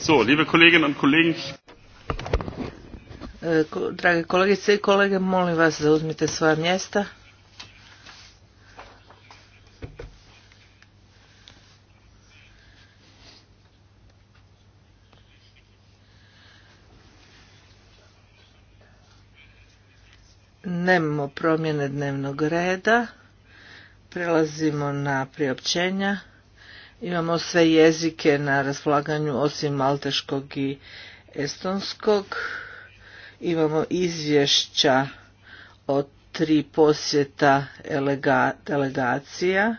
So, liebe Kolleginnen und Kollegen. E, drage kolegice i kolege, molim vas da uzmite svoja mjesta. promjene dnevnog reda. Prelazimo na priopćenja. Imamo sve jezike na raspolaganju osim malteškog i estonskog. Imamo izvješća o tri posjeta delegacija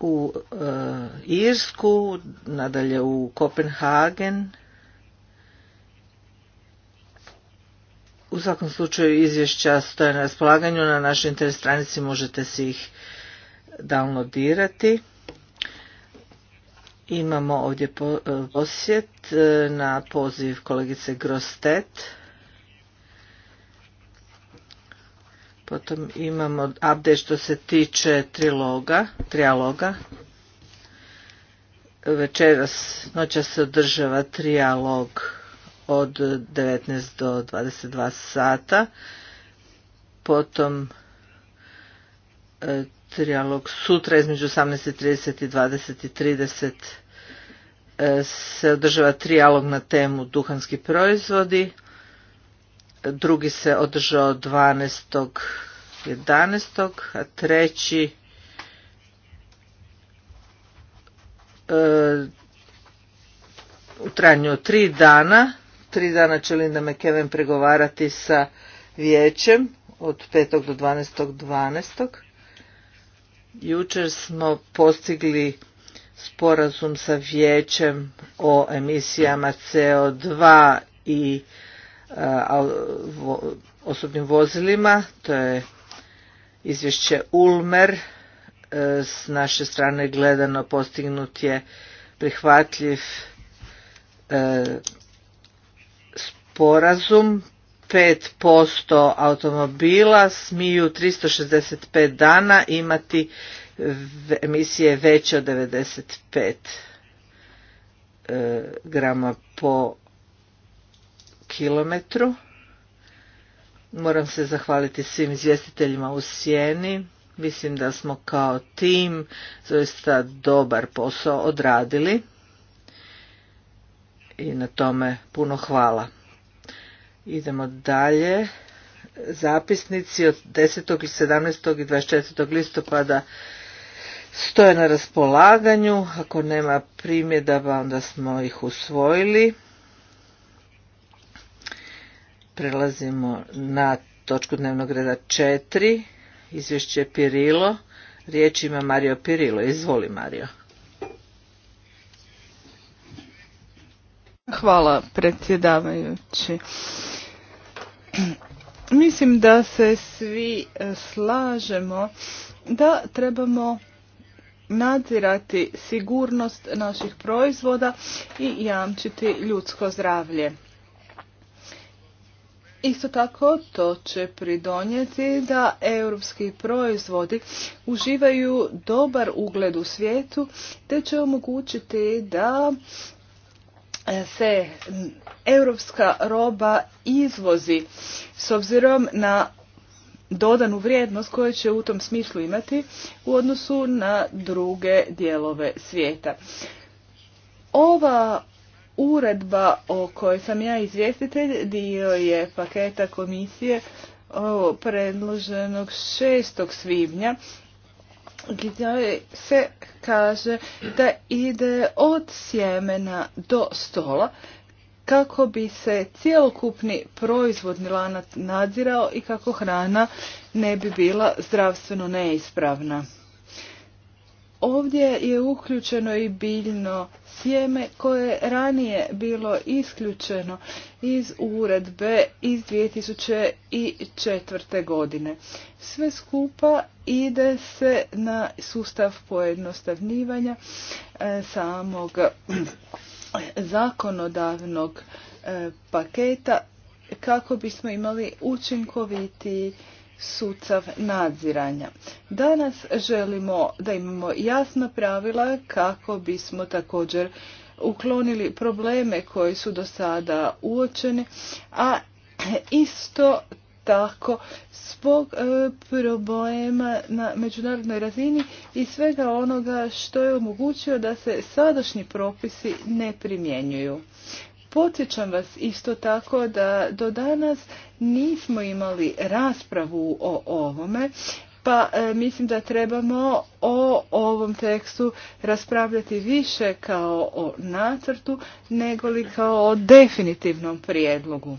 u e, Irsku, nadalje u Kopenhagen, U svakom slučaju izvješća stoje na raspolaganju, na našoj internet stranici možete si ih downloadirati. Imamo ovdje e, posjet e, na poziv kolegice Grostet. Potom imamo update što se tiče triloga, trialoga. Večeras noća se održava trialog od 19 do 22 sata. Potom e, trijalog sutra između 18.30 i 20.30 e, se održava trijalog na temu duhanski proizvodi. Drugi se održao 12.11. a treći e, u trajanju od tri dana tri dana će Linda McKeven pregovarati sa vijećem od 5. do 12. Jučer smo postigli sporazum sa vijećem o emisijama CO2 i osobnim vozilima. To je izvješće Ulmer. E, s naše strane gledano postignut je prihvatljiv e, sporazum 5% automobila smiju 365 dana imati emisije veće od 95 e, grama po kilometru. Moram se zahvaliti svim izvjestiteljima u Sjeni. Mislim da smo kao tim zaista dobar posao odradili i na tome puno hvala. Idemo dalje. Zapisnici od 10. i 17. i 24. listopada stoje na raspolaganju. Ako nema primjedaba, onda smo ih usvojili. Prelazimo na točku dnevnog reda 4. Izvješće Pirilo. Riječ ima Mario Pirilo. Izvoli Mario. Hvala predsjedavajući. Mislim da se svi e, slažemo da trebamo nadzirati sigurnost naših proizvoda i jamčiti ljudsko zdravlje. Isto tako to će pridonijeti da europski proizvodi uživaju dobar ugled u svijetu te će omogućiti da se europska roba izvozi s obzirom na dodanu vrijednost koju će u tom smislu imati u odnosu na druge dijelove svijeta. Ova uredba o kojoj sam ja izvjestitelj dio je paketa komisije predloženog 6. svibnja gdje se kaže da ide od sjemena do stola kako bi se cjelokupni proizvodni lanac nadzirao i kako hrana ne bi bila zdravstveno neispravna. Ovdje je uključeno i biljno sjeme koje je ranije bilo isključeno iz uredbe iz 2004. godine. Sve skupa ide se na sustav pojednostavnivanja e, samog zakonodavnog e, paketa kako bismo imali učinkovitiji sucav nadziranja. Danas želimo da imamo jasna pravila kako bismo također uklonili probleme koji su do sada uočeni, a isto tako zbog e, problema na međunarodnoj razini i svega onoga što je omogućio da se sadašnji propisi ne primjenjuju. Podsjećam vas isto tako da do danas nismo imali raspravu o ovome, pa e, mislim da trebamo o ovom tekstu raspravljati više kao o nacrtu nego li kao o definitivnom prijedlogu.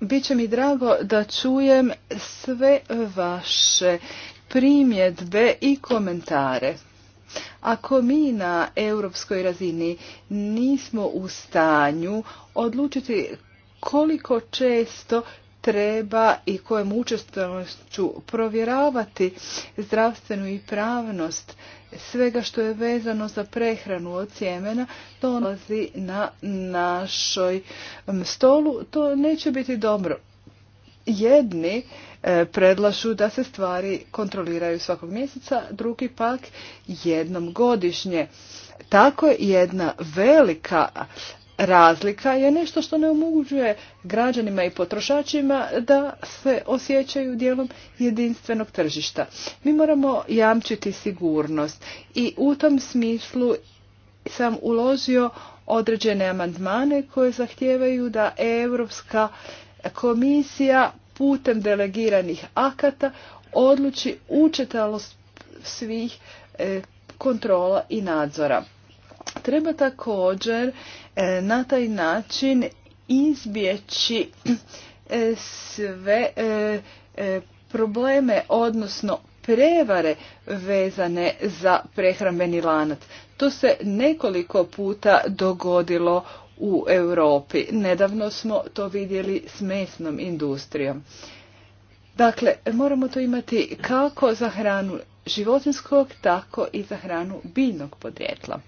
Biće mi drago da čujem sve vaše primjedbe i komentare. Ako mi na europskoj razini nismo u stanju odlučiti koliko često treba i kojem učestalošću provjeravati zdravstvenu i pravnost svega što je vezano za prehranu od sjemena, to nalazi na našoj stolu, to neće biti dobro. Jedni E, predlažu da se stvari kontroliraju svakog mjeseca, drugi pak jednom godišnje. Tako je jedna velika razlika je nešto što ne omogućuje građanima i potrošačima da se osjećaju dijelom jedinstvenog tržišta. Mi moramo jamčiti sigurnost i u tom smislu sam uložio određene amandmane koje zahtijevaju da Europska komisija putem delegiranih akata odluči učetalost svih e, kontrola i nadzora. Treba također e, na taj način izbjeći e, sve probleme, odnosno prevare vezane za prehrambeni lanac. To se nekoliko puta dogodilo u Europi. Nedavno smo to vidjeli s mesnom industrijom. Dakle, moramo to imati kako za hranu životinskog, tako i za hranu biljnog podrijetla.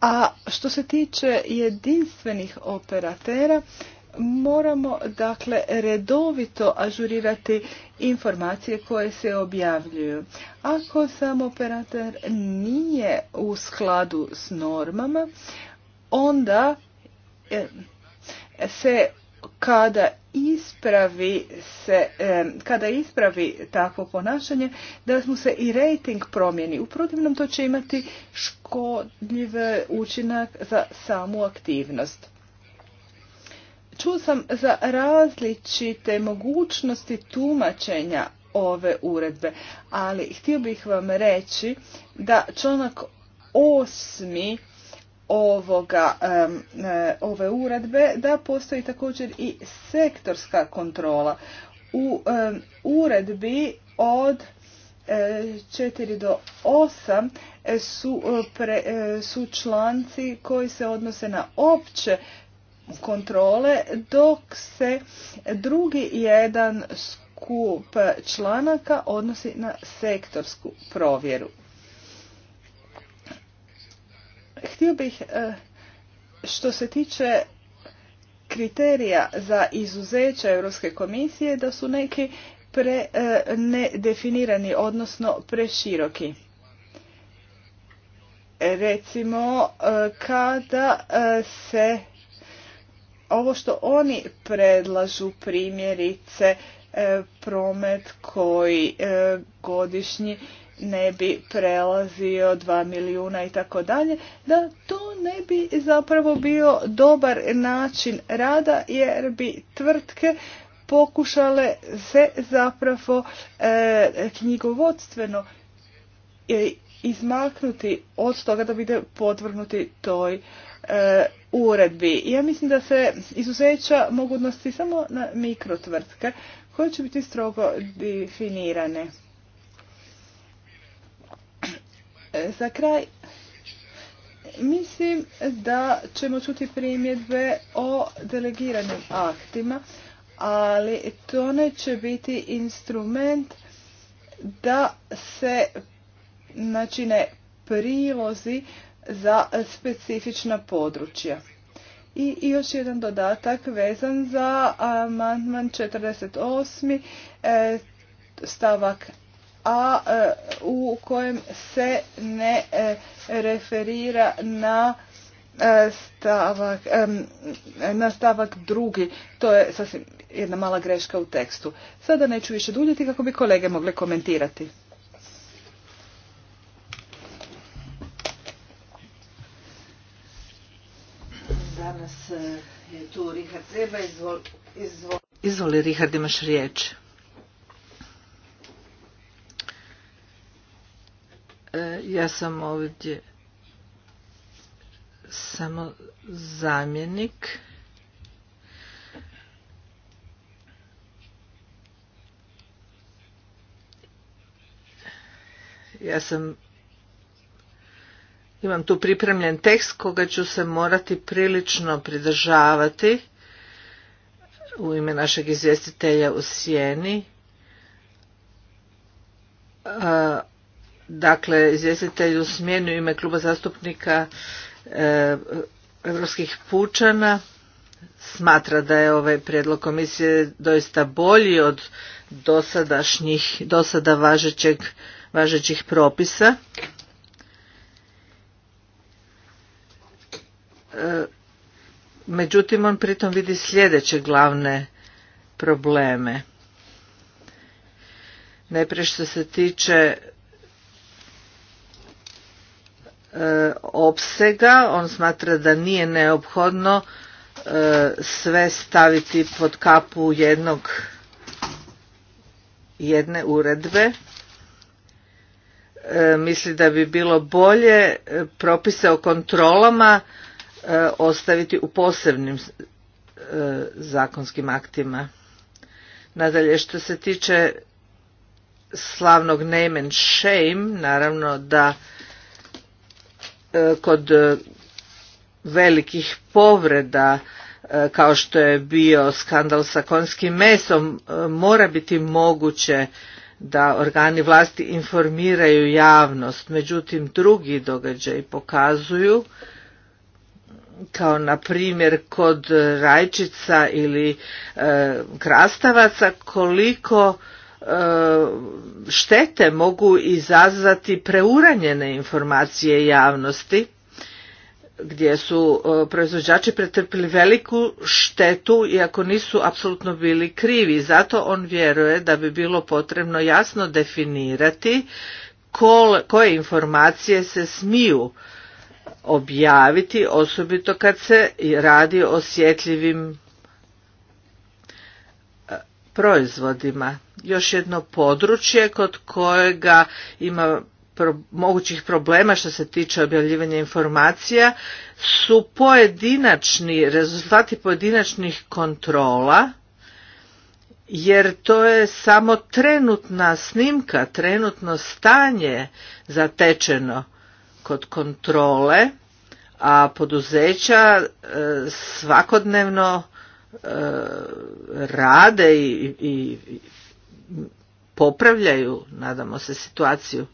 A što se tiče jedinstvenih operatera, moramo dakle redovito ažurirati informacije koje se objavljuju. Ako sam operator nije u skladu s normama, onda e, se kada ispravi se, e, kada ispravi takvo ponašanje, da mu se i rating promijeni. U protivnom to će imati škodljiv učinak za samu aktivnost. Čuo sam za različite mogućnosti tumačenja ove uredbe, ali htio bih vam reći da članak osmi ovoga, e, ove uredbe da postoji također i sektorska kontrola. U uredbi od 4 e, do 8 su, e, su članci koji se odnose na opće kontrole dok se drugi jedan skup članaka odnosi na sektorsku provjeru. Htio bih eh, što se tiče kriterija za izuzeća Europske komisije da su neki pre eh, nedefinirani, odnosno preširoki. Recimo, eh, kada se ovo što oni predlažu primjerice promet koji godišnji ne bi prelazio 2 milijuna i tako dalje, da to ne bi zapravo bio dobar način rada jer bi tvrtke pokušale se zapravo e, knjigovodstveno e, izmaknuti od toga da bude podvrgnuti toj e, uredbi. Ja mislim da se izuzeća mogu odnositi samo na mikrotvrtke koje će biti strogo definirane. E, za kraj mislim da ćemo čuti primjedbe o delegiranim aktima, ali to neće biti instrument da se načine prilozi za specifična područja. I još jedan dodatak vezan za amandman 48. E, stavak a e, u kojem se ne e, referira na e, stavak, na drugi. To je sasvim jedna mala greška u tekstu. Sada neću više duljiti kako bi kolege mogle komentirati. Danas je tu Richard izvoli, izvoli. izvoli imaš riječ. E, ja sam ovdje samo zamjenik. Ja sam imam tu pripremljen tekst koga ću se morati prilično pridržavati u ime našeg izvjestitelja u sjeni. E, Dakle, smjeni smjenu ime kluba zastupnika Europskih pučana smatra da je ovaj prijedlog komisije doista bolji od dosadašnjih, dosada važećeg, važećih propisa. E, međutim, on pritom vidi sljedeće glavne probleme. Najprije što se tiče E, opsega on smatra da nije neophodno e, sve staviti pod kapu jednog jedne uredbe e, misli da bi bilo bolje propise o kontrolama ostaviti u posebnim zakonskim aktima nadalje što se tiče slavnog name and shame naravno da E, kod e, velikih povreda e, kao što je bio skandal sa konjskim mesom mora biti moguće da organi vlasti informiraju javnost međutim drugi događaji pokazuju kao na primjer kod rajčica ili krastavaca koliko E, štete mogu izazvati preuranjene informacije javnosti gdje su e, proizvođači pretrpili veliku štetu iako nisu apsolutno bili krivi. Zato on vjeruje da bi bilo potrebno jasno definirati koje informacije se smiju objaviti, osobito kad se radi o osjetljivim proizvodima. Još jedno područje kod kojega ima mogućih problema što se tiče objavljivanja informacija su pojedinačni rezultati pojedinačnih kontrola jer to je samo trenutna snimka, trenutno stanje zatečeno kod kontrole, a poduzeća e, svakodnevno rade i, i, popravljaju, nadamo se, situaciju.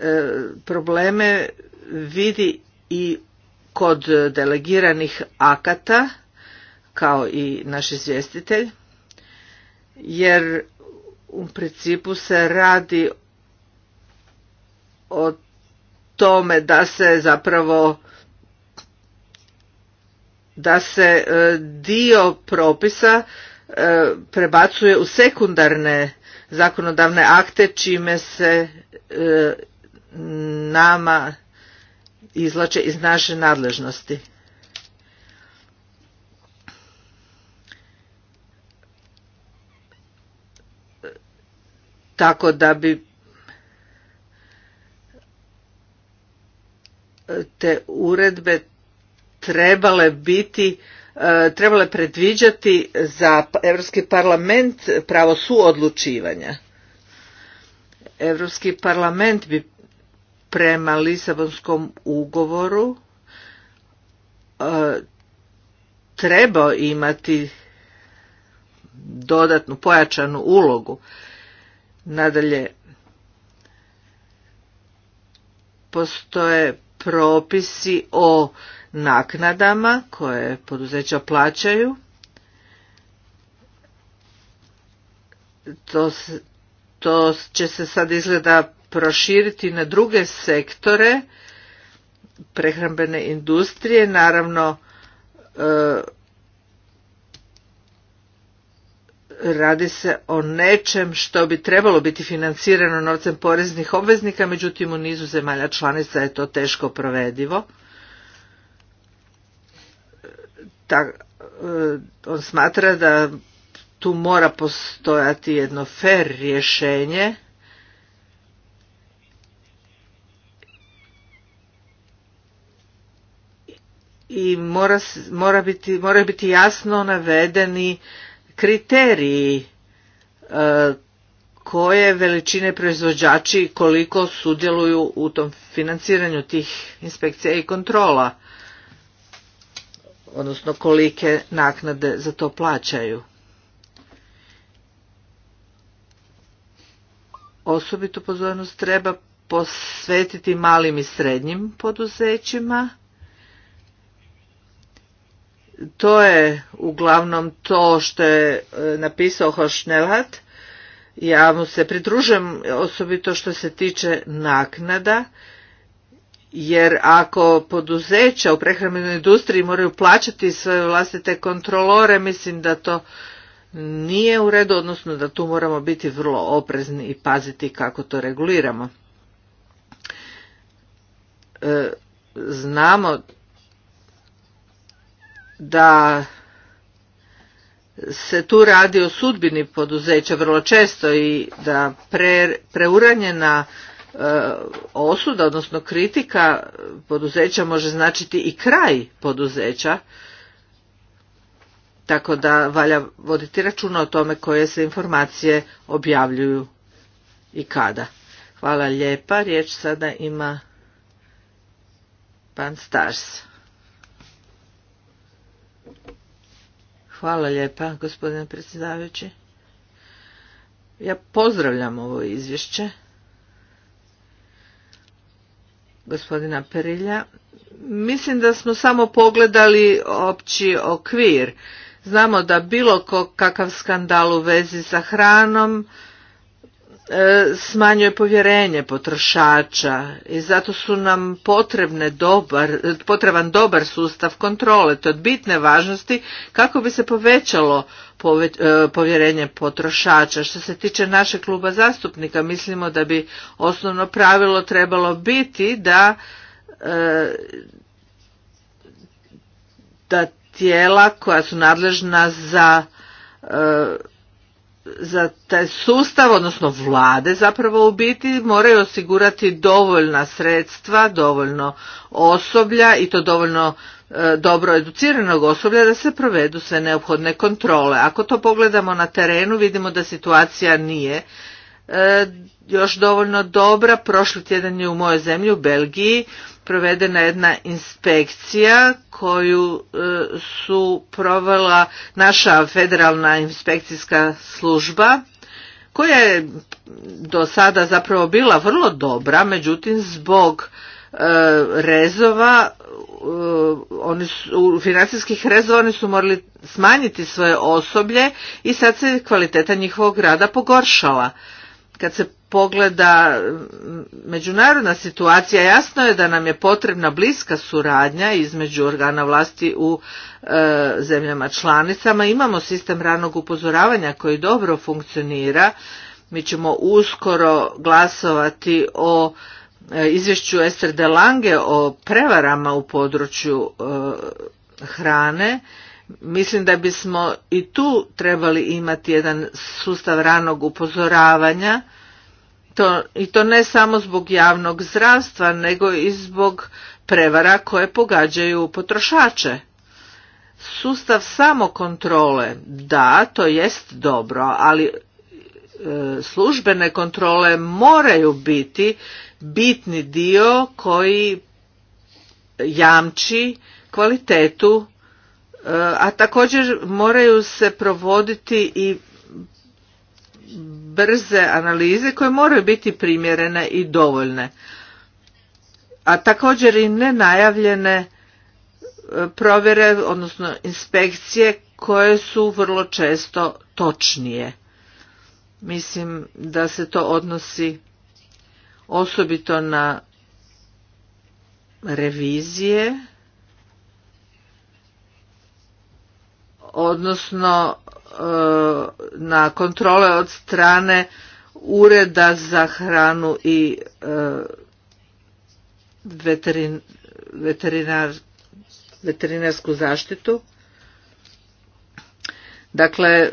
E, probleme vidi i kod delegiranih akata, kao i naš izvjestitelj, jer u principu se radi o tome da se zapravo da se e, dio propisa e, prebacuje u sekundarne zakonodavne akte čime se e, nama izlače iz naše nadležnosti. Tako da bi te uredbe trebale biti e, trebale predviđati za pa- Europski parlament pravo suodlučivanja. Europski parlament bi prema Lisabonskom ugovoru e, trebao imati dodatnu pojačanu ulogu. Nadalje, postoje propisi o naknadama koje poduzeća plaćaju. To, to će se sad izgleda proširiti na druge sektore prehrambene industrije, naravno e, radi se o nečem što bi trebalo biti financirano novcem poreznih obveznika, međutim u nizu zemalja članica je to teško provedivo. ta, e, on smatra da tu mora postojati jedno fer rješenje i mora, mora biti, moraju biti jasno navedeni kriteriji e, koje veličine proizvođači koliko sudjeluju u tom financiranju tih inspekcija i kontrola odnosno kolike naknade za to plaćaju. Osobitu pozornost treba posvetiti malim i srednjim poduzećima. To je uglavnom to što je e, napisao Hošnelat. Ja mu se pridružujem osobito što se tiče naknada jer ako poduzeća u prehrambenoj industriji moraju plaćati svoje vlastite kontrolore, mislim da to nije u redu, odnosno da tu moramo biti vrlo oprezni i paziti kako to reguliramo. E, znamo da se tu radi o sudbini poduzeća vrlo često i da pre, preuranjena osuda, odnosno kritika poduzeća može značiti i kraj poduzeća, tako da valja voditi računa o tome koje se informacije objavljuju i kada. Hvala lijepa, riječ sada ima pan Stars. Hvala lijepa, gospodine predsjedavajući. Ja pozdravljam ovo izvješće gospodina Perilja. Mislim da smo samo pogledali opći okvir. Znamo da bilo kakav skandal u vezi sa hranom E, smanjuje povjerenje potrošača i zato su nam potrebne dobar, potreban dobar sustav kontrole. To je bitne važnosti kako bi se povećalo e, povjerenje potrošača. Što se tiče našeg kluba zastupnika, mislimo da bi osnovno pravilo trebalo biti da e, da tijela koja su nadležna za za taj sustav, odnosno vlade zapravo u biti, moraju osigurati dovoljna sredstva, dovoljno osoblja i to dovoljno e, dobro educiranog osoblja da se provedu sve neophodne kontrole. Ako to pogledamo na terenu vidimo da situacija nije E, još dovoljno dobra. Prošli tjedan je u mojoj zemlji, u Belgiji, provedena jedna inspekcija koju e, su provela naša federalna inspekcijska služba koja je do sada zapravo bila vrlo dobra, međutim zbog e, rezova oni su, financijskih rezova oni su morali smanjiti svoje osoblje i sad se kvaliteta njihovog rada pogoršala kad se pogleda mm, međunarodna situacija, jasno je da nam je potrebna bliska suradnja između organa vlasti u e, zemljama članicama. Imamo sistem ranog upozoravanja koji dobro funkcionira. Mi ćemo uskoro glasovati o e, izvješću Ester de Lange o prevarama u području e, hrane Mislim da bismo i tu trebali imati jedan sustav ranog upozoravanja to, i to ne samo zbog javnog zdravstva nego i zbog prevara koje pogađaju potrošače. Sustav samokontrole, da, to jest dobro, ali e, službene kontrole moraju biti bitni dio koji jamči kvalitetu a također moraju se provoditi i brze analize koje moraju biti primjerene i dovoljne a također i nenajavljene e, provjere odnosno inspekcije koje su vrlo često točnije mislim da se to odnosi osobito na revizije odnosno e, na kontrole od strane ureda za hranu i e, veterinar, veterinarsku zaštitu. Dakle,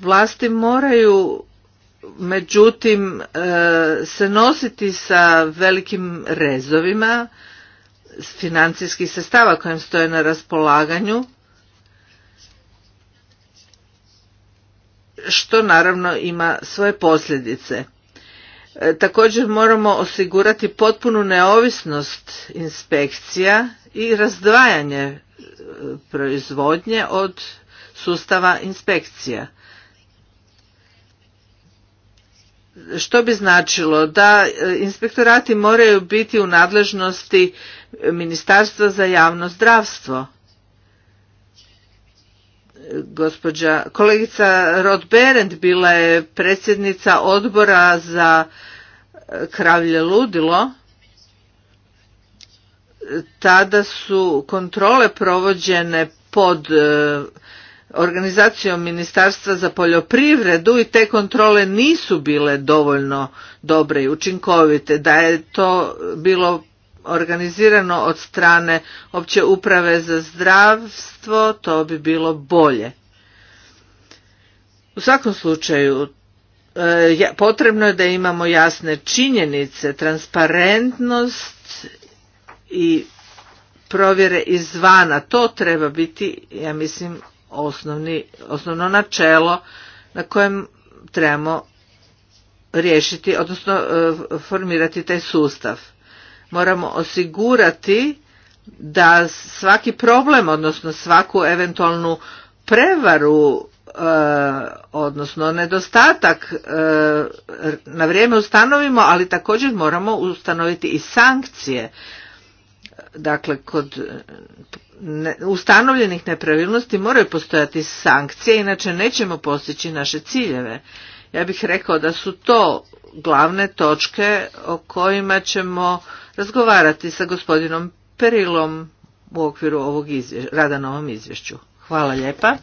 vlasti moraju međutim e, se nositi sa velikim rezovima financijskih sestava kojim stoje na raspolaganju što naravno ima svoje posljedice. E, također moramo osigurati potpunu neovisnost inspekcija i razdvajanje e, proizvodnje od sustava inspekcija. Što bi značilo da e, inspektorati moraju biti u nadležnosti Ministarstva za javno zdravstvo gospođa kolegica Rod Berend bila je predsjednica odbora za e, kravlje ludilo tada su kontrole provođene pod e, organizacijom ministarstva za poljoprivredu i te kontrole nisu bile dovoljno dobre i učinkovite da je to bilo organizirano od strane opće uprave za zdravstvo, to bi bilo bolje. U svakom slučaju, e, potrebno je da imamo jasne činjenice, transparentnost i provjere izvana. To treba biti, ja mislim, osnovni, osnovno načelo na kojem trebamo riješiti, odnosno e, formirati taj sustav moramo osigurati da svaki problem, odnosno svaku eventualnu prevaru, e, odnosno nedostatak e, na vrijeme ustanovimo, ali također moramo ustanoviti i sankcije. Dakle, kod ustanovljenih nepravilnosti moraju postojati sankcije, inače nećemo postići naše ciljeve. Ja bih rekao da su to glavne točke o kojima ćemo razgovarati sa gospodinom Perilom u okviru ovog izvješća, rada na ovom izvješću. Hvala lijepa.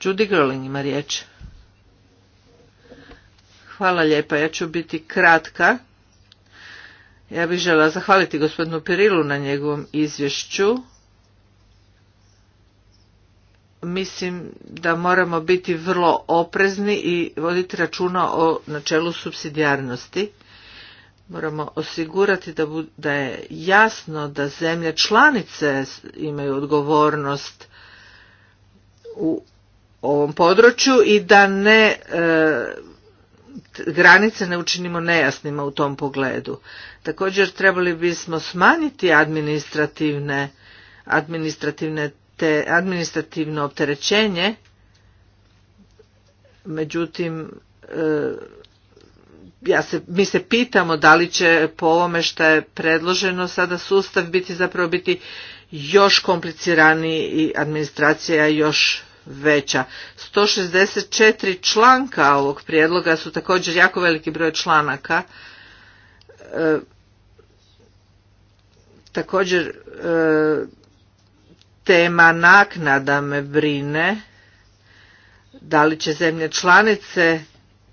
Judy Gerling ima riječ. Hvala lijepa, ja ću biti kratka. Ja bih žela zahvaliti gospodinu Perilu na njegovom izvješću mislim da moramo biti vrlo oprezni i voditi računa o načelu subsidijarnosti. Moramo osigurati da, da je jasno da zemlje članice imaju odgovornost u ovom području i da ne e, granice ne učinimo nejasnima u tom pogledu. Također trebali bismo smanjiti administrativne administrativne te administrativno opterećenje, međutim, e, ja se, mi se pitamo da li će po ovome što je predloženo sada sustav biti zapravo biti još kompliciraniji i administracija još veća. 164 članka ovog prijedloga su također jako veliki broj članaka. E, također e, tema naknada me brine. Da li će zemlje članice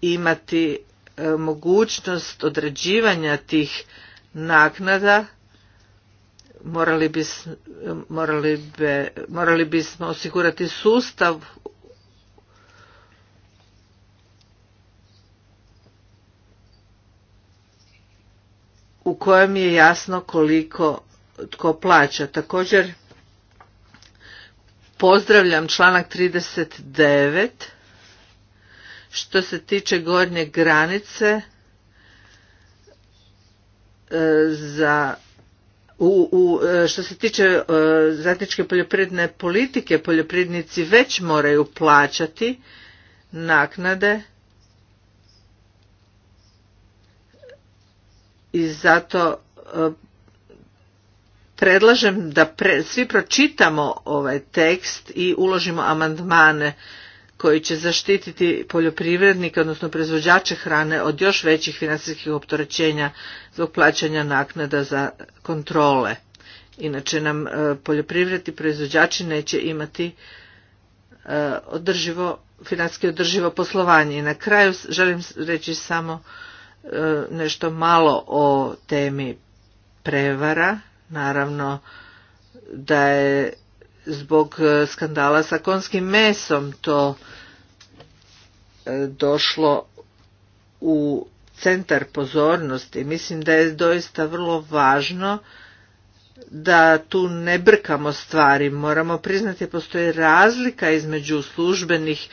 imati e, mogućnost određivanja tih naknada? Morali, bis, morali, morali bismo osigurati sustav u kojem je jasno koliko tko plaća. Također pozdravljam članak 39 što se tiče gornje granice e, za u, u, e, što se tiče e, zajedničke poljoprivredne politike poljoprivrednici već moraju plaćati naknade i zato predlažem da svi pročitamo ovaj tekst i uložimo amandmane koji će zaštititi poljoprivrednike, odnosno proizvođače hrane od još većih financijskih opterećenja zbog plaćanja naknada za kontrole. Inače nam e, poljoprivredni proizvođači neće imati e, održivo, finanski održivo poslovanje. I na kraju želim reći samo e, nešto malo o temi prevara naravno da je zbog e, skandala sa konskim mesom to e, došlo u centar pozornosti. Mislim da je doista vrlo važno da tu ne brkamo stvari. Moramo priznati postoji razlika između službenih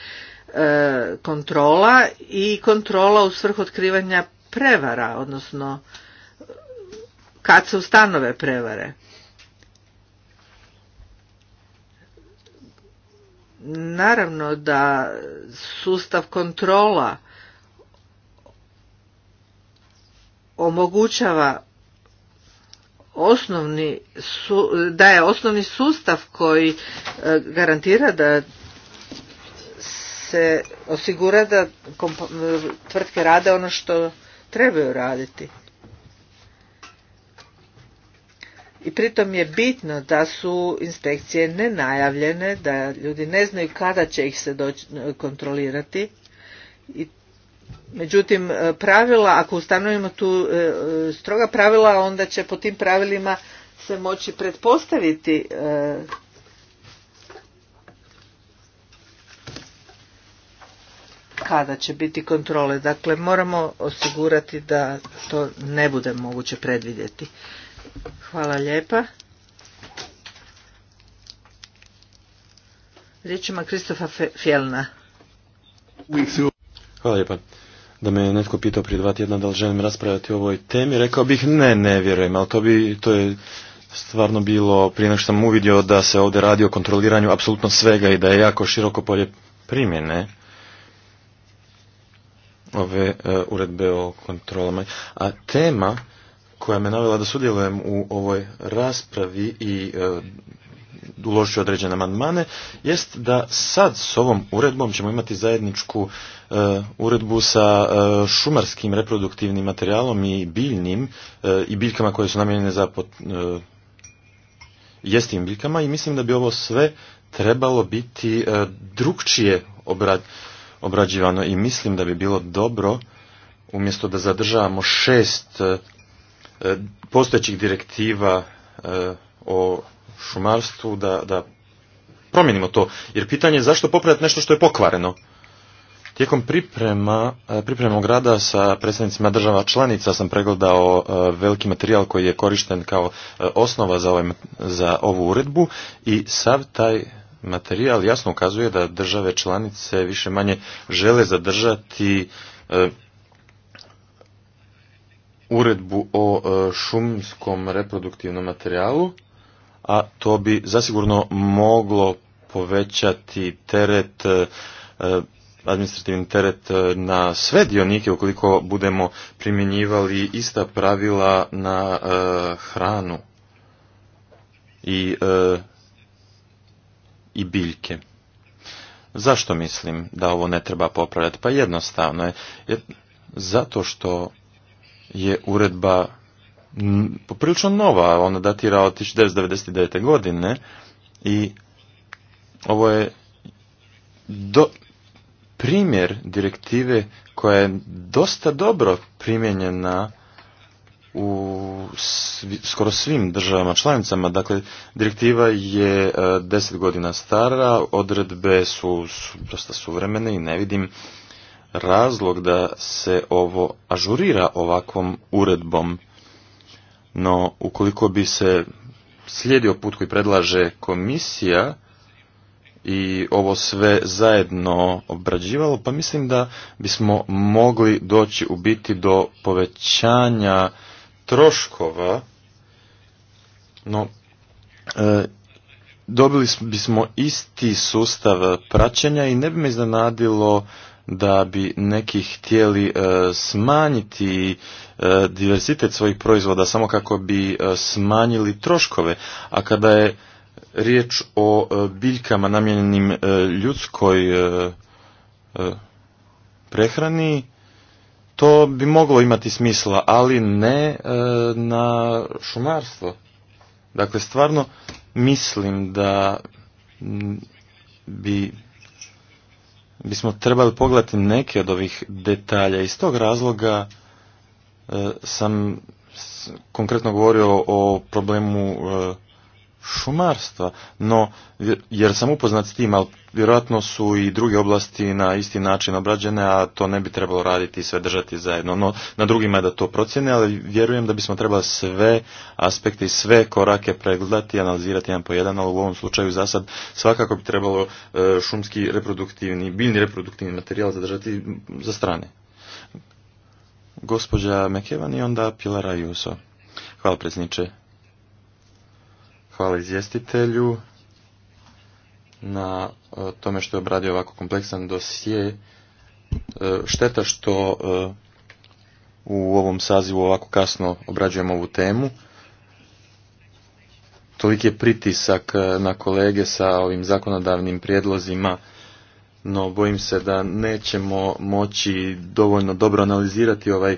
e, kontrola i kontrola u svrhu otkrivanja prevara, odnosno kad se ustanove prevare. Naravno da sustav kontrola omogućava osnovni da je osnovni sustav koji e, garantira da se osigura da e, tvrtke rade ono što trebaju raditi. i pritom je bitno da su inspekcije nenajavljene, da ljudi ne znaju kada će ih se doći kontrolirati. I, međutim, e, pravila, ako ustanovimo tu e, e, stroga pravila, onda će po tim pravilima se moći pretpostaviti kada će biti kontrole. Dakle, moramo osigurati da to ne bude moguće predvidjeti. Hvala lijepa. Riječ ima Kristofa Fjelna. Hvala lijepa. Da me netko pitao prije dva tjedna da li želim raspravljati o ovoj temi, rekao bih ne, ne vjerujem, ali to, bi, to je stvarno bilo prije nego što sam uvidio da se ovdje radi o kontroliranju apsolutno svega i da je jako široko polje primjene ove e, uredbe o kontrolama. A tema koja me navela da sudjelujem u ovoj raspravi i e, uložiti određene amandmane, jest da sad s ovom uredbom ćemo imati zajedničku e, uredbu sa e, šumarskim reproduktivnim materijalom i biljnim e, i biljkama koje su namijenjene za jestim biljkama i mislim da bi ovo sve trebalo biti drugčije obrađivano i mislim da bi bilo dobro umjesto da zadržavamo šest E, postojećih direktiva e, o šumarstvu da, da promijenimo to. Jer pitanje je zašto popravljati nešto što je pokvareno. Tijekom priprema, e, pripremnog rada sa predstavnicima država članica sam pregledao veliki materijal koji je korišten kao osnova za, ovaj, za ovu uredbu i sav taj materijal jasno ukazuje da države članice više manje žele zadržati uredbu o e, šumskom reproduktivnom materijalu, a to bi zasigurno moglo povećati teret e, administrativni teret e, na sve dionike ukoliko budemo primjenjivali ista pravila na hranu i, i biljke. Zašto mislim da ovo ne treba popravljati? Pa jednostavno je. zato što je uredba poprilično nova, ona datira od 1999. godine i ovo je do, primjer direktive koja je dosta dobro primjenjena u skoro svim državama članicama. Dakle, direktiva je e, deset godina stara, odredbe su dosta suvremene i ne vidim razlog da se ovo ažurira ovakvom uredbom. No, ukoliko bi se slijedio put koji predlaže komisija i ovo sve zajedno obrađivalo, pa mislim da bismo mogli doći u biti do povećanja troškova, no e, dobili bismo isti sustav praćenja i ne bi me iznenadilo da bi neki htjeli e, smanjiti e, diversitet svojih proizvoda samo kako bi e, smanjili troškove, a kada je riječ o biljkama namijenjenim ljudskoj prehrani, to bi moglo imati smisla, ali ne na šumarstvo. Dakle, stvarno mislim da bi bismo trebali pogledati neke od ovih detalja. Iz tog razloga e, sam konkretno govorio o problemu e, šumarstva, no jer sam upoznat s tim, ali vjerojatno su i druge oblasti na isti način obrađene, a to ne bi trebalo raditi i sve držati zajedno. No, na drugima je da to procjene, ali vjerujem da bismo trebali sve aspekte i sve korake pregledati i analizirati jedan po jedan, ali u ovom slučaju za sad svakako bi trebalo e, šumski reproduktivni, biljni reproduktivni materijal zadržati za strane. Gospođa Mekevan i onda Pilara Juso. Hvala predsjedniče. Hvala izvjestitelju na e, tome što je obradio ovako kompleksan dosije. E, šteta što e, u ovom sazivu ovako kasno obrađujemo ovu temu. Toliki je pritisak na kolege sa ovim zakonodavnim prijedlozima, no bojim se da nećemo moći dovoljno dobro analizirati ovaj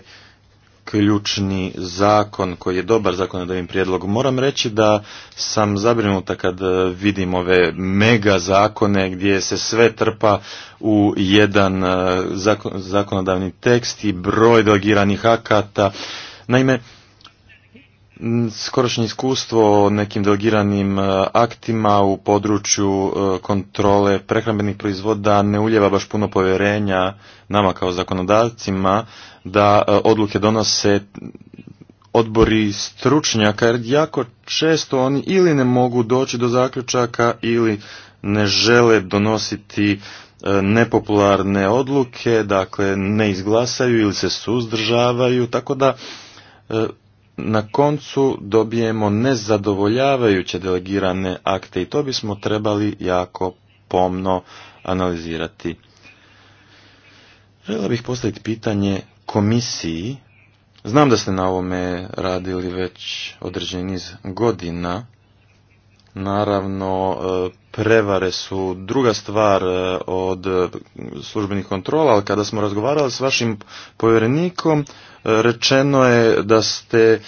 ključni zakon koji je dobar zakonodavni prijedlog. Moram reći da sam zabrinuta kad e, vidim ove mega zakone gdje se sve trpa u jedan e, zakonodavni tekst i broj delegiranih akata. Naime, skorošnje iskustvo o nekim delegiranim e, aktima u području kontrole prehrambenih proizvoda ne uljeva baš puno povjerenja nama kao zakonodavcima da e, odluke donose odbori stručnjaka, jer jako često oni ili ne mogu doći do zaključaka ili ne žele donositi e, nepopularne odluke, dakle ne izglasaju ili se suzdržavaju, tako da e, na koncu dobijemo nezadovoljavajuće delegirane akte i to bismo trebali jako pomno analizirati. Žela bih postaviti pitanje komisiji. Znam da ste na ovome radili već određeni iz godina. Naravno, e, prevare su druga stvar e, od službenih kontrola, ali kada smo razgovarali s vašim povjerenikom, e, rečeno je da ste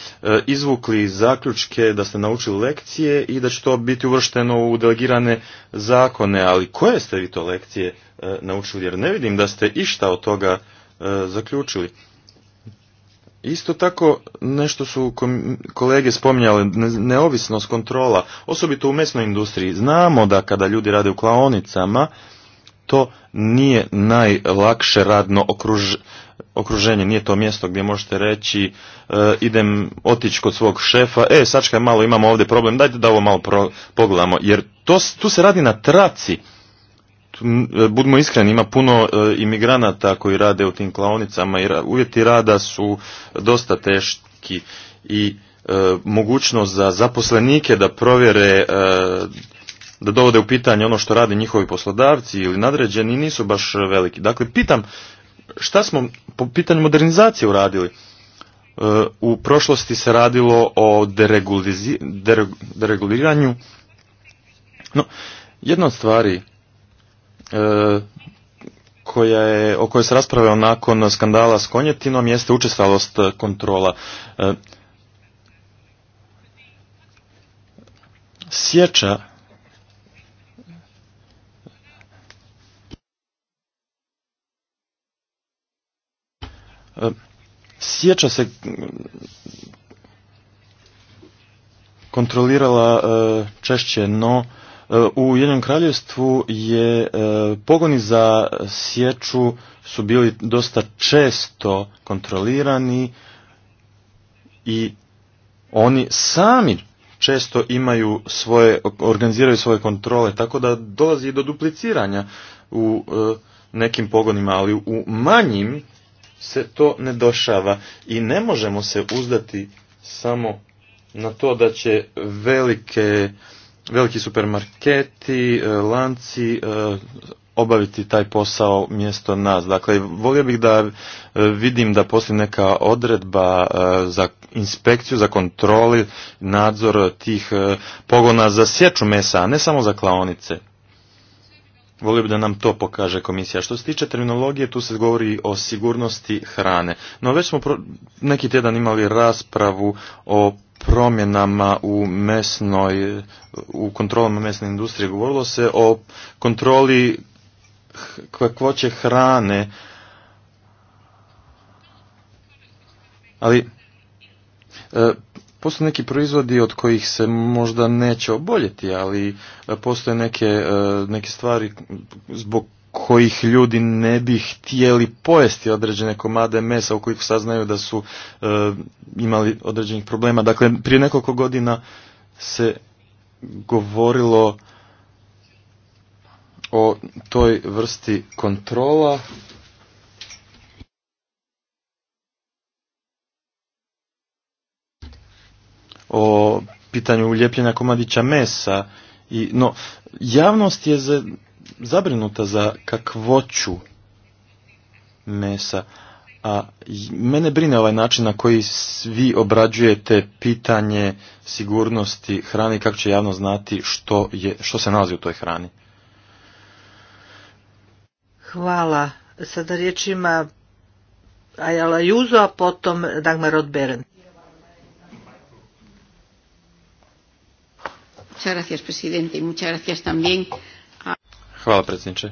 izvukli zaključke, da ste naučili lekcije i da će to biti uvršteno u delegirane zakone, ali koje ste vi to lekcije naučili, jer ne vidim da ste išta od toga E, zaključili. Isto tako nešto su kolege spominjali, neovisnost kontrola, osobito u mesnoj industriji. Znamo da kada ljudi rade u klaonicama, to nije najlakše radno okruženje, nije to mjesto gdje možete reći e, idem otići kod svog šefa, e sačka malo imamo ovdje problem, dajte da ovo malo pogledamo, jer to, tu se radi na traci, E, budimo iskreni, ima puno e, imigranata koji rade u tim klaonicama i uvjeti rada su dosta teški i e, mogućnost za zaposlenike da provjere da dovode u pitanje ono što rade njihovi poslodavci ili nadređeni nisu baš veliki. Dakle, pitam šta smo po pitanju modernizacije uradili? U prošlosti se radilo o dereguliranju. No, jedna od stvari E, koja je, o kojoj se raspravljao nakon skandala s konjetinom jeste učestalost kontrola. E, sjeća sjeća se kontrolirala e, češće, no E, u jednom kraljevstvu je e, pogoni za sječu su bili dosta često kontrolirani i oni sami često imaju svoje, organiziraju svoje kontrole, tako da dolazi do dupliciranja u e, nekim pogonima, ali u manjim se to ne došava i ne možemo se uzdati samo na to da će velike veliki supermarketi, e, lanci, e, obaviti taj posao mjesto nas. Dakle, volio bih da e, vidim da postoji neka odredba za inspekciju, za kontroli, nadzor tih pogona za sječu mesa, a ne samo za klaonice. Volio bih da nam to pokaže komisija. Što se tiče terminologije, tu se govori o sigurnosti hrane. No već smo neki tjedan imali raspravu o promjenama u mesnoj, u kontrolama mesne industrije. Govorilo se o kontroli kakvoće hrane, ali e, postoje neki proizvodi od kojih se možda neće oboljeti, ali postoje neke, e, neke stvari zbog kojih ljudi ne bi htjeli pojesti određene komade mesa u kojih saznaju da su e, imali određenih problema. Dakle, prije nekoliko godina se govorilo o toj vrsti kontrola o pitanju uljepljenja komadića mesa i no javnost je za zabrinuta za kakvoću mesa, a mene brine ovaj način na koji vi obrađujete pitanje sigurnosti hrane kako će javno znati što, je, što se nalazi u toj hrani. Hvala. Sada riječ ima Ajala Juzo, a potom Dagmar Odberen. Muchas gracias, presidente, y muchas gracias también Hvala predsjedniče.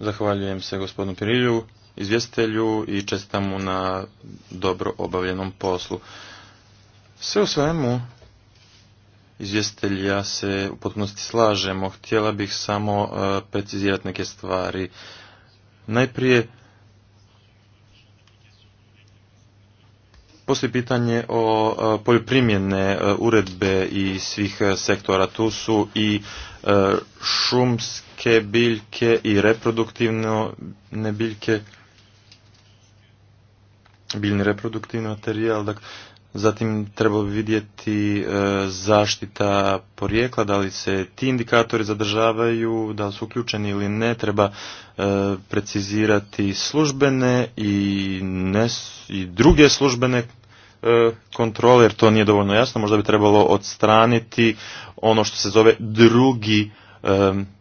Zahvaljujem se gospodinu Pirilju, izvjestitelju i čestam mu na dobro obavljenom poslu. Sve u svemu, izvjestitelj, ja se u potpunosti slažemo. Htjela bih samo eh, precizirati neke stvari. Najprije, Poslije pitanje o e, poljoprimjene e, uredbe i svih e, sektora. Tu su i šumske biljke i reproduktivne biljke, biljni reproduktivni materijal. zatim treba vidjeti zaštita porijekla, da li se ti indikatori zadržavaju, da li su uključeni ili ne, treba precizirati službene i, i druge službene E, kontrole jer to nije dovoljno jasno, možda bi trebalo odstraniti ono što se zove drugi e,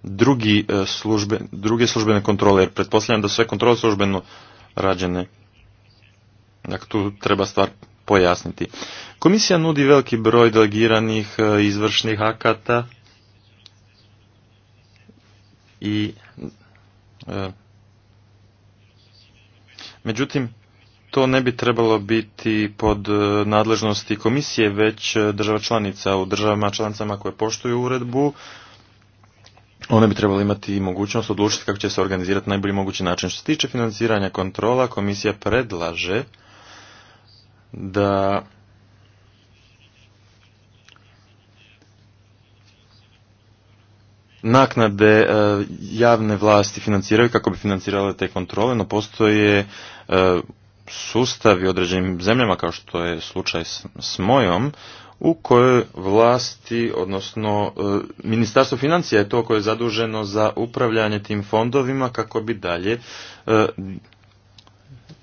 drugi e, službe, druge službene kontrole, jer pretpostavljam da su sve kontrole službeno rađene. Dakle, tu treba stvar pojasniti. Komisija nudi veliki broj delegiranih izvršnih akata i međutim to ne bi trebalo biti pod e, nadležnosti komisije, već e, država članica u državama članicama koje poštuju uredbu. One bi trebali imati mogućnost odlučiti kako će se organizirati najbolji mogući način. Što se tiče financiranja kontrola, komisija predlaže da naknade e, javne vlasti financiraju kako bi financirale te kontrole, no postoje sustavi određenim zemljama kao što je slučaj s, s mojom u kojoj vlasti, odnosno e, Ministarstvo financija je to koje je zaduženo za upravljanje tim fondovima kako bi dalje e,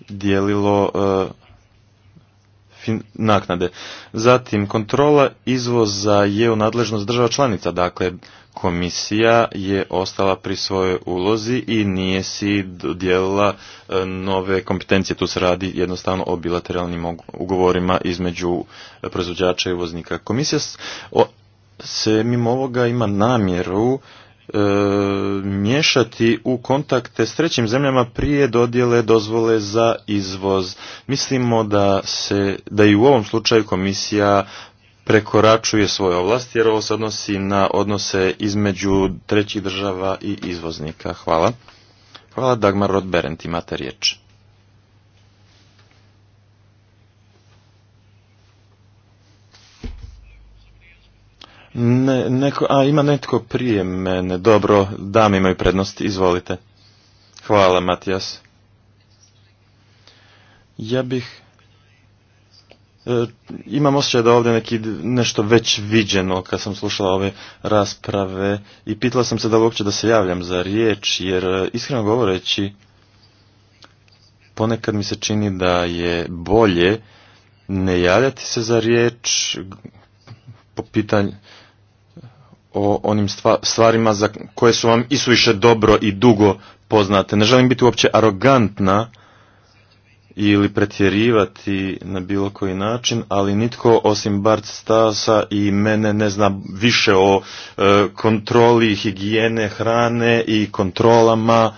dijelilo e, naknade. Zatim, kontrola izvoza je u nadležnost država članica, dakle komisija je ostala pri svojoj ulozi i nije si dodijelila e, nove kompetencije. Tu se radi jednostavno o bilateralnim ugovorima između e, proizvođača i uvoznika. Komisija se mimo ovoga ima namjeru e, miješati u kontakte s trećim zemljama prije dodjele dozvole za izvoz. Mislimo da se, da i u ovom slučaju komisija prekoračuje svoje ovlasti jer ovo se odnosi na odnose između trećih država i izvoznika. Hvala. Hvala Dagmar Rodberent, imate riječ. Ne, neko, a, ima netko prije mene. Dobro, dam imaju prednost, izvolite. Hvala, Matijas. Ja bih... E, imam osjećaj da ovdje neki nešto već viđeno kad sam slušala ove rasprave i pitala sam se da uopće da se javljam za riječ, jer e, iskreno govoreći ponekad mi se čini da je bolje ne javljati se za riječ po pitanju o onim stvarima za koje su vam isuviše dobro i dugo poznate. Ne želim biti uopće arogantna ili pretjerivati na bilo koji način, ali nitko osim Bart Stasa i mene ne zna više o e, kontroli higijene hrane i kontrolama.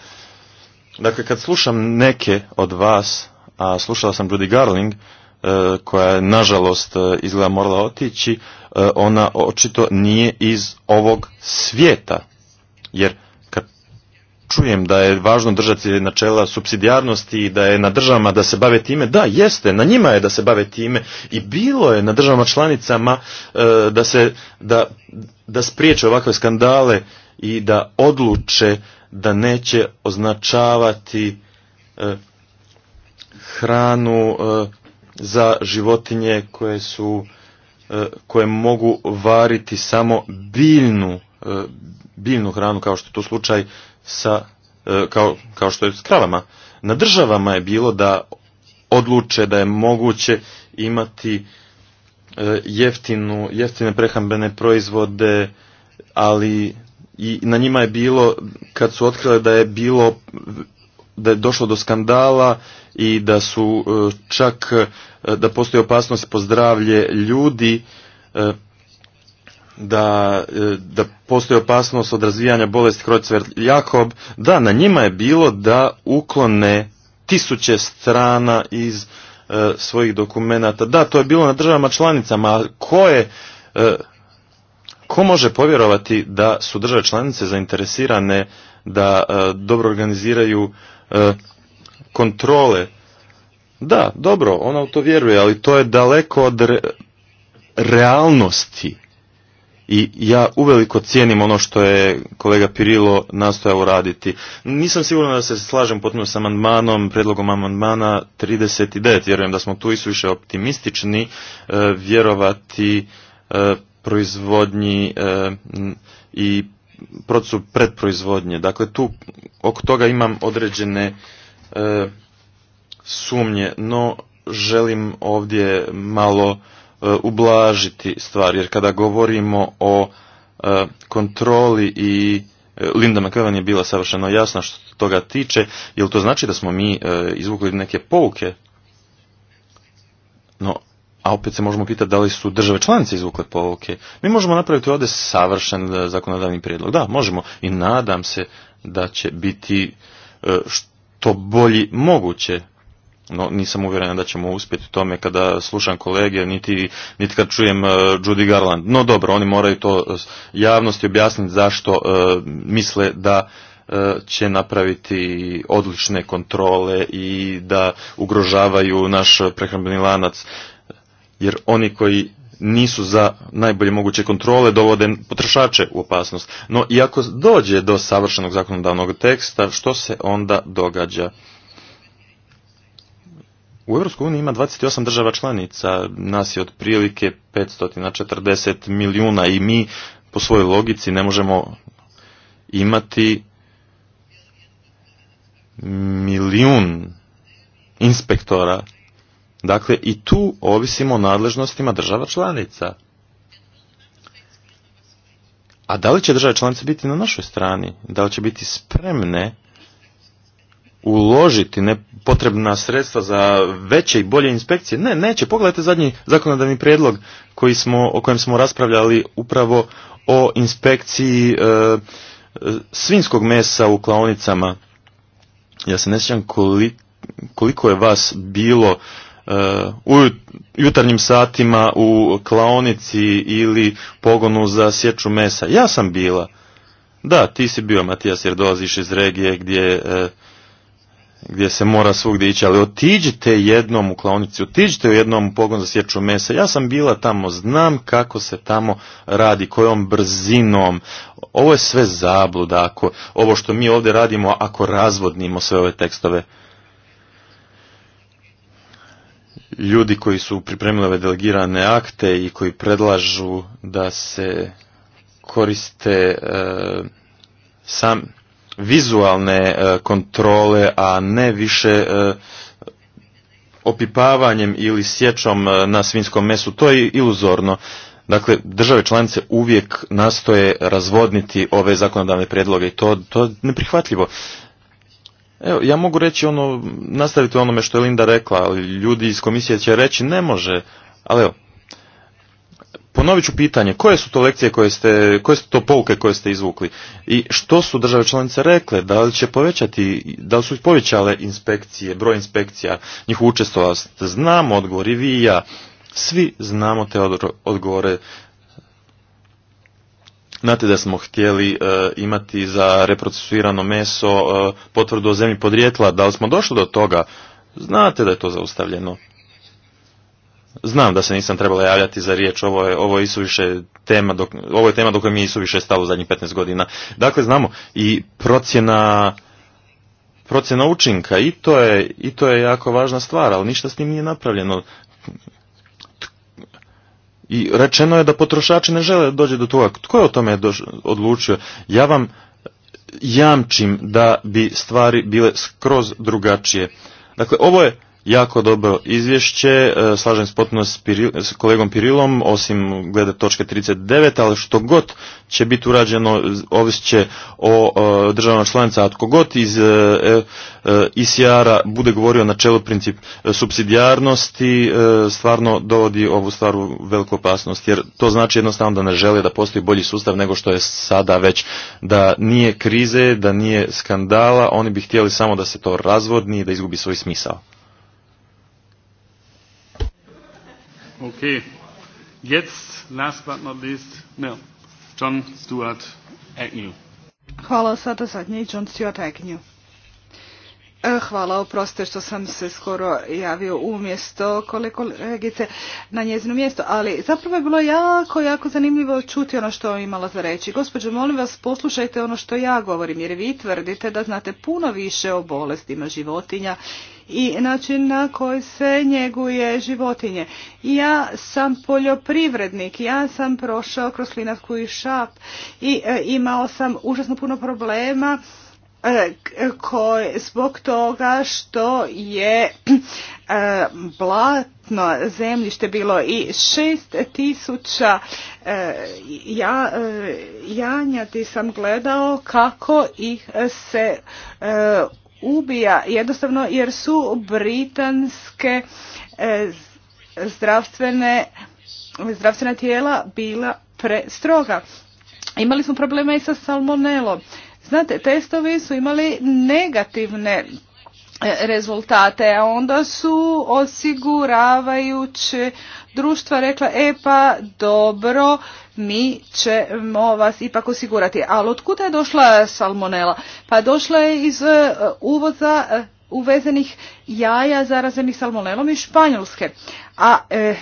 Dakle, kad slušam neke od vas, a slušala sam Judy Garling, e, koja je nažalost e, izgleda morala otići, E, ona očito nije iz ovog svijeta. Jer kad čujem da je važno držati načela subsidijarnosti i da je na državama da se bave time, da, jeste, na njima je da se bave time i bilo je na državama članicama e, da, se, da, da spriječe ovakve skandale i da odluče da neće označavati e, hranu za životinje koje su E, koje mogu variti samo biljnu, e, biljnu hranu kao što je to slučaj sa, e, kao, kao što je s kravama. Na državama je bilo da odluče da je moguće imati jeftinu, jeftine prehrambene proizvode, ali i na njima je bilo, kad su otkrile da je bilo, da je došlo do skandala i da su e, čak e, da postoji opasnost po zdravlje ljudi e, da, da postoji opasnost od razvijanja bolesti Hrocver Jakob, da, na njima je bilo da uklone tisuće strana iz svojih dokumenata. Da, to je bilo na državama članicama, a ko je, ko može povjerovati da su države članice zainteresirane da dobro organiziraju kontrole. Da, dobro, ona u to vjeruje, ali to je daleko od realnosti. I ja uveliko cijenim ono što je kolega Pirilo nastojao raditi. Nisam siguran da se slažem potpuno s amandmanom, predlogom amandmana 39. Vjerujem da smo tu više optimistični e, vjerovati e, proizvodnji e, i procesu predproizvodnje. Dakle, tu oko toga imam određene e, sumnje, no želim ovdje malo e, ublažiti stvar, jer kada govorimo o e, kontroli i e, Linda McEwan je bila savršeno jasna što toga tiče, jel to znači da smo mi izvukli neke pouke? No, a opet se možemo pitati da li su države članice izvukle pouke. Mi možemo napraviti ovdje savršen zakonodavni prijedlog. Da, možemo i nadam se da će biti to bolji moguće. No, nisam uvjeren da ćemo uspjeti u tome kada slušam kolege, niti, niti kad čujem e, Judy Garland. No dobro, oni moraju to javnosti objasniti zašto e, misle da e, će napraviti odlične kontrole i da ugrožavaju naš prehrambeni lanac. Jer oni koji nisu za najbolje moguće kontrole dovode potrošače u opasnost. No ako dođe do savršenog zakonodavnog teksta, što se onda događa? U EU ima 28 država članica, nas je otprilike 540 milijuna i mi po svojoj logici ne možemo imati milijun inspektora Dakle, i tu ovisimo o nadležnostima država članica. A da li će države članice biti na našoj strani? Da li će biti spremne uložiti nepotrebna sredstva za veće i bolje inspekcije? Ne, neće. Pogledajte zadnji zakonodavni prijedlog koji smo, o kojem smo raspravljali upravo o inspekciji e, e svinskog mesa u klaonicama. Ja se ne sjećam koliko je vas bilo u jutarnjim satima u klaonici ili pogonu za sječu mesa. Ja sam bila. Da, ti si bio, Matijas, jer dolaziš iz regije gdje, e, gdje se mora svugdje ići, ali otiđite jednom u klaonici, otiđite u jednom u pogon za sječu mesa. Ja sam bila tamo, znam kako se tamo radi, kojom brzinom. Ovo je sve zabluda, ako, ovo što mi ovdje radimo, ako razvodnimo sve ove tekstove. ljudi koji su pripremili ove delegirane akte i koji predlažu da se koriste e, sam vizualne e, kontrole, a ne više e, opipavanjem ili sjećom na svinskom mesu, to je iluzorno. Dakle, države članice uvijek nastoje razvodniti ove zakonodavne predloge i to, to je neprihvatljivo. Evo, ja mogu reći ono, nastaviti onome što je Linda rekla, ali ljudi iz komisije će reći ne može, ali evo, ponovit ću pitanje, koje su to lekcije koje ste, koje su to pouke koje ste izvukli i što su države članice rekle, da li će povećati, da li su povećale inspekcije, broj inspekcija, njih učestvovanost, Znamo odgovor i vi i ja, svi znamo te odgovore, Znate da smo htjeli e, imati za reprocesuirano meso e, potvrdu o zemlji podrijetla. Da li smo došli do toga? Znate da je to zaustavljeno. Znam da se nisam trebala javljati za riječ, ovo je, ovo je tema, dok, ovo je tema do mi je isuviše stalo u zadnjih 15 godina. Dakle, znamo, i procjena, procjena učinka, i to, je, i to je jako važna stvar, ali ništa s njim nije napravljeno i rečeno je da potrošači ne žele dođe do toga. Tko je o tome odlučio? Ja vam jamčim da bi stvari bile skroz drugačije. Dakle, ovo je jako dobro izvješće, e, slažem se potpuno s, kolegom Pirilom, osim glede točke 39, ali što god će biti urađeno, ovisit će o, državnom državama članica, a tko god iz ICR-a e, e, bude govorio na čelu princip supsidijarnosti subsidijarnosti, stvarno dovodi ovu stvar u veliku opasnost, jer to znači jednostavno da ne žele da postoji bolji sustav nego što je sada već, da nije krize, da nije skandala, oni bi htjeli samo da se to razvodni i da izgubi svoj smisao. Okay. Jetzt, last but not least, no. John Stuart Agnew. Hvala sada John Stuart Agnew. E, hvala, što sam se skoro javio umjesto kolegice na njezino mjesto, ali zapravo je bilo jako, jako zanimljivo čuti ono što je imala za reći. Gospođo, molim vas, poslušajte ono što ja govorim, jer vi tvrdite da znate puno više o bolestima životinja i način na koji se njeguje životinje. Ja sam poljoprivrednik, ja sam prošao kroz linasku i šap i e, imao sam užasno puno problema e, koje, zbog toga što je e, blatno zemljište bilo i šest tisuća ja, janjati sam gledao kako ih se ubija jednostavno jer su britanske e, zdravstvene zdravstvena tijela bila prestroga. Imali smo probleme i sa salmonelom. Znate, testovi su imali negativne rezultate, a onda su osiguravajuće društva rekla, e pa dobro, mi ćemo vas ipak osigurati. Ali otkuda je došla salmonela? Pa došla je iz e, uvoza e, uvezenih jaja zarazenih salmonelom iz Španjolske. A e,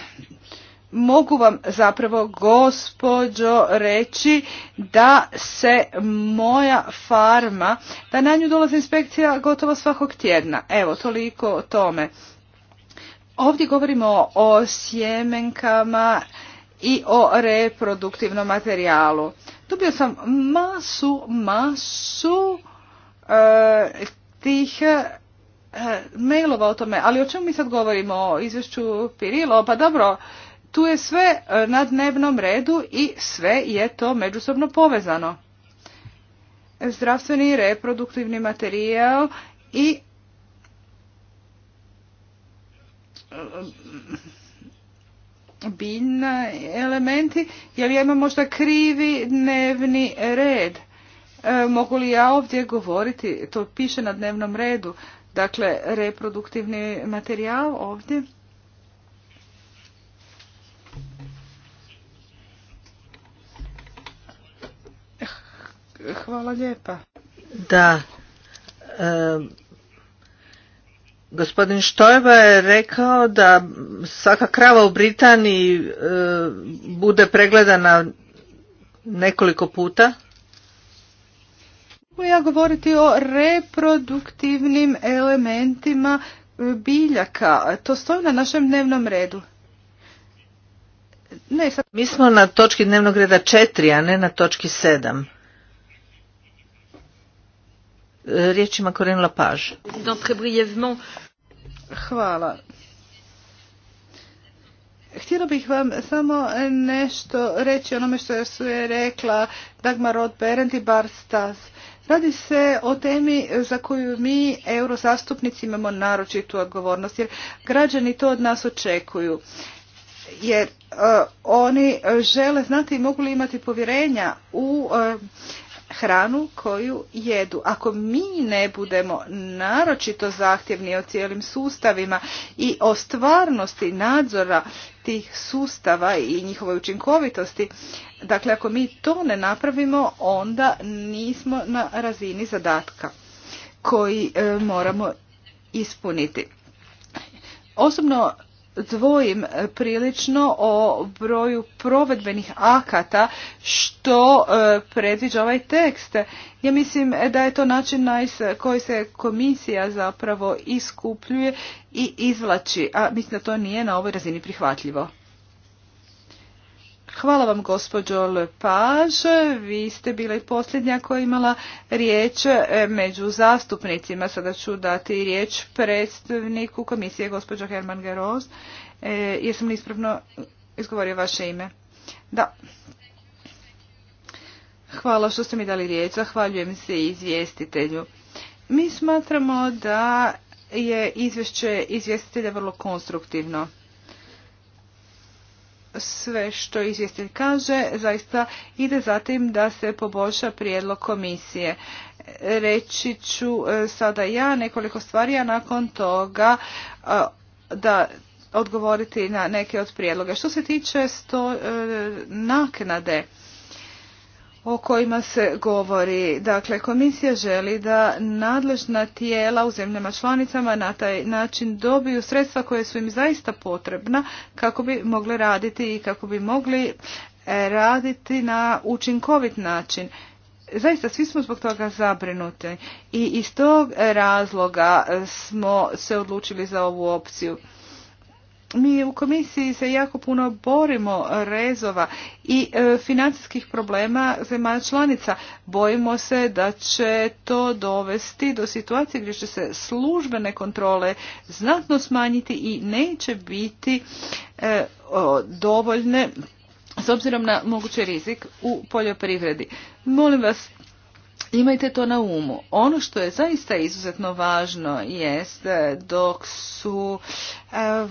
mogu vam zapravo gospođo reći da se moja farma, da na nju dolazi inspekcija gotovo svakog tjedna. Evo, toliko o tome. Ovdje govorimo o sjemenkama i o reproduktivnom materijalu. Dubio sam masu, masu e, tih e, mailova o tome, ali o čemu mi sad govorimo? O izvješću Pirilo? Pa dobro, tu je sve e, na dnevnom redu i sve je to međusobno povezano. Zdravstveni reproduktivni materijal i e, biljna elementi, Jel ja imam možda krivi dnevni red. E, mogu li ja ovdje govoriti, to piše na dnevnom redu, dakle reproduktivni materijal ovdje. Hvala lijepa. Da. E, gospodin Štojba je rekao da svaka krava u Britaniji bude pregledana nekoliko puta. Ja govoriti o reproduktivnim elementima e, biljaka. To stoji na našem dnevnom redu. Ne, Mi smo na točki dnevnog reda 4, a ne na točki sedam. Riječ ima Corinne Lapage. Hvala. Htjela bih vam samo nešto reći onome što su je rekla Dagmar Roth Berend i Barstas. Radi se o temi za koju mi, eurozastupnici, imamo naročitu odgovornost, jer građani to od nas očekuju. Jer e, oni žele znati mogu li imati povjerenja u e, hranu koju jedu. Ako mi ne budemo naročito zahtjevni o cijelim sustavima i o stvarnosti nadzora tih sustava i njihovoj učinkovitosti, dakle ako mi to ne napravimo, onda nismo na razini zadatka koji e, moramo ispuniti. Osobno dvojim e, prilično o broju provedbenih akata što e, predviđa ovaj tekst. Ja mislim da je to način na koji se komisija zapravo iskupljuje i izvlači, a mislim da to nije na ovoj razini prihvatljivo. Hvala vam gospođo Lepaž. Vi ste i posljednja koja je imala riječ e, među zastupnicima. Sada ću dati riječ predstavniku komisije gospođo Herman Geroz. E, jesam li ispravno izgovorio vaše ime? Da. Hvala što ste mi dali riječ. Zahvaljujem se izvjestitelju. Mi smatramo da je izvješće izvjestitelja vrlo konstruktivno sve što izvjestitelj kaže zaista ide zatim da se poboljša prijedlog komisije. Reći ću e, sada ja nekoliko stvari, a nakon toga e, da odgovoriti na neke od prijedloga. Što se tiče e, naknade, o kojima se govori. Dakle, komisija želi da nadležna tijela u zemljama članicama na taj način dobiju sredstva koje su im zaista potrebna kako bi mogli raditi i kako bi mogli e, raditi na učinkovit način. Zaista svi smo zbog toga zabrinuti i iz tog razloga smo se odlučili za ovu opciju mi u komisiji se jako puno borimo rezova i e, financijskih problema zemalja članica. Bojimo se da će to dovesti do situacije gdje će se službene kontrole znatno smanjiti i neće biti e, dovoljne s obzirom na mogući rizik u poljoprivredi. Molim vas, Imajte to na umu. Ono što je zaista izuzetno važno jest e, dok su e,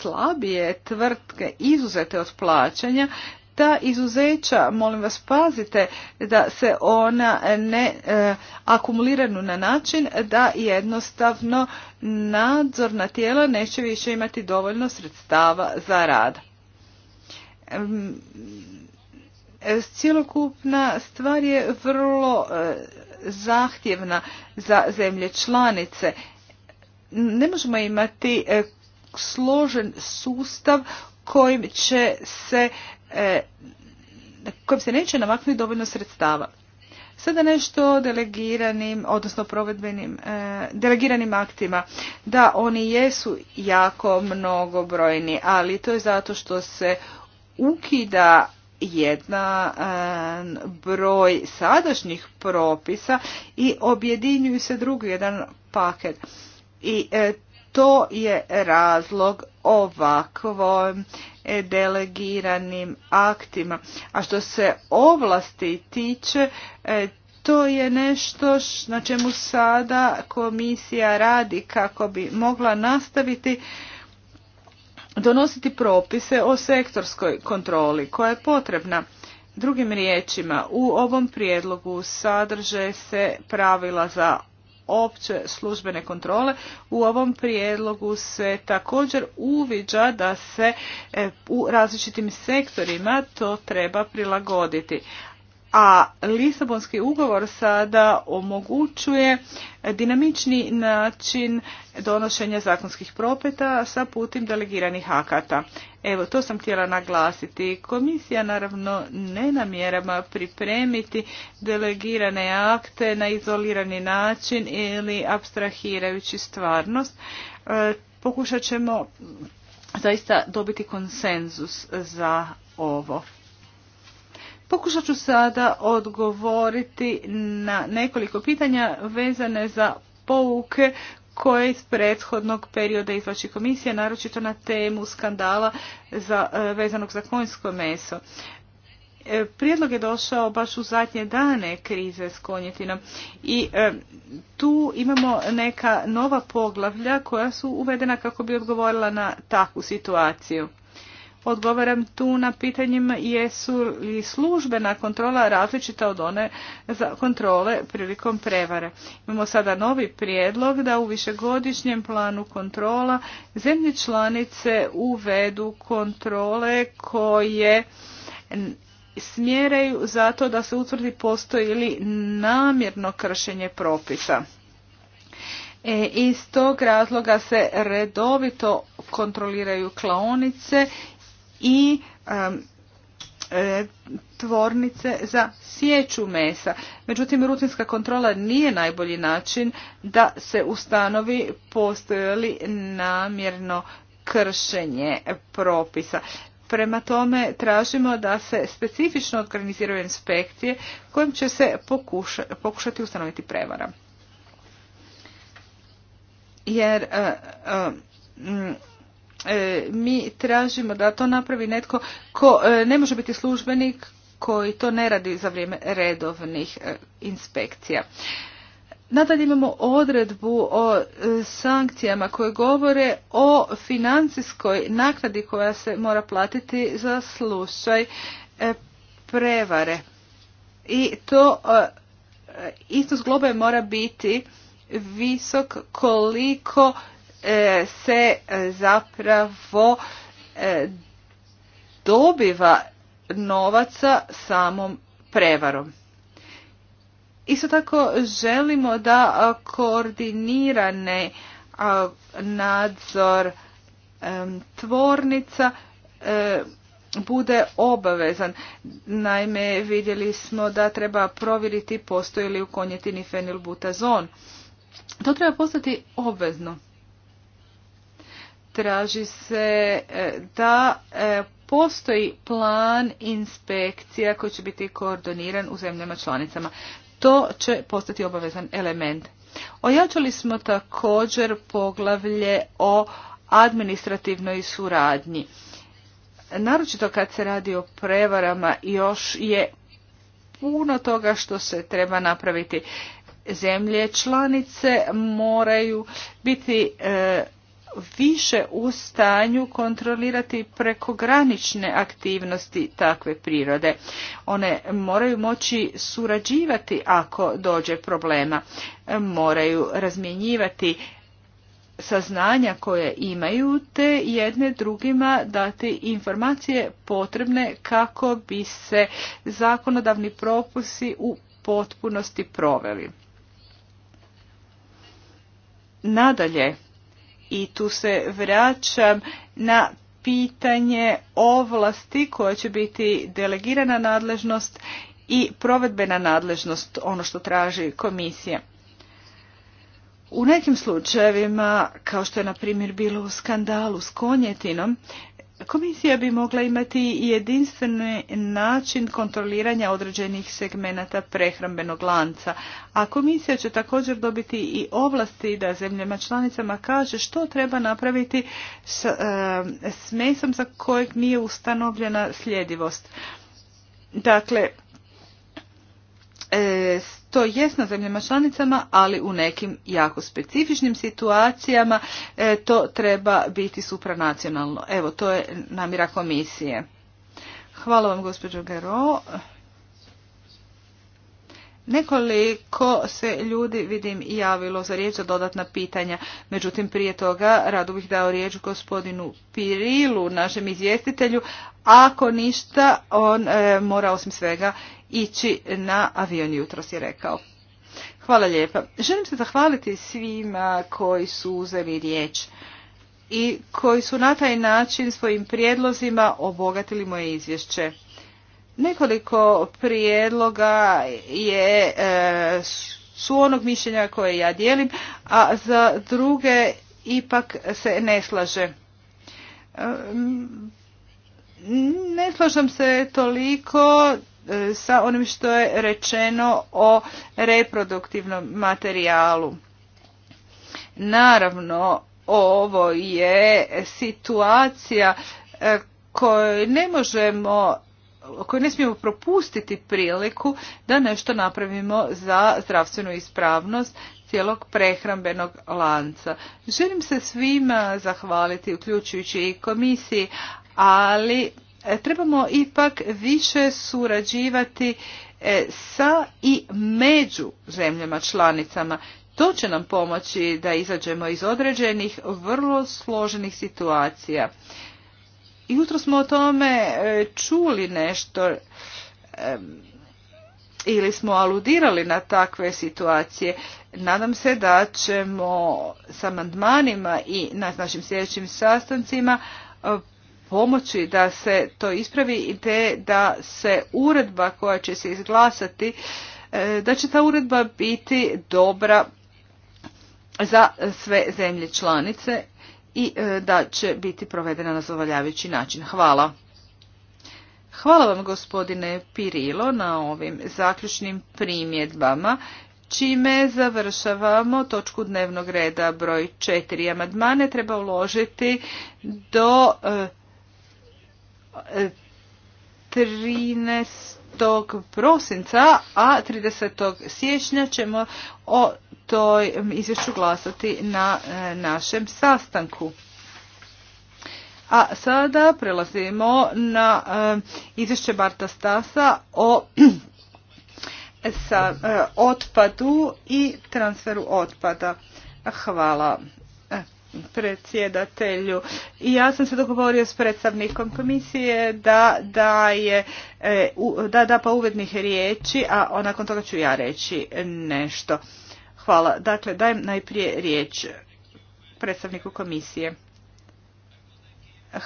slabije tvrtke izuzete od plaćanja, ta izuzeća, molim vas pazite da se ona ne e, akumuliranu na način da jednostavno nadzorna tijela neće više imati dovoljno sredstava za rad. Cjelokupna stvar je vrlo e, zahtjevna za zemlje članice. Ne možemo imati e, složen sustav kojim će se e, kojim se neće namaknuti dovoljno sredstava. Sada nešto o delegiranim, odnosno provedbenim, delegiranim aktima. Da, oni jesu jako mnogobrojni, ali to je zato što se ukida jedan broj sadašnjih propisa i objedinjuju se drugi jedan paket. I e, to je razlog ovakvo e, delegiranim aktima. A što se ovlasti tiče, e, to je nešto na čemu sada komisija radi kako bi mogla nastaviti donositi propise o sektorskoj kontroli koja je potrebna. Drugim riječima, u ovom prijedlogu sadrže se pravila za opće službene kontrole. U ovom prijedlogu se također uviđa da se e, u različitim sektorima to treba prilagoditi a Lisabonski ugovor sada omogućuje dinamični način donošenja zakonskih propeta sa putem delegiranih akata. Evo, to sam htjela naglasiti. Komisija naravno ne namjerama pripremiti delegirane akte na izolirani način ili abstrahirajući stvarnost. E, pokušat ćemo zaista dobiti konsenzus za ovo. Pokušat ću sada odgovoriti na nekoliko pitanja vezane za pouke koje iz prethodnog perioda izvlači komisija, naročito na temu skandala za, e, vezanog za konjsko meso. E, prijedlog je došao baš u zadnje dane krize s konjetinom i e, tu imamo neka nova poglavlja koja su uvedena kako bi odgovorila na takvu situaciju odgovaram tu na pitanjima jesu li službena kontrola različita od one za kontrole prilikom prevare. Imamo sada novi prijedlog da u višegodišnjem planu kontrola zemlje članice uvedu kontrole koje smjeraju zato da se utvrdi postoji ili namjerno kršenje propisa. E, iz tog razloga se redovito kontroliraju klaonice i e, tvornice za sjeću mesa. Međutim, rutinska kontrola nije najbolji način da se ustanovi postoje li namjerno kršenje propisa. Prema tome tražimo da se specifično organiziraju inspekcije kojim će se pokušati ustanoviti prevara. Jer e, e, E, mi tražimo da to napravi netko ko e, ne može biti službenik koji to ne radi za vrijeme redovnih e, inspekcija. Nadalje imamo odredbu o sankcijama koje govore o financijskoj naknadi koja se mora platiti za slučaj prevare. I to iznos globe mora biti visok koliko E, se e, zapravo e, dobiva novaca samom prevarom. Isto tako želimo da koordinirane nadzor tvornica bude obavezan. Naime, vidjeli smo da treba provjeriti postoji li u konjetini fenilbutazon. To treba postati obvezno traži se e, da e, postoji plan inspekcija koji će biti koordiniran u zemljama članicama. To će postati obavezan element. Ojačali smo također poglavlje o administrativnoj suradnji. Naročito kad se radi o prevarama još je puno toga što se treba napraviti. Zemlje članice moraju biti e, više u stanju kontrolirati prekogranične aktivnosti takve prirode. One moraju moći surađivati ako dođe problema, moraju razmjenjivati saznanja koje imaju te jedne drugima dati informacije potrebne kako bi se zakonodavni propusi u potpunosti proveli. Nadalje, i tu se vraćam na pitanje ovlasti koja će biti delegirana nadležnost i provedbena nadležnost, ono što traži komisija. U nekim slučajevima, kao što je na primjer bilo u skandalu s konjetinom, Komisija bi mogla imati jedinstveni način kontroliranja određenih segmenata prehrambenog lanca, a komisija će također dobiti i ovlasti da zemljama članicama kaže što treba napraviti s, e, s mesom za kojeg nije ustanovljena sljedivost. Dakle, E, to jest na zemljama članicama, ali u nekim jako specifičnim situacijama e, to treba biti supranacionalno. Evo, to je namjera komisije. Hvala vam, gospođo Gero. Nekoliko se ljudi, vidim, javilo za riječ za dodatna pitanja. Međutim, prije toga rado bih dao riječ gospodinu Pirilu, našem izvjestitelju. Ako ništa, on e, mora osim svega ići na avion jutros, je rekao. Hvala lijepa. Želim se zahvaliti svima koji su uzeli riječ i koji su na taj način svojim prijedlozima obogatili moje izvješće. Nekoliko prijedloga je, e, su onog mišljenja koje ja dijelim, a za druge ipak se ne slaže. E, ne slažem se toliko e, sa onim što je rečeno o reproduktivnom materijalu. Naravno, ovo je situacija koju ne možemo koje ne smijemo propustiti priliku da nešto napravimo za zdravstvenu ispravnost cijelog prehrambenog lanca. Želim se svima zahvaliti, uključujući i komisiji, ali e, trebamo ipak više surađivati e, sa i među zemljama članicama. To će nam pomoći da izađemo iz određenih vrlo složenih situacija. Jutro smo o tome e, čuli nešto e, ili smo aludirali na takve situacije. Nadam se da ćemo s amandmanima i na našim sljedećim sastancima e, pomoći da se to ispravi i te da se uredba koja će se izglasati, da će ta uredba biti dobra za sve zemlje članice i e, da će biti provedena na zadovoljavajući način. Hvala. Hvala vam gospodine Pirilo na ovim zaključnim primjedbama, čime završavamo točku dnevnog reda broj 4. Amadmane treba uložiti do 13. E, e, prosinca, a 30. siječnja ćemo o toj izvješću glasati na e, našem sastanku. A sada prelazimo na e, izvješće Barta Stasa o e, otpadu i transferu otpada. Hvala predsjedatelju. I ja sam se dogovorio s predstavnikom komisije da da je da da pa uvednih riječi, a nakon toga ću ja reći nešto. Hvala. Dakle, dajem najprije riječ predstavniku komisije.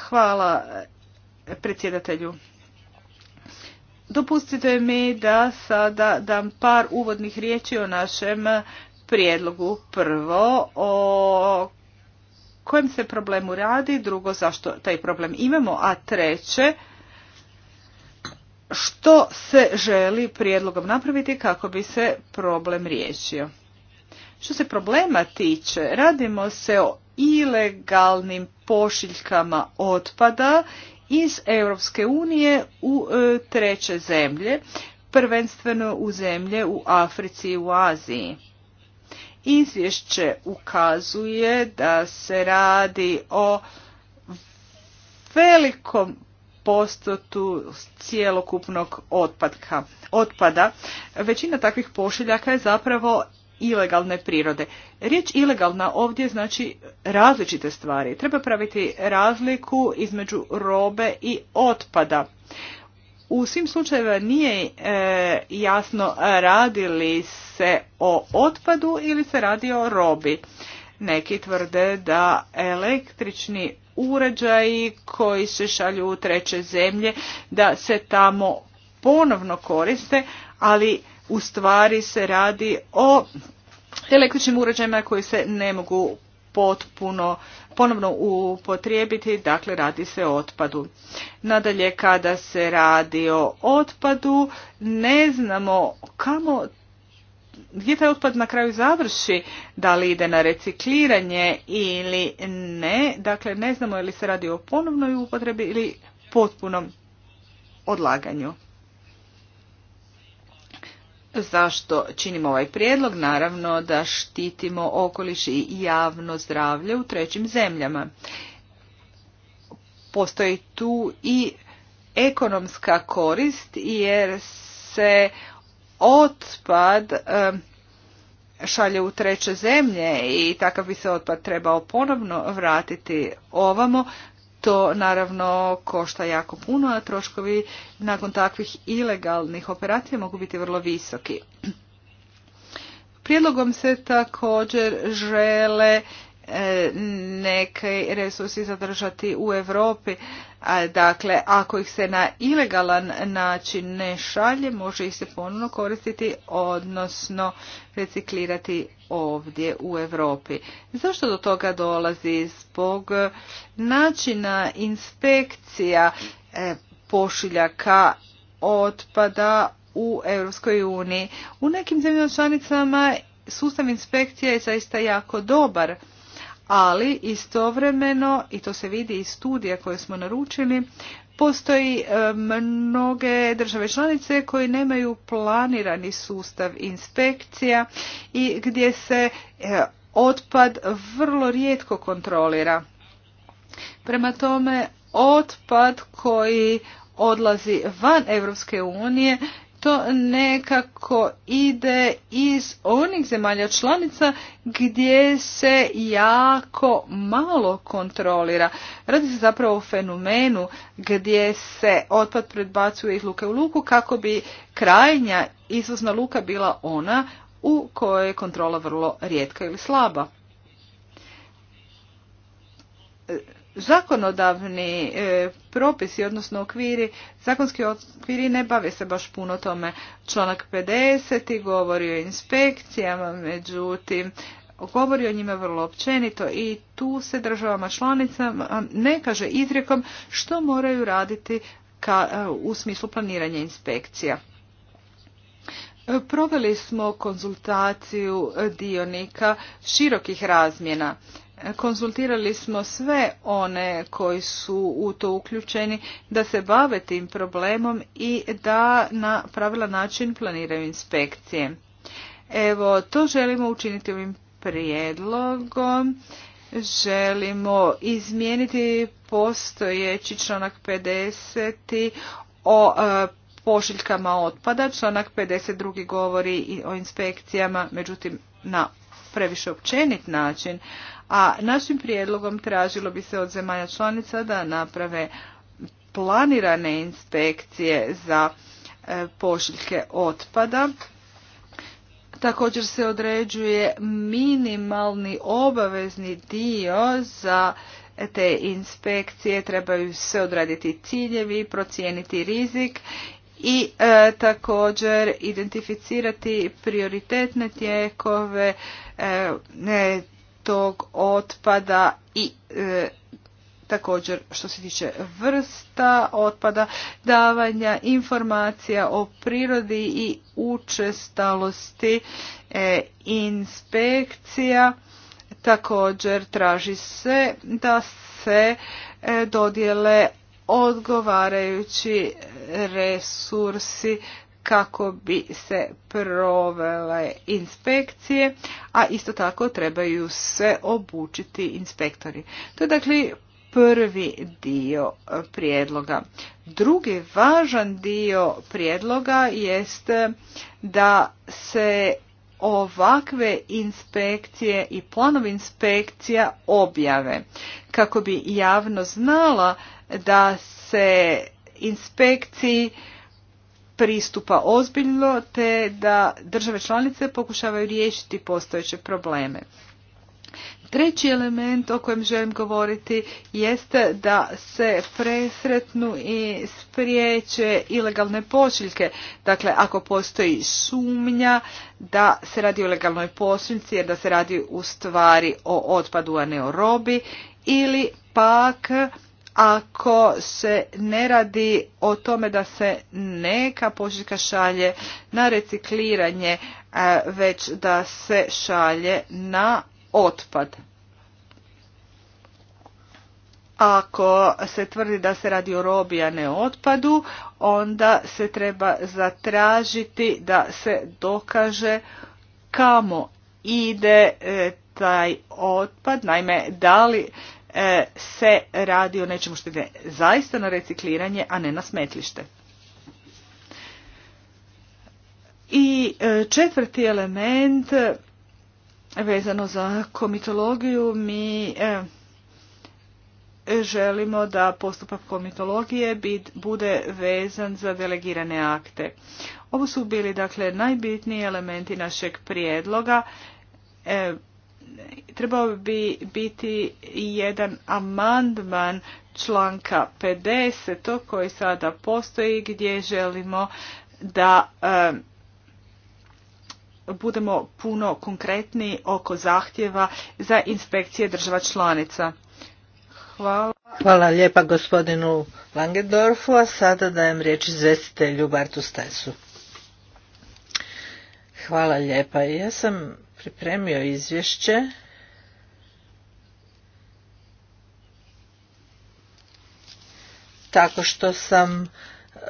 Hvala predsjedatelju. Dopustite mi da sada dam par uvodnih riječi o našem prijedlogu. Prvo, o kojem se problemu radi, drugo, zašto taj problem imamo, a treće, što se želi prijedlogom napraviti kako bi se problem riješio. Što se problema tiče, radimo se o ilegalnim pošiljkama otpada iz Europske unije u e, treće zemlje, prvenstveno u zemlje u Africi i u Aziji. Izvješće ukazuje da se radi o velikom postotu cjelokupnog otpada. Većina takvih pošiljaka je zapravo ilegalne prirode. Riječ ilegalna ovdje znači različite stvari. Treba praviti razliku između robe i otpada. U svim slučajima nije e, jasno jasno li se o otpadu ili se radi o robi. Neki tvrde da električni uređaji koji se šalju u treće zemlje da se tamo ponovno koriste, ali u stvari se radi o električnim uređajima koji se ne mogu potpuno ponovno upotrijebiti, dakle radi se o otpadu. Nadalje kada se radi o otpadu ne znamo kamo gdje taj otpad na kraju završi, da li ide na recikliranje ili ne, dakle ne znamo je li se radi o ponovnoj upotrebi ili potpunom odlaganju. Zašto činimo ovaj prijedlog? Naravno da štitimo okoliš i javno zdravlje u trećim zemljama. Postoji tu i ekonomska korist jer se otpad šalje u treće zemlje i takav bi se otpad trebao ponovno vratiti ovamo to naravno košta jako puno, a troškovi nakon takvih ilegalnih operacija mogu biti vrlo visoki. Prijedlogom se također žele E, neke resursi zadržati u Europi. E, dakle, ako ih se na ilegalan način ne šalje, može ih se ponovno koristiti, odnosno reciklirati ovdje u Europi. Zašto do toga dolazi? Zbog načina inspekcija e, pošiljaka otpada u Europskoj uniji. U nekim zemljama članicama sustav inspekcija je zaista jako dobar ali istovremeno, i to se vidi iz studija koje smo naručili, Postoji e, mnoge države članice koji nemaju planirani sustav inspekcija i gdje se e, otpad vrlo rijetko kontrolira. Prema tome, otpad koji odlazi van Europske unije to nekako ide iz onih zemalja članica gdje se jako malo kontrolira. Radi se zapravo o fenomenu gdje se otpad predbacuje iz luke u luku kako bi krajnja izvozna luka bila ona u kojoj je kontrola vrlo rijetka ili slaba zakonodavni e, propisi, odnosno okviri, zakonski okviri ne bave se baš puno tome. Članak 50. govori o inspekcijama, međutim, govori o njima vrlo općenito i tu se državama članicama ne kaže izrijekom što moraju raditi ka, e, u smislu planiranja inspekcija. Proveli smo konzultaciju dionika širokih razmjena konzultirali smo sve one koji su u to uključeni da se bave tim problemom i da na pravilan način planiraju inspekcije. Evo, to želimo učiniti ovim prijedlogom. Želimo izmijeniti postojeći članak 50. o e, pošiljkama otpada. Članak 52. govori i o inspekcijama, međutim na previše općenit način a našim prijedlogom tražilo bi se od zemalja članica da naprave planirane inspekcije za e, pošiljke otpada. Također se određuje minimalni obavezni dio za te inspekcije, trebaju se odraditi ciljevi, procijeniti rizik i e, također identificirati prioritetne tijekove, e, tog otpada i e, također što se tiče vrsta otpada, davanja informacija o prirodi i učestalosti e, inspekcija. Također traži se da se e, dodijele odgovarajući resursi kako bi se provele inspekcije, a isto tako trebaju se obučiti inspektori. To je dakle prvi dio prijedloga. Drugi važan dio prijedloga jest da se ovakve inspekcije i planovi inspekcija objave kako bi javno znala da se inspekciji pristupa ozbiljno te da države članice pokušavaju riješiti postojeće probleme. Treći element o kojem želim govoriti jeste da se presretnu i spriječe ilegalne pošiljke. Dakle, ako postoji sumnja da se radi o ilegalnoj pošiljci jer da se radi u stvari o otpadu, a ne o robi ili pak ako se ne radi o tome da se neka pošiljka šalje na recikliranje, e, već da se šalje na otpad. Ako se tvrdi da se radi o robi, a ne otpadu, onda se treba zatražiti da se dokaže kamo ide e, taj otpad, naime da li E, se radi o nečemu što ide zaista na recikliranje, a ne na smetlište. I e, četvrti element vezano za komitologiju mi e, želimo da postupak komitologije bude vezan za delegirane akte. Ovo su bili dakle najbitniji elementi našeg prijedloga trebao bi biti jedan amandman članka 50 to koji sada postoji gdje želimo da e, budemo puno konkretni oko zahtjeva za inspekcije država članica. Hvala. Hvala lijepa gospodinu Langendorfu, a sada dajem riječ izvestitelju Bartu Stesu. Hvala lijepa. Ja sam pripremio izvješće tako što sam e,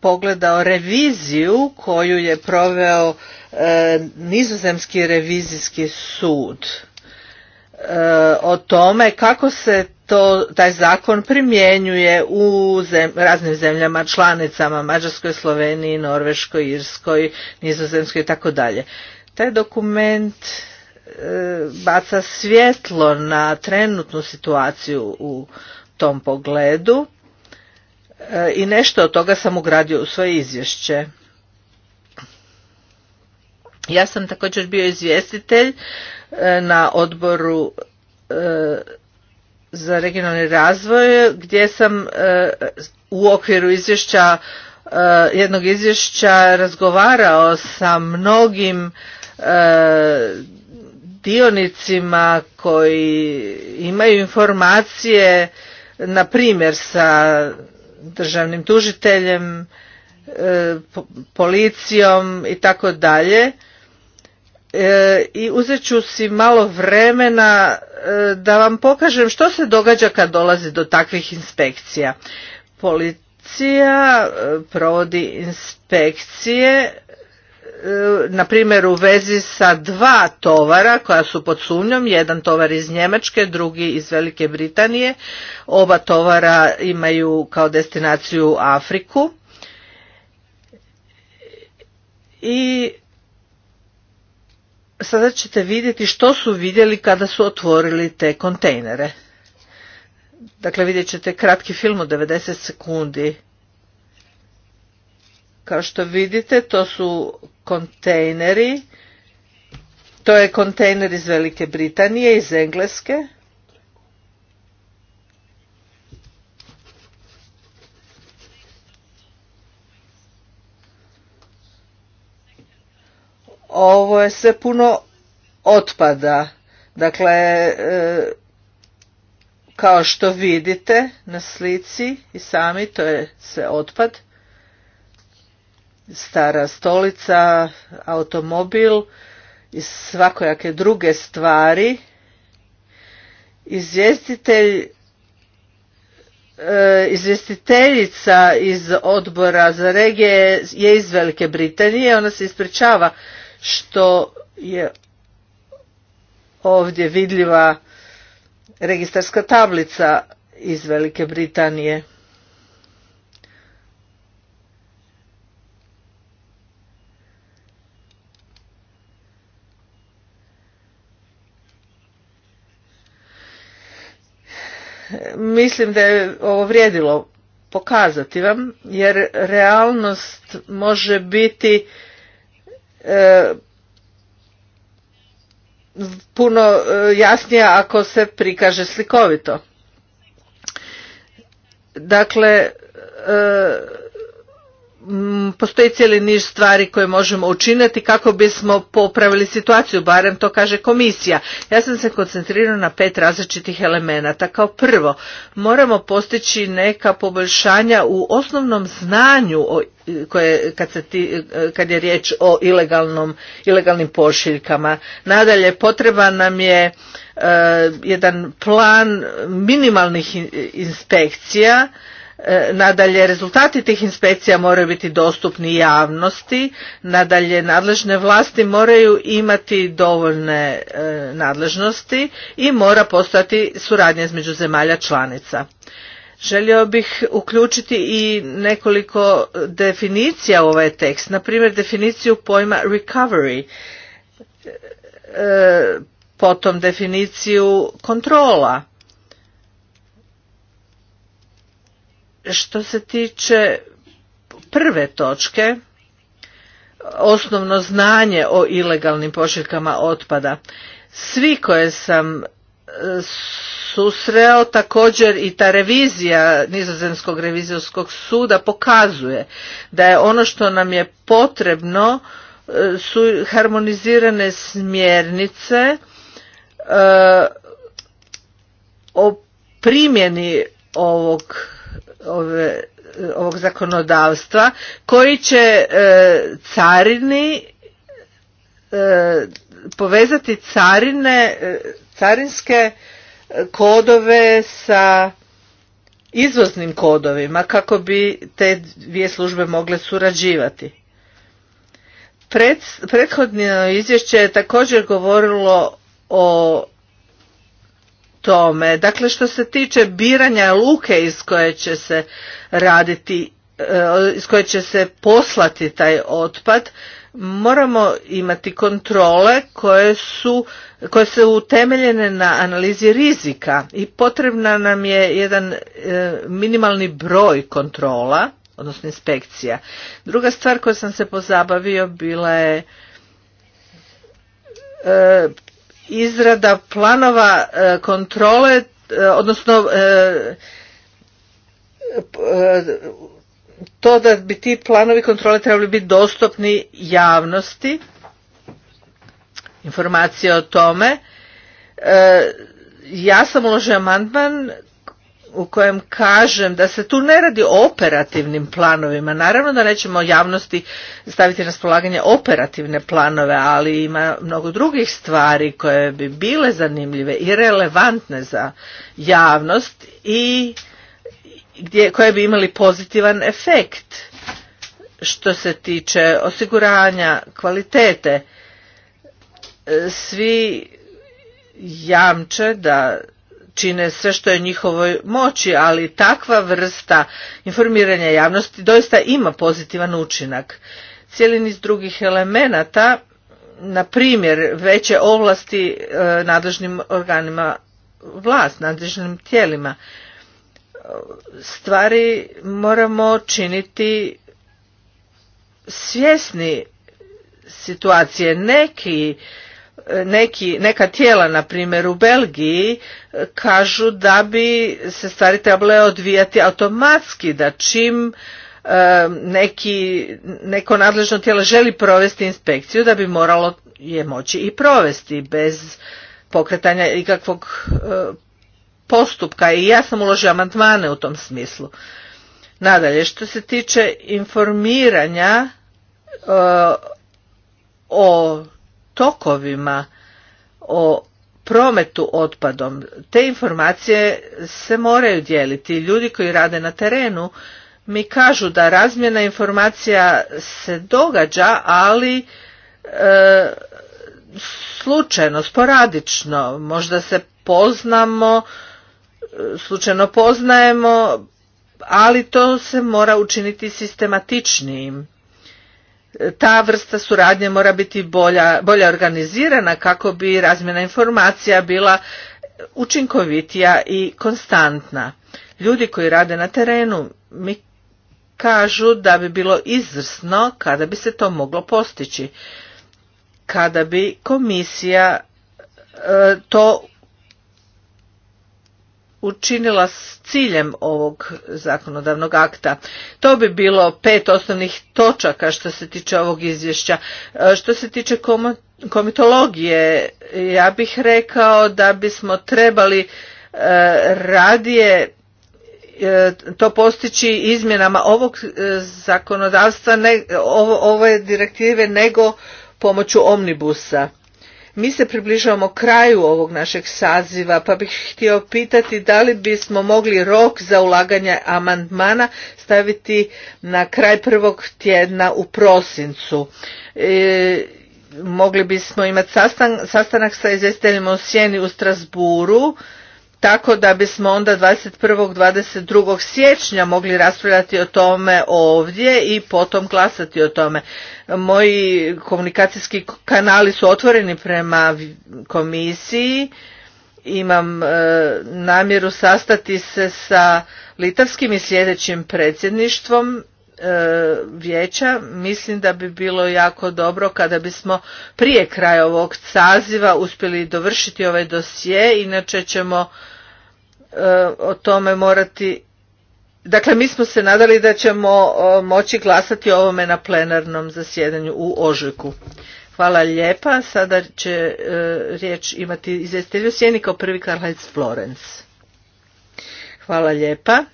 pogledao reviziju koju je proveo e, nizozemski revizijski sud e, o tome kako se to taj zakon primjenjuje u raznim zemljama članicama Mađarskoj, Sloveniji, Norveškoj, Irskoj, Nizozemskoj i tako dalje. Taj dokument e, baca svjetlo na trenutnu situaciju u tom pogledu e, i nešto od toga sam ugradio u svoje izvješće. Ja sam također bio izvjestitelj e, na odboru za regionalni razvoj gdje sam u okviru izvješća jednog izvješća razgovarao sa mnogim E, dionicima koji imaju informacije na primjer sa državnim tužiteljem e, policijom i tako dalje e, i uzet ću si malo vremena da vam pokažem što se događa kad dolazi do takvih inspekcija policija provodi inspekcije E, na primjer u vezi sa dva tovara koja su pod sumnjom, jedan tovar iz Njemačke, drugi iz Velike Britanije. Oba tovara imaju kao destinaciju Afriku. I sada ćete vidjeti što su vidjeli kada su otvorili te kontejnere. Dakle, vidjet ćete kratki film od 90 sekundi. Kao što vidite, to su kontejneri. To je kontejner iz Velike Britanije, iz Engleske. Ovo je sve puno otpada. Dakle, e, kao što vidite na slici i sami, to je sve otpad stara stolica, automobil i svakojake druge stvari. Izvjestitelj e, izvjestiteljica iz odbora za regije je iz Velike Britanije. Ona se ispričava što je ovdje vidljiva registarska tablica iz Velike Britanije. mislim da je ovo vrijedilo pokazati vam jer realnost može biti e, puno e, jasnija ako se prikaže slikovito. Dakle, e, Mm, postoji cijeli niz stvari koje možemo učiniti kako bismo popravili situaciju, barem to kaže komisija. Ja sam se koncentrirao na pet različitih elemenata. Kao prvo, moramo postići neka poboljšanja u osnovnom znanju koje, kad, se ti, kad je riječ o ilegalnim pošiljkama. Nadalje, potreba nam je e, jedan plan minimalnih inspekcija, E, nadalje, rezultati tih inspekcija moraju biti dostupni javnosti. Nadalje, nadležne vlasti moraju imati dovoljne e, nadležnosti i mora postati suradnja između zemalja članica. Želio bih uključiti i nekoliko definicija u ovaj tekst. Na primjer, definiciju pojma recovery, e, potom definiciju kontrola Što se tiče prve točke, osnovno znanje o ilegalnim pošiljkama otpada. Svi koje sam e, susreo također i ta revizija Nizozemskog revizijskog suda pokazuje da je ono što nam je potrebno e, su harmonizirane smjernice e, o primjeni ovog ove, ovog zakonodavstva koji će e, carini e, povezati carine e, carinske kodove sa izvoznim kodovima kako bi te dvije službe mogle surađivati. Prethodno izvješće je također govorilo o tome. Dakle, što se tiče biranja luke iz koje će se raditi, eh, iz koje će se poslati taj otpad, moramo imati kontrole koje su koje su utemeljene na analizi rizika i potrebna nam je jedan eh, minimalni broj kontrola, odnosno inspekcija. Druga stvar koju sam se pozabavio bila je eh, izrada planova e, kontrole, e, odnosno e, to da bi ti planovi kontrole trebali biti dostupni javnosti, informacije o tome. Ja sam uložio amandman u kojem kažem da se tu ne radi o operativnim planovima. Naravno da nećemo javnosti staviti na raspolaganje operativne planove, ali ima mnogo drugih stvari koje bi bile zanimljive i relevantne za javnost i gdje, koje bi imali pozitivan efekt što se tiče osiguranja kvalitete. E, svi jamče da čine sve što je njihovoj moći, ali takva vrsta informiranja javnosti doista ima pozitivan učinak. Cijeli niz drugih elemenata, na primjer veće ovlasti e, nadležnim organima vlast, nadležnim tijelima, e, stvari moramo činiti svjesni situacije. Neki neki, neka tijela, na primjer u Belgiji, e, kažu da bi se stvari trebale odvijati automatski, da čim e, neki, neko nadležno tijelo želi provesti inspekciju, da bi moralo je moći i provesti bez pokretanja ikakvog e, postupka i ja sam uložila amandmane u tom smislu. Nadalje, što se tiče informiranja o tokovima, o prometu otpadom. Te informacije se moraju dijeliti. Ljudi koji rade na terenu mi kažu da razmjena informacija se događa, ali e, slučajno, sporadično. Možda se poznamo, slučajno poznajemo, ali to se mora učiniti sistematičnijim ta vrsta suradnje mora biti bolja, bolje organizirana kako bi razmjena informacija bila učinkovitija i konstantna. Ljudi koji rade na terenu mi kažu da bi bilo izvrsno kada bi se to moglo postići, kada bi komisija e, to učinila s ciljem ovog zakonodavnog akta. To bi bilo pet osnovnih točaka što se tiče ovog izvješća. E, što se tiče komitologije, ja bih rekao da bismo trebali e, radije e, to postići izmjenama ovog zakonodavstva, ove direktive nego pomoću omnibusa. Mi se približavamo kraju ovog našeg saziva, pa bih htio pitati da li bismo mogli rok za ulaganje amandmana staviti na kraj prvog tjedna u prosincu. E, mogli bismo imati sastanak sa izvjestiteljima u Sjeni u Strasburu, tako da bismo onda 21. 22. siječnja mogli raspravljati o tome ovdje i potom glasati o tome. Moji komunikacijski kanali su otvoreni prema komisiji. Imam e, namjeru sastati se sa litavskim i sljedećim predsjedništvom E, vijeća mislim da bi bilo jako dobro kada bismo prije kraja ovog saziva uspjeli dovršiti ovaj dosje inače ćemo e, o tome morati dakle mi smo se nadali da ćemo moći glasati o ovome na plenarnom zasjedanju u ožujku hvala lijepa sada će e, riječ imati izvjestitelj sjeni kao prvi karlajc Florence hvala lijepa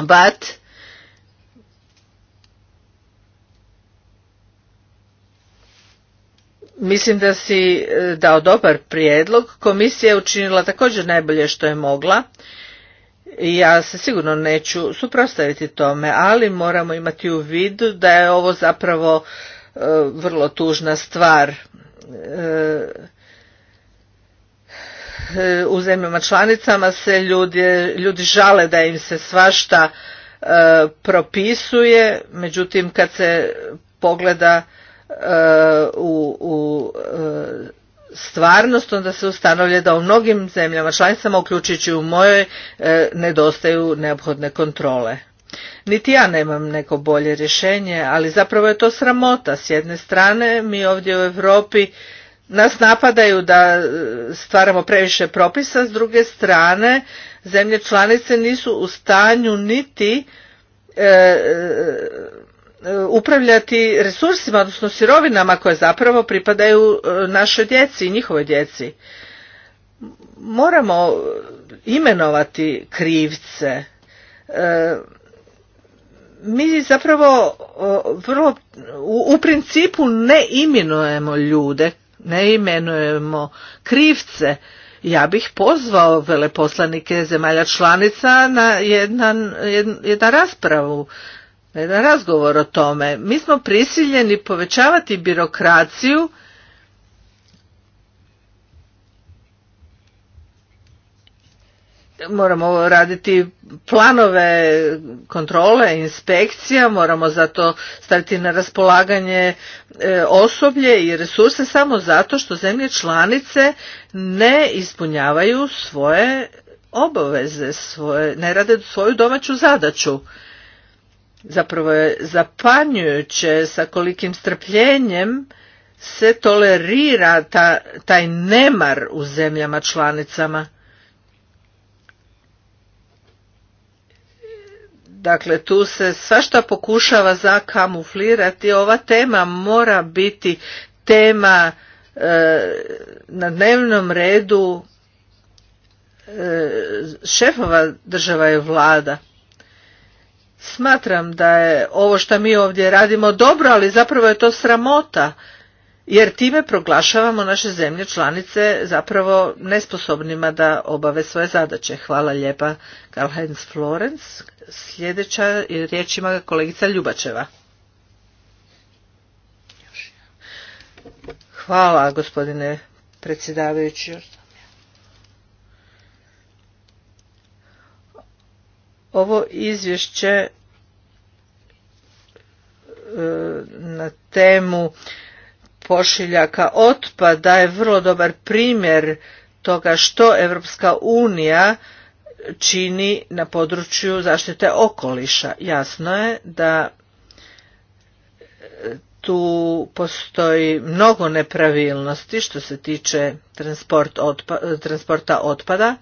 Bat Mislim da si e, dao dobar prijedlog. Komisija je učinila također najbolje što je mogla. Ja se sigurno neću suprotstaviti tome, ali moramo imati u vidu da je ovo zapravo e, vrlo tužna stvar. E, u zemljama članicama se ljudi, ljudi žale da im se svašta propisuje, međutim kad se pogleda u, u e, stvarnost, onda se ustanovlja da u mnogim zemljama članicama, uključujući u mojoj, e, nedostaju neophodne kontrole. Niti ja nemam neko bolje rješenje, ali zapravo je to sramota. S jedne strane, mi ovdje u Europi nas napadaju da e, stvaramo previše propisa, s druge strane, zemlje članice nisu u stanju niti E, upravljati resursima, odnosno sirovinama koje zapravo pripadaju e, našoj djeci i njihovoj djeci. Moramo imenovati krivce. E, mi zapravo vrlo, u principu ne imenujemo ljude, ne imenujemo krivce. Ja bih pozvao veleposlanike zemalja članica na jedan, raspravu jedan razgovor o tome. Mi smo prisiljeni povećavati birokraciju moramo raditi planove kontrole, inspekcija, moramo zato staviti na raspolaganje e, osoblje i resurse samo zato što zemlje članice ne ispunjavaju svoje obaveze, svoje, ne rade svoju domaću zadaću. Zapravo je zapanjujuće sa kolikim strpljenjem se tolerira taj nemar u zemljama članicama. Dakle, tu se svašta pokušava zakamuflirati. Ova tema mora biti tema e, na dnevnom redu e, šefova država je vlada. Smatram da je ovo što mi ovdje radimo dobro, ali zapravo je to sramota, jer time proglašavamo naše zemlje članice zapravo nesposobnima da obave svoje zadaće. Hvala lijepa Karl-Heinz Florenz. Sljedeća riječ ima kolegica Ljubačeva. Hvala gospodine predsjedavajući. Ovo izvješće e, na temu pošiljaka otpada je vrlo dobar primjer toga što Europska unija čini na području zaštite okoliša. Jasno je da e, tu postoji mnogo nepravilnosti što se tiče transporta otpada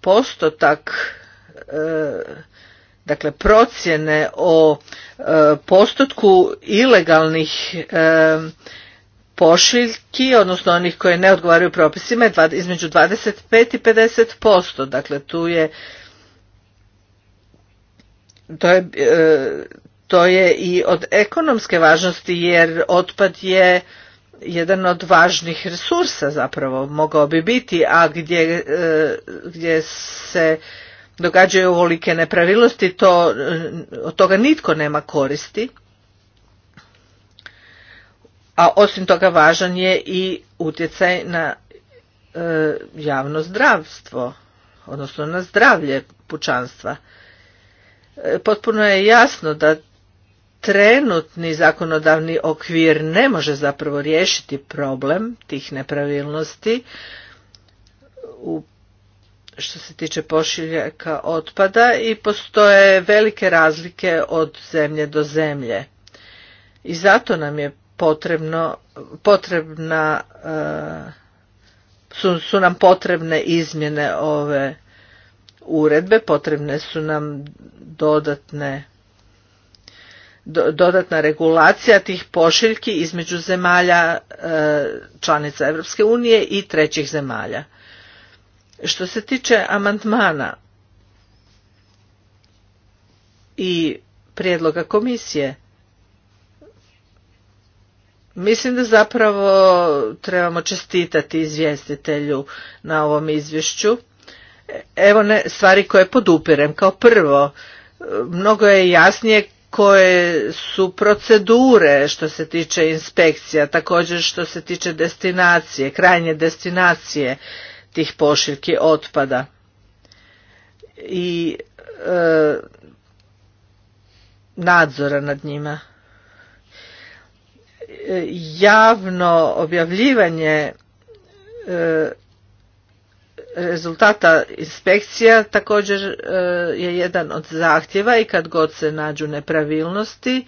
postotak e, dakle procjene o e, postotku ilegalnih e, pošiljki, odnosno onih koje ne odgovaraju propisima, je između 25 i 50%. Dakle, tu je to je, to je i od ekonomske važnosti jer otpad je jedan od važnih resursa zapravo mogao bi biti, a gdje, e, gdje se događaju ovolike nepravilnosti, to, e, od toga nitko nema koristi. A osim toga važan je i utjecaj na e, javno zdravstvo, odnosno na zdravlje pučanstva. potpuno je jasno da trenutni zakonodavni okvir ne može zapravo riješiti problem tih nepravilnosti u što se tiče pošiljaka otpada i postoje velike razlike od zemlje do zemlje. I zato nam je potrebno, potrebna, e, su, su nam potrebne izmjene ove uredbe, potrebne su nam dodatne dodatna regulacija tih pošiljki između zemalja e, članica Europske unije i trećih zemalja. Što se tiče amandmana i prijedloga komisije, Mislim da zapravo trebamo čestitati izvjestitelju na ovom izvješću. Evo ne, stvari koje podupirem. Kao prvo, e, mnogo je jasnije koje su procedure što se tiče inspekcija, također što se tiče destinacije, krajnje destinacije tih pošiljki otpada. I e, nadzora nad njima. E, javno objavljivanje e, rezultata inspekcija također e, je jedan od zahtjeva i kad god se nađu nepravilnosti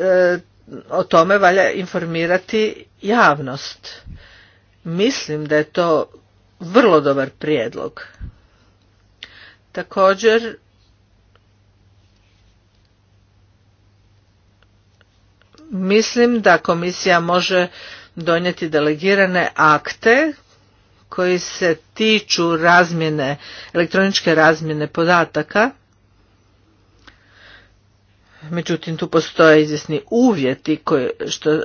e, o tome valja informirati javnost. Mislim da je to vrlo dobar prijedlog. Također mislim da komisija može donijeti delegirane akte koji se tiču razmjene, elektroničke razmjene podataka. Međutim, tu postoje izvjesni uvjeti koji, što, e,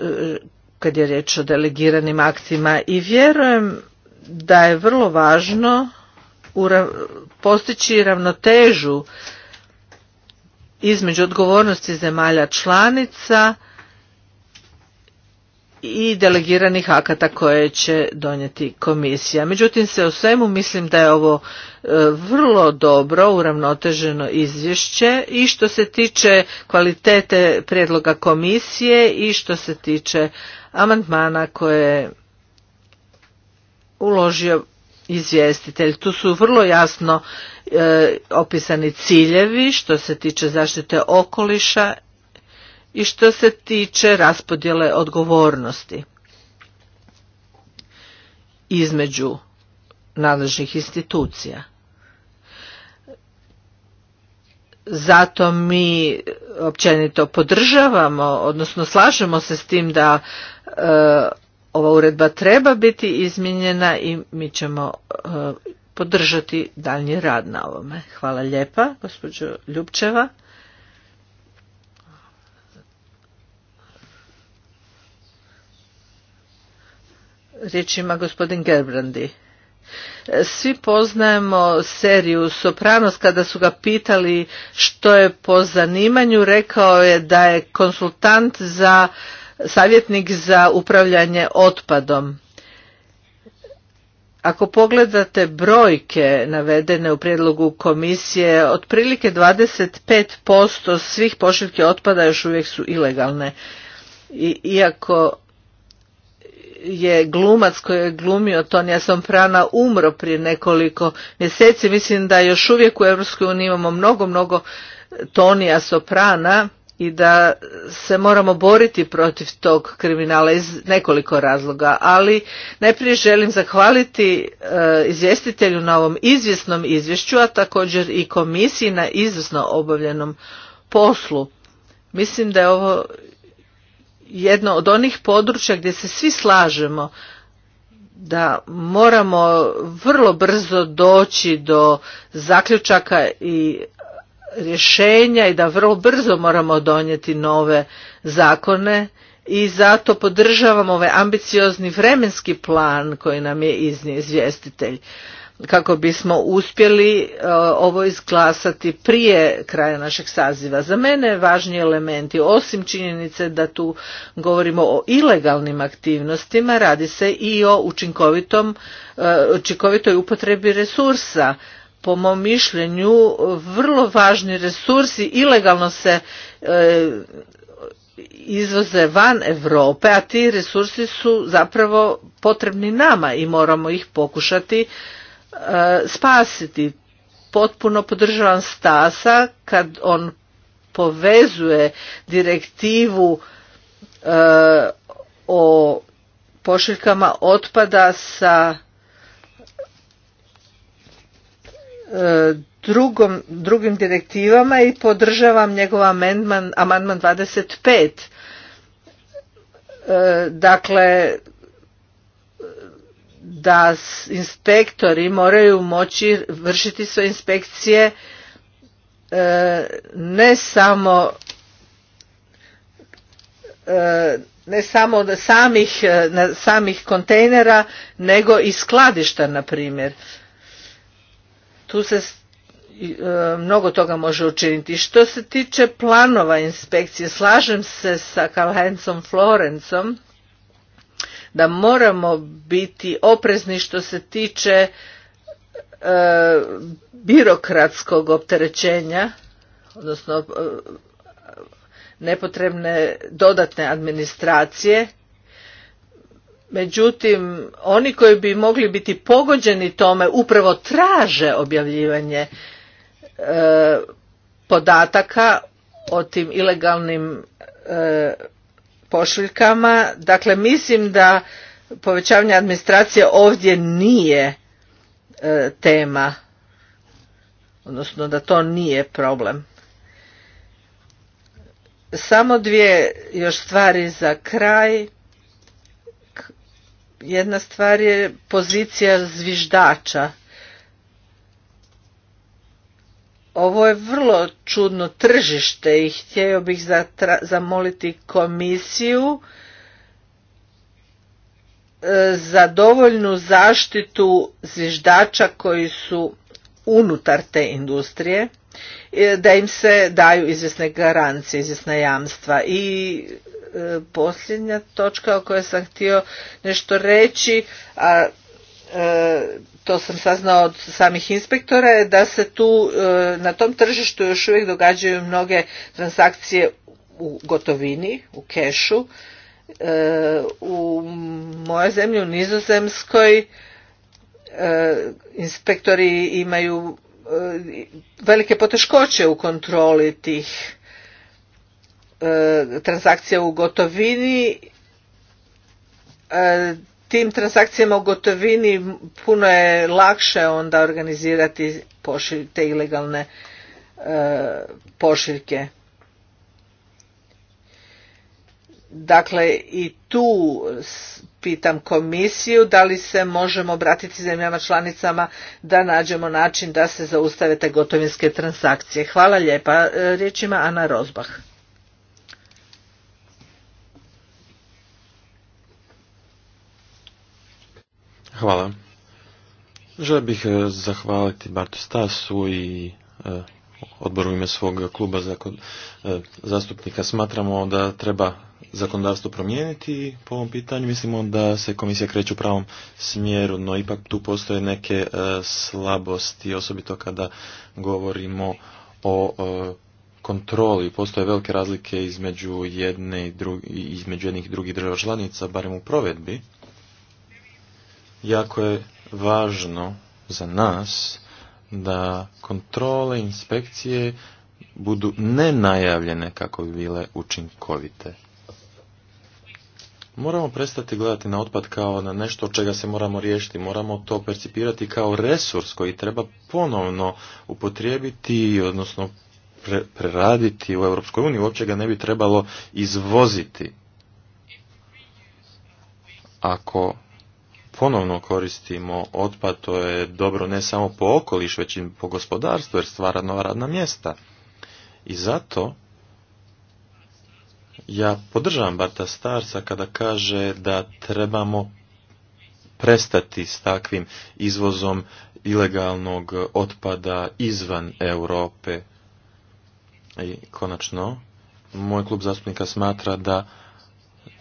kad je riječ o delegiranim akcijima i vjerujem da je vrlo važno postići ravnotežu između odgovornosti zemalja članica i delegiranih akata koje će donijeti komisija. Međutim, sve u svemu mislim da je ovo e, vrlo dobro uravnoteženo izvješće i što se tiče kvalitete prijedloga komisije i što se tiče amandmana koje je uložio izvjestitelj. Tu su vrlo jasno e, opisani ciljevi što se tiče zaštite okoliša i što se tiče raspodjele odgovornosti između nadležnih institucija. Zato mi općenito podržavamo, odnosno slažemo se s tim da e, ova uredba treba biti izmijenjena i mi ćemo e, podržati daljnji rad na ovome. Hvala lijepa, gospođo Ljubčeva. Riječ ima gospodin Gerbrandi. Svi poznajemo seriju Sopranos kada su ga pitali što je po zanimanju, rekao je da je konsultant za savjetnik za upravljanje otpadom. Ako pogledate brojke navedene u prijedlogu komisije, otprilike 25% svih pošiljke otpada još uvijek su ilegalne. I, iako je glumac koji je glumio Tonija Soprana umro prije nekoliko mjeseci. Mislim da još uvijek u EU imamo mnogo, mnogo Tonija Soprana i da se moramo boriti protiv tog kriminala iz nekoliko razloga, ali najprije želim zahvaliti e, izvjestitelju na ovom izvjesnom izvješću, a također i komisiji na izvjesno obavljenom poslu. Mislim da je ovo jedno od onih područja gdje se svi slažemo da moramo vrlo brzo doći do zaključaka i rješenja i da vrlo brzo moramo donijeti nove zakone i zato podržavam ovaj ambiciozni vremenski plan koji nam je iznio izvjestitelj kako bismo uspjeli e, ovo izglasati prije kraja našeg saziva. Za mene važni elementi, osim činjenice da tu govorimo o ilegalnim aktivnostima, radi se i o učinkovitom, e, učinkovitoj upotrebi resursa. Po mom mišljenju, vrlo važni resursi ilegalno se e, izvoze van Europe, a ti resursi su zapravo potrebni nama i moramo ih pokušati E, spasiti. Potpuno podržavam Stasa kad on povezuje direktivu e, o pošiljkama otpada sa e, drugim direktivama i podržavam njegov amandman, amandman 25. dakle, da inspektori moraju moći vršiti svoje inspekcije e, ne samo e, ne samo od samih, e, samih kontejnera, nego i skladišta, na primjer. Tu se mnogo toga može učiniti. Što se tiče planova inspekcije, slažem se sa Kalhencom Florencom, da moramo biti oprezni što se tiče e, birokratskog opterećenja odnosno e, nepotrebne dodatne administracije međutim oni koji bi mogli biti pogođeni tome upravo traže objavljivanje e, podataka o tim ilegalnim pošiljkama. Dakle, mislim da povećavanje administracije ovdje nije e, tema, odnosno da to nije problem. Samo dvije još stvari za kraj. Jedna stvar je pozicija zviždača. Ovo je vrlo čudno tržište i htio bih zamoliti komisiju e, za dovoljnu zaštitu zviždača koji su unutar te industrije e, da im se daju izvjesne garancije, izvjesna jamstva. I e, posljednja točka o kojoj sam htio nešto reći, a E, to sam saznao od samih inspektora da se tu e, na tom tržištu još uvijek događaju mnoge transakcije u gotovini, u kešu. E, u mojoj zemlji, u Nizozemskoj, inspektori imaju velike poteškoće u kontroli tih transakcija u gotovini tim transakcijama u gotovini puno je lakše onda organizirati te ilegalne e, pošiljke. Dakle, i tu pitam komisiju da li se možemo obratiti zemljama članicama da nađemo način da se zaustave te gotovinske transakcije. Hvala lijepa. E, riječ ima Ana Rozbah. Hvala. Želio bih e, zahvaliti Bartu Stasu i e, odboru ime svog kluba e, zastupnika. Smatramo da treba zakonodavstvo promijeniti po ovom pitanju. Mislimo da se komisija kreće u pravom smjeru, no ipak tu postoje neke slabosti, osobito kada govorimo o kontroli. Postoje velike razlike između jedne i između jednih i drugih država članica, barem u provedbi jako je važno za nas da kontrole, inspekcije budu nenajavljene kako bi bile učinkovite. Moramo prestati gledati na otpad kao na nešto od čega se moramo riješiti, moramo to percipirati kao resurs koji treba ponovno upotrijebiti, odnosno preraditi u Europskoj uniji, uopće ga ne bi trebalo izvoziti. Ako ponovno koristimo otpad, to je dobro ne samo po okoliš, već i po gospodarstvu, jer stvara nova radna mjesta. I zato ja podržavam Barta Starca kada kaže da trebamo prestati s takvim izvozom ilegalnog otpada izvan Europe. I konačno, moj klub zastupnika smatra da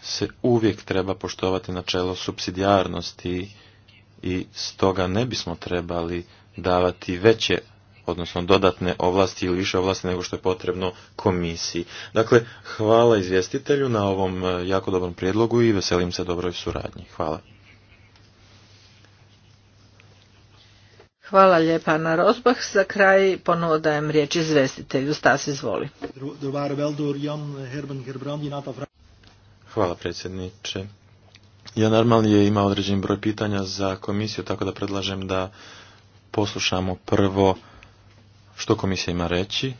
se uvijek treba poštovati načelo subsidijarnosti i stoga ne bismo trebali davati veće odnosno dodatne ovlasti ili više ovlasti nego što je potrebno komisiji. Dakle, hvala izvjestitelju na ovom e, jako dobrom prijedlogu i veselim se dobroj suradnji. Hvala. Hvala lijepa na rozbah. Za kraj ponovo dajem riječ izvjestitelju. Stas izvoli. Hvala predsjedniče. Ja normalno je imao određen broj pitanja za komisiju, tako da predlažem da poslušamo prvo što komisija ima reći.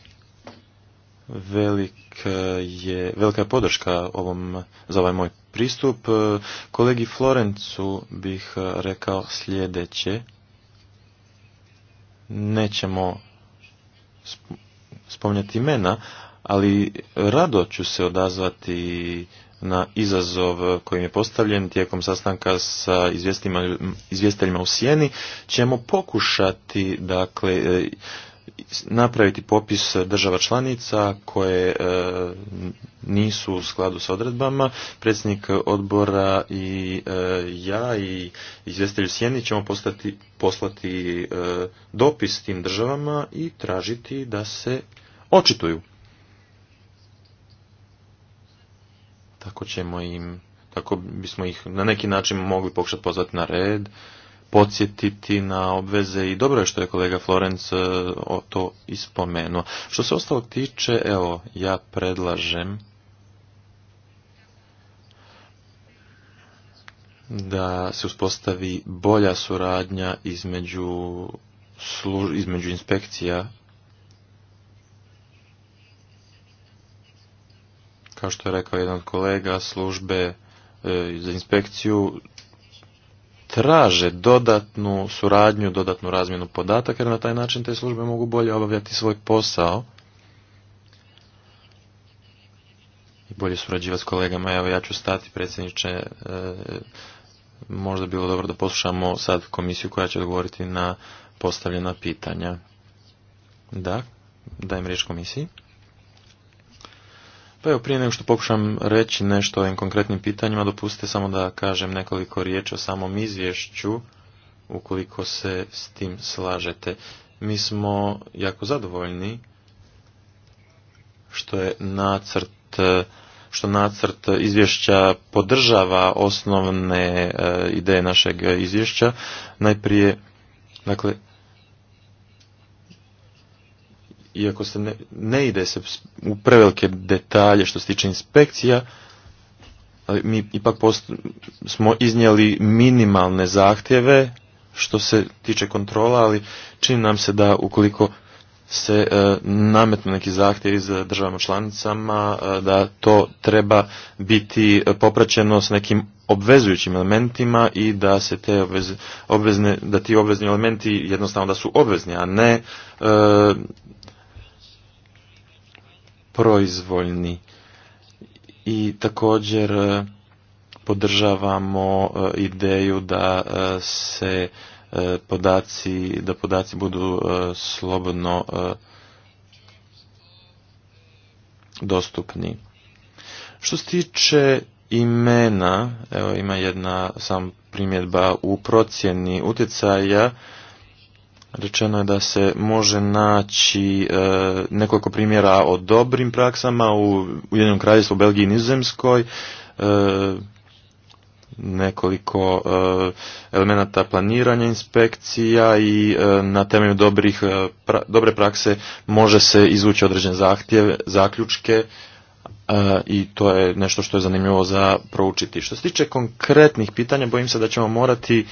Velik e, je, velika je podrška ovom, za ovaj moj pristup. E, kolegi Florencu bih e, rekao sljedeće. Nećemo spominjati imena, ali rado ću se odazvati na izazov kojim je postavljen tijekom sastanka sa izvjestiteljima u Sjeni, ćemo pokušati dakle, e, napraviti popis država članica koje e, nisu u skladu s odredbama. Predsjednik odbora i e, ja i u Sjeni ćemo postati, poslati dopis tim državama i tražiti da se očituju. tako ćemo im, tako bismo ih na neki način mogli pokušati pozvati na red, podsjetiti na obveze i dobro je što je kolega Florenc e, o to ispomenuo. Što se ostalog tiče, evo, ja predlažem da se uspostavi bolja suradnja između, između inspekcija Kao što je rekao jedan od kolega, službe e, za inspekciju traže dodatnu suradnju, dodatnu razmjenu podataka, jer na taj način te službe mogu bolje obavljati svoj posao i bolje surađivati s kolegama. Evo, ja ću stati, predsjedniče, e, možda možda bilo dobro da poslušamo sad komisiju koja će odgovoriti na postavljena pitanja. Da, dajem riječ komisiji. Pa evo, prije nego što pokušam reći nešto o ovim konkretnim pitanjima, dopustite samo da kažem nekoliko riječi o samom izvješću, ukoliko se s tim slažete. Mi smo jako zadovoljni što je nacrt što nacrt izvješća podržava osnovne e, ideje našeg izvješća. Najprije, dakle, iako se ne, ne ide se u prevelike detalje što se tiče inspekcija, ali mi ipak smo iznijeli minimalne zahtjeve što se tiče kontrola, ali čini nam se da ukoliko se e, nametnu neki zahtjevi za državama članicama, e, da to treba biti popraćeno s nekim obvezujućim elementima i da se te obvezne, da ti obvezni elementi jednostavno da su obvezni, a ne e, proizvoljni. I također e, podržavamo e, ideju da e, se podaci, da podaci budu slobodno dostupni. Što se tiče imena, evo ima jedna sam primjedba u procjeni utjecaja, Rečeno je da se može naći e, nekoliko primjera o dobrim praksama u Ujedinjenom u Belgiji i Nizemskoj, e, nekoliko e, elemenata planiranja inspekcija i na temelju dobrih dobre prakse može se izvući određene zahtjeve, zaključke i to je nešto što je zanimljivo za proučiti. Što se tiče konkretnih pitanja, bojim se da ćemo morati e,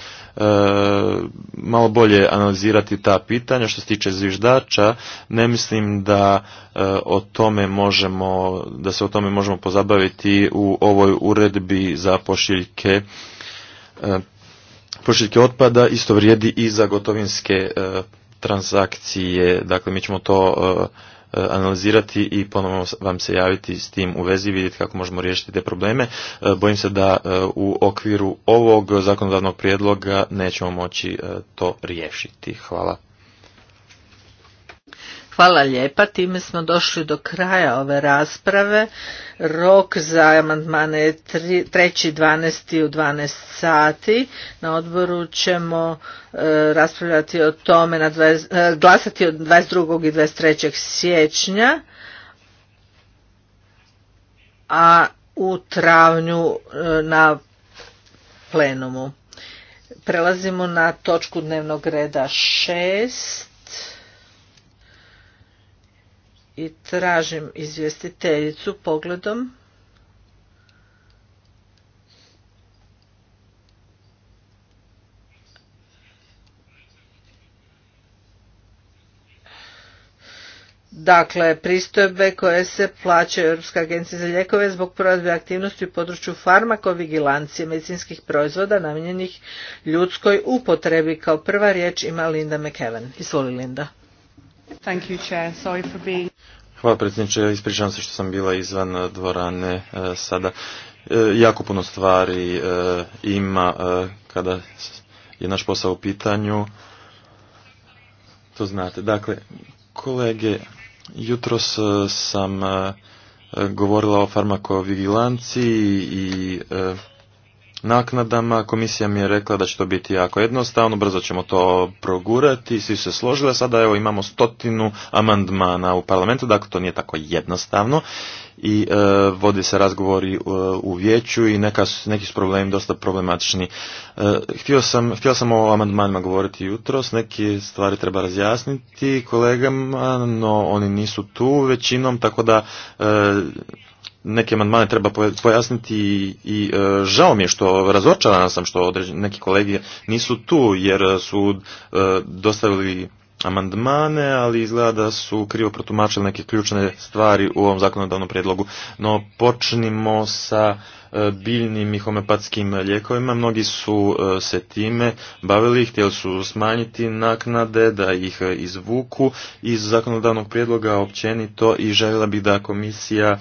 malo bolje analizirati ta pitanja. Što se tiče zviždača, ne mislim da e, o tome možemo, da se o tome možemo pozabaviti u ovoj uredbi za pošiljke e, pošiljke otpada, isto vrijedi i za gotovinske transakcije, dakle mi ćemo to E, analizirati i ponovno vam se javiti s tim u vezi i vidjeti kako možemo riješiti te probleme. E, bojim se da e, u okviru ovog zakonodavnog prijedloga nećemo moći to riješiti. Hvala. Hvala lijepa, time smo došli do kraja ove rasprave. Rok za amandmane je 3.12. u 12 sati. Na odboru ćemo e, raspravljati o tome, e, glasati od 22. i 23. siječnja. A u travnju e, na plenumu. Prelazimo na točku dnevnog reda 6 i tražim izvjestiteljicu pogledom. Dakle, pristojbe koje se plaćaju Europska agencija za lijekove zbog provedbe aktivnosti u području farmakovigilancije medicinskih proizvoda namijenjenih ljudskoj upotrebi. Kao prva riječ ima Linda McKeven. Izvoli Linda. Hvala predsjedniče, ispričavam se što sam bila izvan eh, dvorane eh, sada. Eh, jako puno stvari ima kada je naš posao u pitanju. To znate. Dakle, kolege, jutros sam govorila o farmakovigilanciji i naknadama. Komisija mi je rekla da će to biti jako jednostavno, brzo ćemo to progurati, svi su se složili, a sada evo imamo stotinu amandmana u parlamentu, dakle to nije tako jednostavno i e, vode se razgovori u, e, u vijeću i neka, neki su problemi dosta problematični. E, htio, sam, htio sam o amandmanima govoriti jutros, neke stvari treba razjasniti kolegama, no oni nisu tu većinom, tako da e, neke amandmane treba pojasniti i, i e, žao mi je što razočaran sam što određeni, neki kolege nisu tu jer su e, dostavili amandmane, ali izgleda da su krivo protumačili neke ključne stvari u ovom zakonodavnom prijedlogu. No počnimo sa E, biljnim i homeopatskim lijekovima. Mnogi su e, se time bavili, htjeli su smanjiti naknade, da ih e, izvuku iz zakonodavnog prijedloga općenito i željela bih da komisija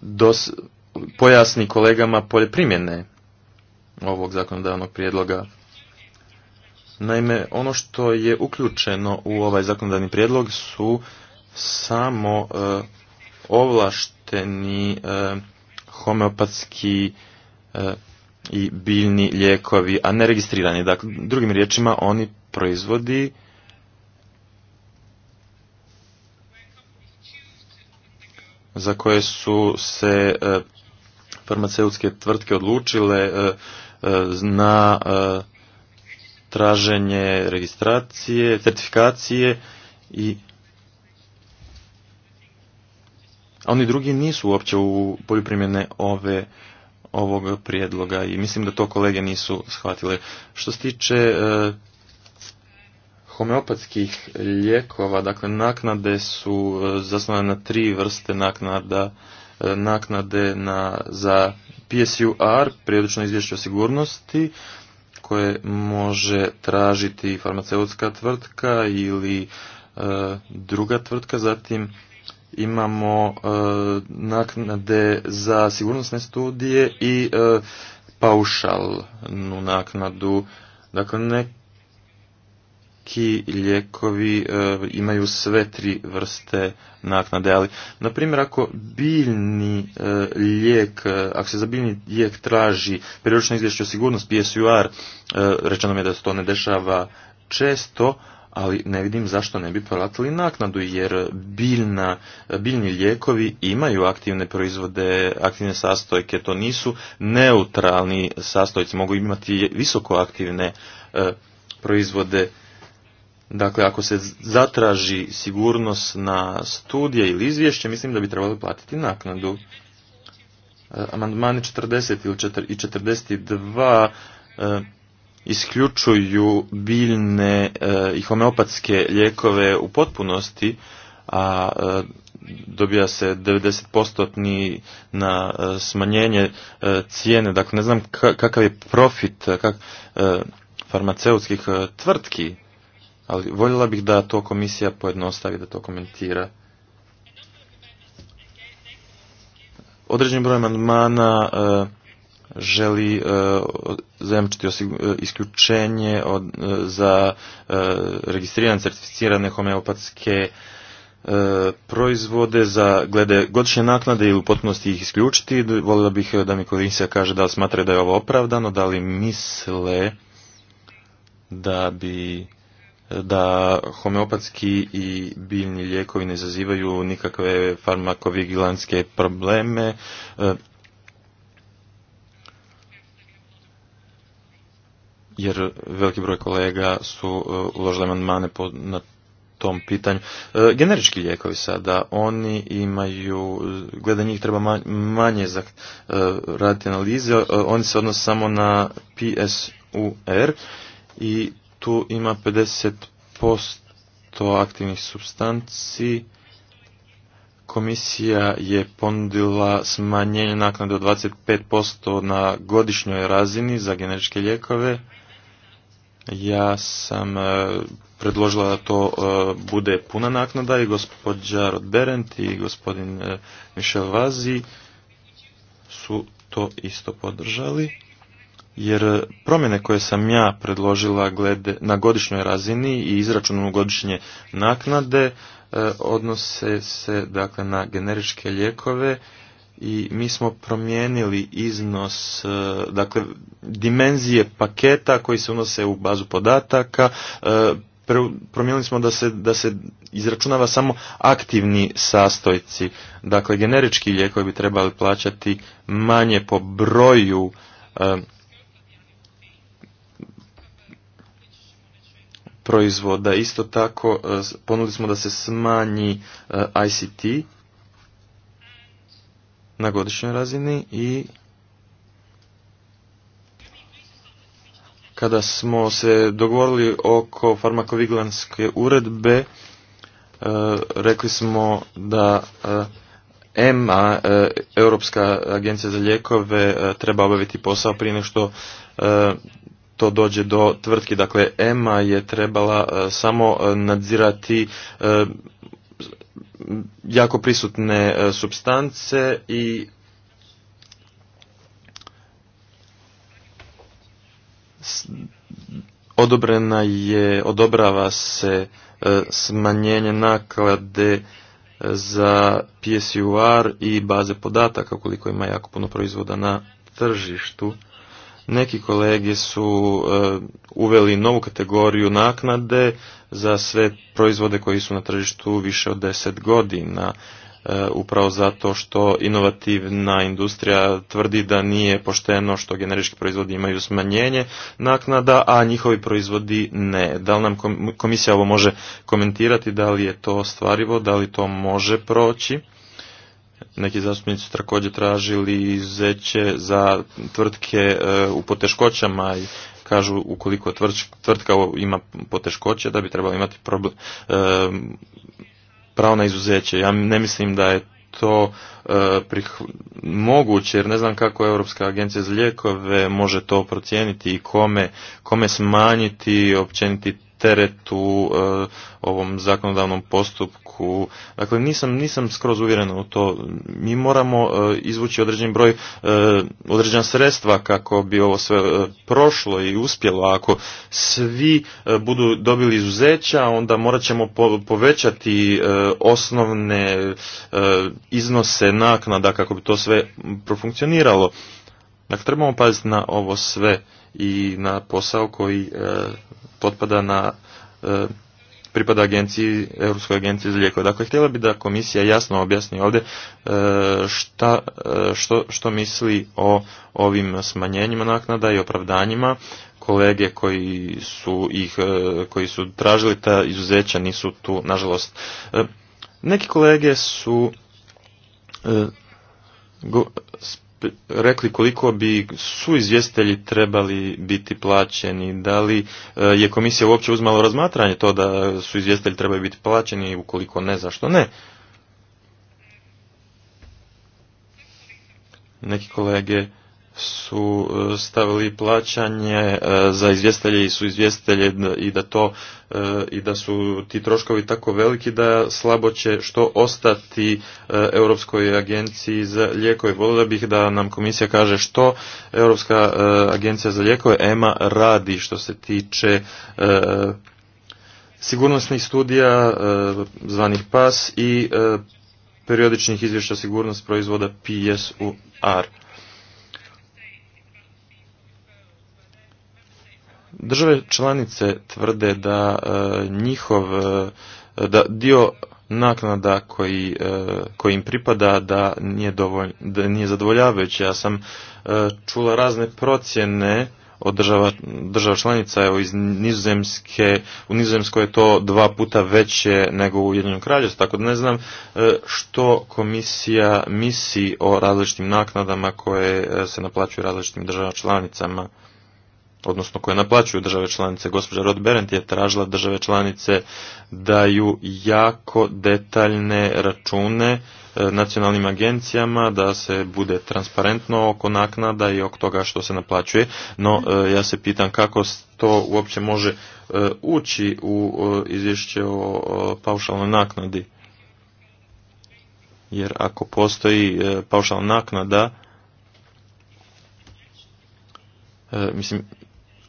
dos, pojasni kolegama polje primjene ovog zakonodavnog prijedloga. Naime, ono što je uključeno u ovaj zakonodavni prijedlog su samo ovlašteni homeopatski e, i biljni lijekovi, a ne registrirani. Dakle, drugim riječima, oni proizvodi za koje su se e, farmaceutske tvrtke odlučile e, na traženje registracije, certifikacije i a oni drugi nisu uopće u polju ove ovog prijedloga i mislim da to kolege nisu shvatile. Što se tiče e, homeopatskih lijekova, dakle naknade su e, zasnovane na tri vrste naknada, e, naknade na, za PSUR, prijedočno izvješće o sigurnosti, koje može tražiti farmaceutska tvrtka ili druga tvrtka, zatim imamo e, naknade za sigurnosne studije i e, paušalnu naknadu. Dakle, neki lijekovi e, imaju sve tri vrste naknade, ali, na primjer, ako biljni lijek, ako se za biljni lijek traži periodično izvješće o sigurnosti, PSUR, rečeno mi je da se to ne dešava često, ali ne vidim zašto ne bi platili naknadu, jer biljna, biljni lijekovi imaju aktivne proizvode, aktivne sastojke, to nisu neutralni sastojci, mogu imati visoko aktivne e, proizvode. Dakle, ako se zatraži sigurnost na studije ili izvješće, mislim da bi trebali platiti naknadu. E, Amandmani 40 ili 4, i 42 isključuju biljne e, i homeopatske lijekove u potpunosti, a e, dobija se 90% na e, smanjenje cijene. Dakle, ne znam kakav je profit kak, farmaceutskih tvrtki, ali voljela bih da to komisija pojednostavi, da to komentira. Određen broj amandmana želi e, zajamčiti e, isključenje e, za registrirane certificirane homeopatske proizvode za glede godišnje naknade ili u potpunosti ih isključiti. Volio bih da mi komisija kaže da smatra da je ovo opravdano, da li misle da bi da homeopatski i biljni lijekovi ne izazivaju nikakve farmakovigilanske probleme. jer veliki broj kolega su e, uložili amandmane na tom pitanju. E, generički lijekovi sada, oni imaju, gleda njih treba manje za e, raditi analize, oni se odnose samo na PSUR i tu ima 50% aktivnih substanci. Komisija je ponudila smanjenje naknade od 25% na godišnjoj razini za generičke lijekove ja sam e, predložila da to e, bude puna naknada i gospođa Rodberent i gospodin e, Mišel Vazi su to isto podržali. Jer promjene koje sam ja predložila glede, na godišnjoj razini i izračunu godišnje naknade odnose se dakle na generičke lijekove i mi smo promijenili iznos, e, dakle dimenzije paketa koji se unose u bazu podataka, e, promijenili smo da se, da se izračunava samo aktivni sastojci. Dakle, generički lijekovi bi trebali plaćati manje po broju e, proizvoda. Isto tako, ponudili smo da se smanji ICT na godišnjoj razini i kada smo se dogovorili oko farmakovigilanske uredbe, e, rekli smo da EMA, e, Europska agencija za lijekove, e, treba obaviti posao prije nego što to dođe do tvrtki. Dakle, EMA je trebala samo nadzirati jako prisutne e, substance i odobrena je, odobrava se e, smanjenje naklade e, za PSUR i baze podataka koliko ima jako puno proizvoda na tržištu. Neki kolege su e, uveli novu kategoriju naknade za sve proizvode koji su na tržištu više od deset godina e, upravo zato što inovativna industrija tvrdi da nije pošteno što generički proizvodi imaju smanjenje naknada, a njihovi proizvodi ne. Da li nam komisija ovo može komentirati, da li je to ostvarivo, da li to može proći? Neki zastupnici su također tražili izuzeće za tvrtke e, u poteškoćama i kažu ukoliko tvrtka ima poteškoće da bi trebalo imati problem, e, pravo na izuzeće. Ja ne mislim da je to e, moguće, jer ne znam kako Europska agencija za lijekove može to procijeniti i kome, kome smanjiti općeniti teretu e, ovom zakonodavnom postupku. Dakle, nisam, nisam skroz uvjeren u to. Mi moramo e, izvući određen broj, e, određena sredstva kako bi ovo sve prošlo i uspjelo. ako svi budu dobili izuzeća, onda morat ćemo povećati osnovne iznose naknada kako bi to sve profunkcioniralo. Dakle, trebamo paziti na ovo sve i na posao koji potpada na e, pripada agenciji, Europskoj agenciji za lijekove. Dakle, htjela bi da komisija jasno objasni ovdje e, šta, e, što, što misli o ovim smanjenjima naknada i opravdanjima. Kolege koji su, ih, koji su tražili ta izuzeća nisu tu, nažalost. Neki kolege su go, rekli koliko bi su izvjestitelji trebali biti plaćeni, da li e, je komisija uopće uzmala razmatranje to da su izvjestitelji trebali biti plaćeni, ukoliko ne, zašto ne? Neki kolege su e, stavili plaćanje e, za izvjestelje i su izvjestelje i da to e, i da su ti troškovi tako veliki da slabo će što ostati Europskoj agenciji za lijekove. Volio bih da nam komisija kaže što Europska agencija za lijekove EMA radi što se tiče sigurnosnih studija zvanih PAS i periodičnih izvješća sigurnost proizvoda PSUR. Države članice tvrde da e, njihov, e, da dio naknada koji, e, koji im pripada da nije, dovolj, da nije zadovoljavajući. Ja sam čula razne procjene od država, država članica, evo iz nizozemske, u nizozemskoj je to dva puta veće nego u Ujedinjenom kraljevstvu, tako da ne znam što komisija misli o različitim naknadama koje se naplaćuju različitim državama članicama odnosno koje naplaćuju države članice. Gospođa Rod Berendt je tražila države članice daju jako detaljne račune e, nacionalnim agencijama da se bude transparentno oko naknada i oko toga što se naplaćuje. No e, ja se pitam kako to uopće može e, ući u izvješće o paušalnoj naknadi. Jer ako postoji paušalna naknada, mislim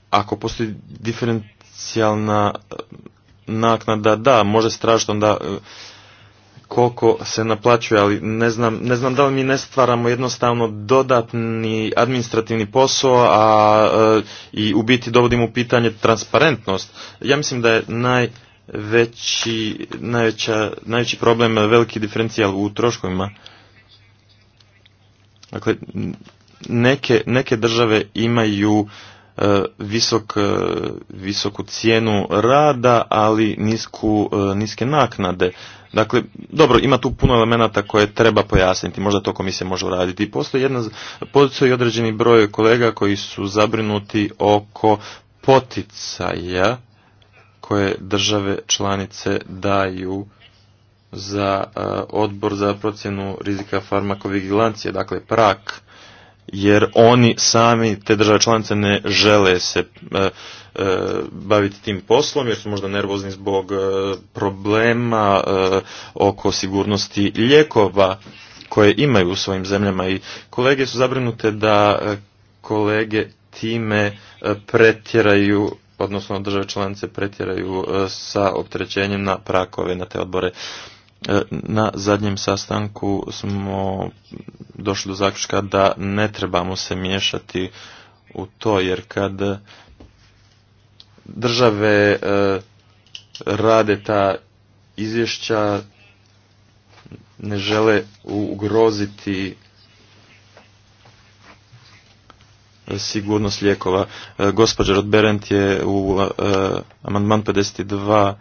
ako postoji diferencijalna e, naknada, da, može strašno da e, koliko se naplaćuje, ali ne znam, ne znam da li mi ne stvaramo jednostavno dodatni administrativni posao, a e, i u biti dovodimo u pitanje transparentnost. Ja mislim da je najveći, najveća, najveći problem veliki diferencijal u troškovima. Dakle, neke, neke države imaju E, visok, e, visoku cijenu rada, ali nisku, e, niske naknade. Dakle, dobro, ima tu puno elemenata koje treba pojasniti, možda to komisija može uraditi. I postoji, jedna, postoji određeni broj kolega koji su zabrinuti oko poticaja koje države članice daju za odbor za procjenu rizika farmakovigilancije, dakle prak jer oni sami, te države članice, ne žele se e, e, baviti tim poslom, jer su možda nervozni zbog e, problema oko sigurnosti lijekova koje imaju u svojim zemljama i kolege su zabrinute da kolege time pretjeraju odnosno države članice pretjeraju sa opterećenjem na prakove na te odbore. E, na zadnjem sastanku smo došli do zaključka da ne trebamo se miješati u to, jer kad države e, rade ta izvješća, ne žele ugroziti sigurnost lijekova. E, gospođa Rodberent je u amandman 52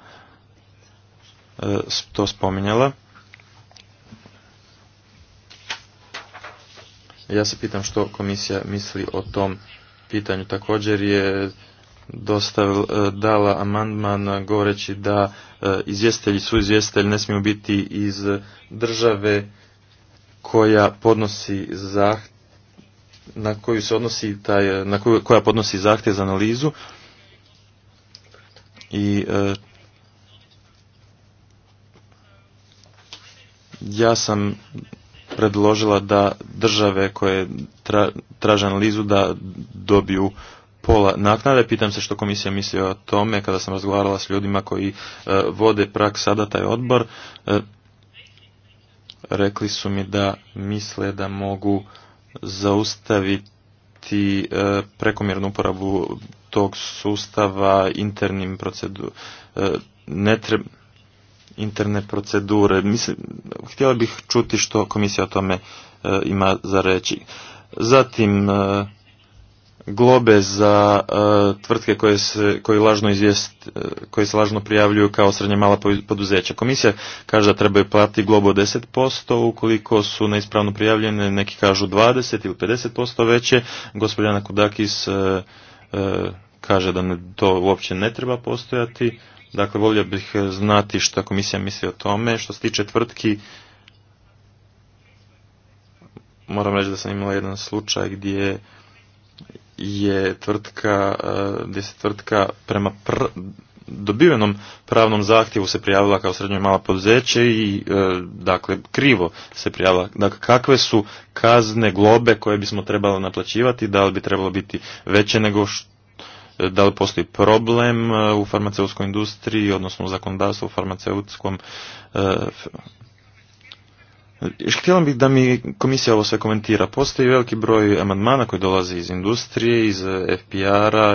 E, to spominjala. Ja se pitam što komisija misli o tom pitanju. Također je e, dala amandman govoreći da e, izvjestelji su izvjestelji, ne smiju biti iz države koja podnosi zaht, na koju se odnosi taj, na koja podnosi zahtjev za analizu i ja sam predložila da države koje tra, traže analizu da dobiju pola naknade. Pitam se što komisija misli o tome kada sam razgovarala s ljudima koji e, vode prak sada taj odbor. E, rekli su mi da misle da mogu zaustaviti e, prekomjernu uporabu tog sustava internim procedu. Ne treba interne procedure. Mislim, htjela bih čuti što komisija o tome e, ima za reći. Zatim, e, globe za e, tvrtke koje se, koje, lažno izvijest, koje se lažno prijavljuju kao srednje mala poduzeća. Komisija kaže da trebaju platiti globo 10%, ukoliko su neispravno prijavljene, neki kažu 20 ili 50% veće. Gospodina Kudakis kaže da to uopće ne treba postojati, Dakle, volio bih e, znati što komisija misli o tome. Što se tiče tvrtki, moram reći da sam imala jedan slučaj gdje je tvrtka, e, gdje se tvrtka prema dobivenom pravnom zahtjevu se prijavila kao srednje mala poduzeće i e, dakle krivo se prijavila. Dakle, kakve su kazne, globe koje bismo trebali naplaćivati, da li bi trebalo biti veće nego što da li postoji problem e, u farmaceutskoj industriji, odnosno u zakonodavstvu u farmaceutskom. E, e, htjela bih da mi komisija ovo sve komentira. Postoji veliki broj amandmana koji dolazi iz industrije, iz FPR-a,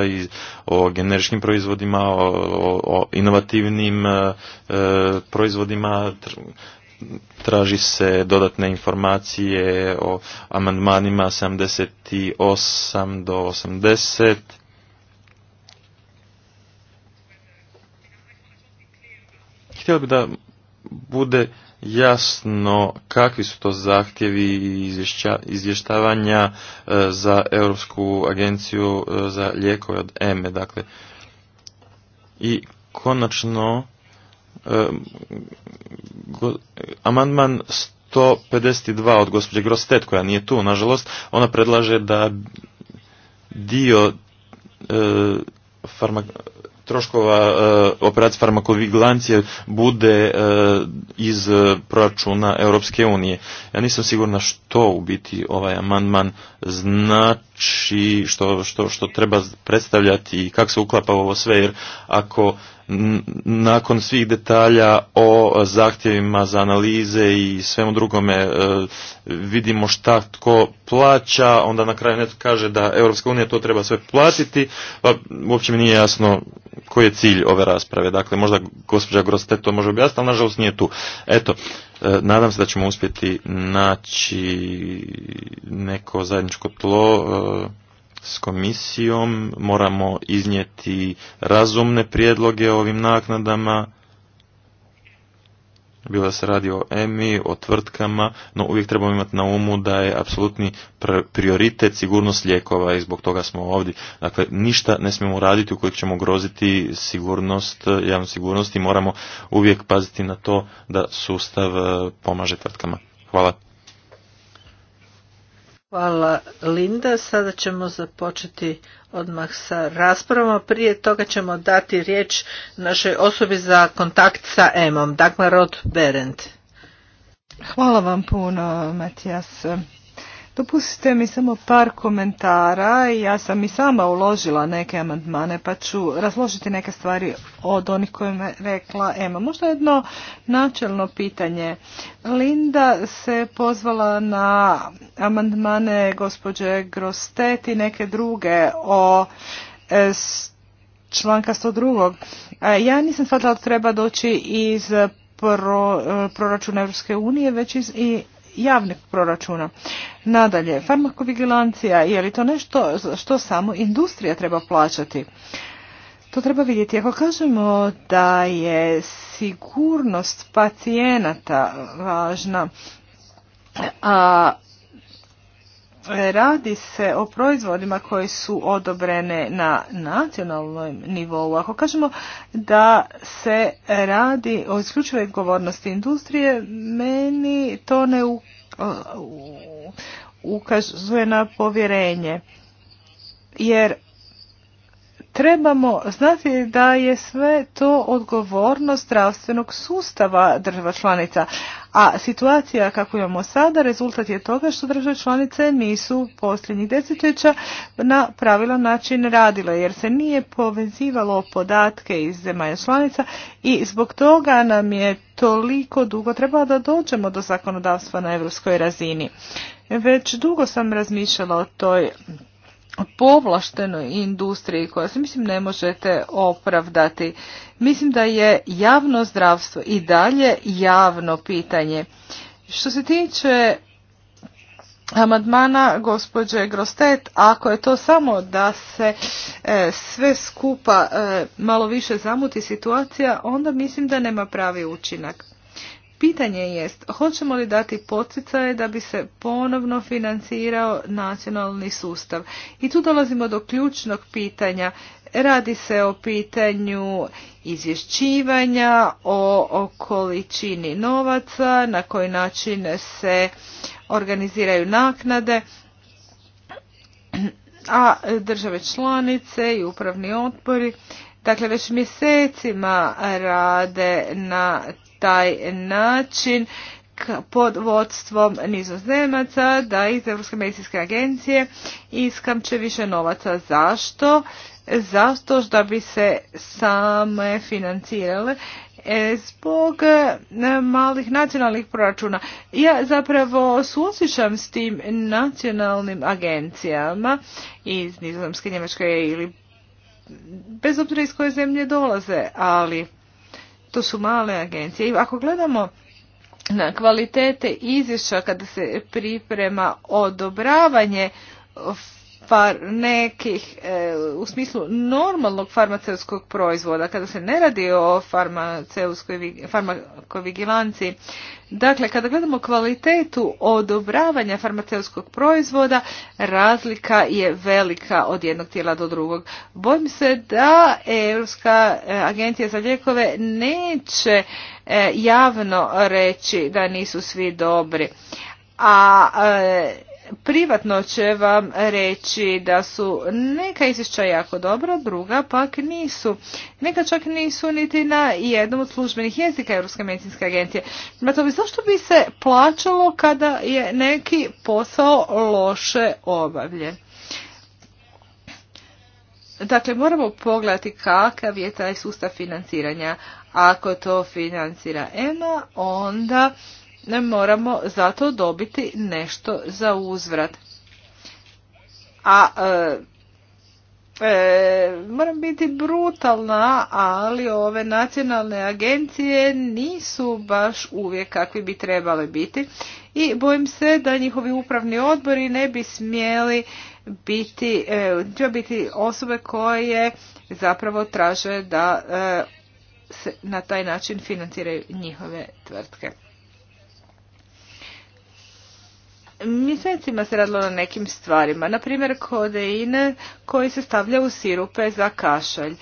o generičkim proizvodima, o, inovativnim proizvodima, traži se dodatne informacije o amandmanima 78 do 80 Htjeli bi da bude jasno kakvi su to zahtjevi i izvještavanja e, za Europsku agenciju e, za lijekove od EME. Dakle, I konačno e, amandman 152 od gospođe Grostet koja nije tu, nažalost, ona predlaže da dio farmak troškova e, operacije farmakovigilancije bude e, iz proračuna Europske unije. Ja nisam sigurna što u biti ovaj amandman znači, što, što, što treba predstavljati i kako se uklapa ovo sve, jer ako nakon svih detalja o zahtjevima za analize i svemu drugome e, vidimo šta tko plaća, onda na kraju netko kaže da Europska unija to treba sve platiti, pa uopće mi nije jasno koji je cilj ove rasprave. Dakle, možda gospođa Groste to može objasniti, ali nažalost nije tu. Eto, e, nadam se da ćemo uspjeti naći neko zajedničko tlo e, s komisijom, moramo iznijeti razumne prijedloge o ovim naknadama, bilo se radi o EMI, o tvrtkama, no uvijek trebamo imati na umu da je apsolutni prioritet sigurnost lijekova i zbog toga smo ovdje. Dakle, ništa ne smijemo raditi u kojeg ćemo groziti sigurnost, javnu sigurnost i moramo uvijek paziti na to da sustav eh, pomaže tvrtkama. Hvala. Hvala Linda. Sada ćemo započeti odmah sa raspravom. Prije toga ćemo dati riječ našoj osobi za kontakt sa EMOM, dakle Rod Berend. Hvala vam puno, Matijas. Dopustite mi samo par komentara. Ja sam i sama uložila neke amandmane pa ću razložiti neke stvari od onih koje me rekla Ema. Možda jedno načelno pitanje. Linda se pozvala na amandmane gospođe Grostet i neke druge o e, članka 102. Ja nisam shvatila da treba doći iz e, proračuna Europske unije, već iz i javnog proračuna. Nadalje, farmakovigilancija, je li to nešto što samo industrija treba plaćati? To treba vidjeti. Ako kažemo da je sigurnost pacijenata važna, a radi se o proizvodima koji su odobrene na nacionalnom nivou. Ako kažemo da se radi o isključivoj odgovornosti industrije, meni to ne ukazuje na povjerenje. Jer trebamo znati da je sve to odgovornost zdravstvenog sustava država članica. A situacija kakvu imamo sada rezultat je toga što države članice nisu posljednjih desetljeća na pravilan način radile jer se nije povezivalo podatke iz zemalja članica i zbog toga nam je toliko dugo trebalo da dođemo do zakonodavstva na europskoj razini. Već dugo sam razmišljala o toj povlaštenoj industriji koja se mislim ne možete opravdati. Mislim da je javno zdravstvo i dalje javno pitanje. Što se tiče amandmana gospođe Grostet, ako je to samo da se e, sve skupa e, malo više zamuti situacija, onda mislim da nema pravi učinak. Pitanje jest, hoćemo li dati poticaje da bi se ponovno financirao nacionalni sustav? I tu dolazimo do ključnog pitanja. Radi se o pitanju izvješćivanja, o, količini novaca, na koji način se organiziraju naknade, a države članice i upravni otpori Dakle, već mjesecima rade na taj način pod vodstvom nizozemaca da iz Europske medicinske agencije iskamče više novaca. Zašto? Zato da bi se same financirale e, zbog e, malih nacionalnih proračuna. Ja zapravo suosjećam s tim nacionalnim agencijama iz Nizozemske, Njemačke ili bez obzira iz koje zemlje dolaze, ali to su male agencije. I ako gledamo na kvalitete izvješća kada se priprema odobravanje far, nekih e, u smislu normalnog farmaceutskog proizvoda, kada se ne radi o farmaceutskoj farmakovigilanci dakle kada gledamo kvalitetu odobravanja farmaceutskog proizvoda, razlika je velika od jednog tijela do drugog. Bojim se da Europska e, agencija za lijekove neće e, javno reći da nisu svi dobri. A privatno će vam reći da su neka izvješća jako dobra, druga pak nisu. Neka čak nisu niti na jednom od službenih jezika Europske medicinske agencije. Zato bi zašto bi se plaćalo kada je neki posao loše obavljen? Dakle, moramo pogledati kakav je taj sustav financiranja. Ako to financira EMA, onda ne moramo zato dobiti nešto za uzvrat. A e, e, moram biti brutalna, ali ove nacionalne agencije nisu baš uvijek kakvi bi trebale biti i bojim se da njihovi upravni odbori ne bi smjeli biti, e, biti osobe koje zapravo traže da e, se na taj način financiraju njihove tvrtke. Mjesecima se radilo na nekim stvarima, na primjer kodeine koji se stavlja u sirupe za kašalj.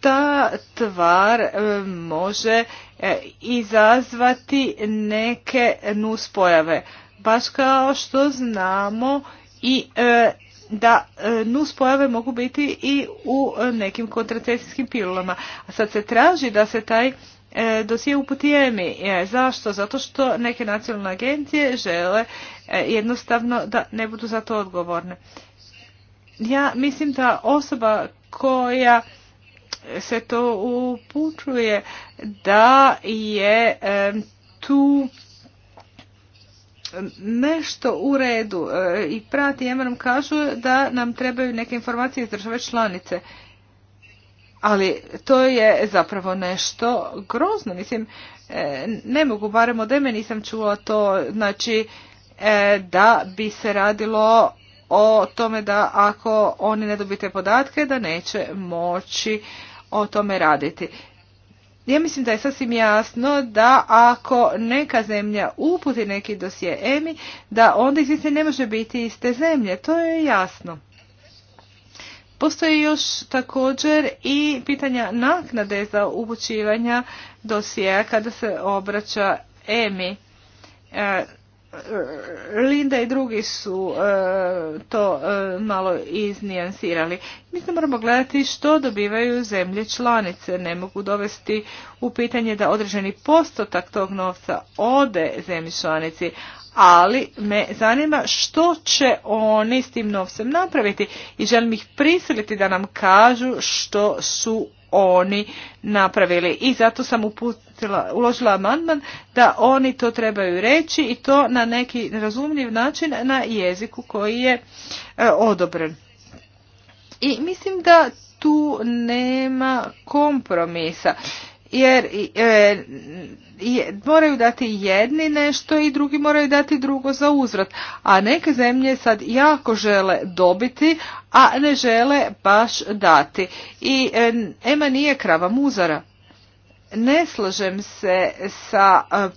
Ta tvar e, može e, izazvati neke nuspojave, baš kao što znamo i e, da nuspojave mogu biti i u nekim kontracepcijskim pilulama. A sad se traži da se taj E, dosije u Putijemi. Zašto? Zato što neke nacionalne agencije žele e, jednostavno da ne budu za to odgovorne. Ja mislim da osoba koja se to upućuje da je e, tu nešto u redu i prati, ja kažu da nam trebaju neke informacije iz države članice ali to je zapravo nešto grozno. Mislim, e, ne mogu, barem od EME nisam čula to, znači e, da bi se radilo o tome da ako oni ne dobite podatke da neće moći o tome raditi. Ja mislim da je sasvim jasno da ako neka zemlja uputi neki dosje EMI, da onda izvješće ne može biti iste zemlje. To je jasno. Postoje još također i pitanja naknade za upućivanja dosjea kada se obraća EMI. E, Linda i drugi su e, to e, malo iznijansirali. Mi se moramo gledati što dobivaju zemlje članice. Ne mogu dovesti u pitanje da određeni postotak tog novca ode zemlji članici, ali me zanima što će oni s tim novcem napraviti i želim ih prisiliti da nam kažu što su oni napravili. I zato sam uputila, uložila amandman da oni to trebaju reći i to na neki razumljiv način na jeziku koji je e, odobren. I mislim da tu nema kompromisa jer e, moraju dati jedni nešto i drugi moraju dati drugo za uzvrat. A neke zemlje sad jako žele dobiti, a ne žele baš dati. I e, Ema nije krava muzara. Ne slažem se sa e,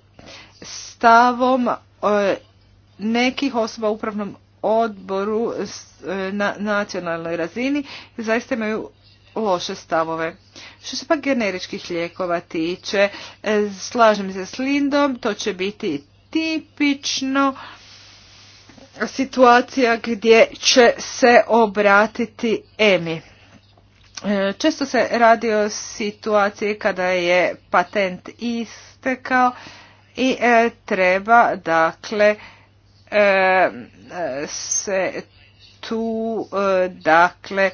stavom nekih osoba u upravnom odboru na nacionalnoj razini zaista imaju loše stavove. Što se pak generičkih lijekova tiče, e, slažem se s Lindom, to će biti tipično situacija gdje će se obratiti EMI. E, često se radi o situaciji kada je patent istekao i e, treba dakle se tu dakle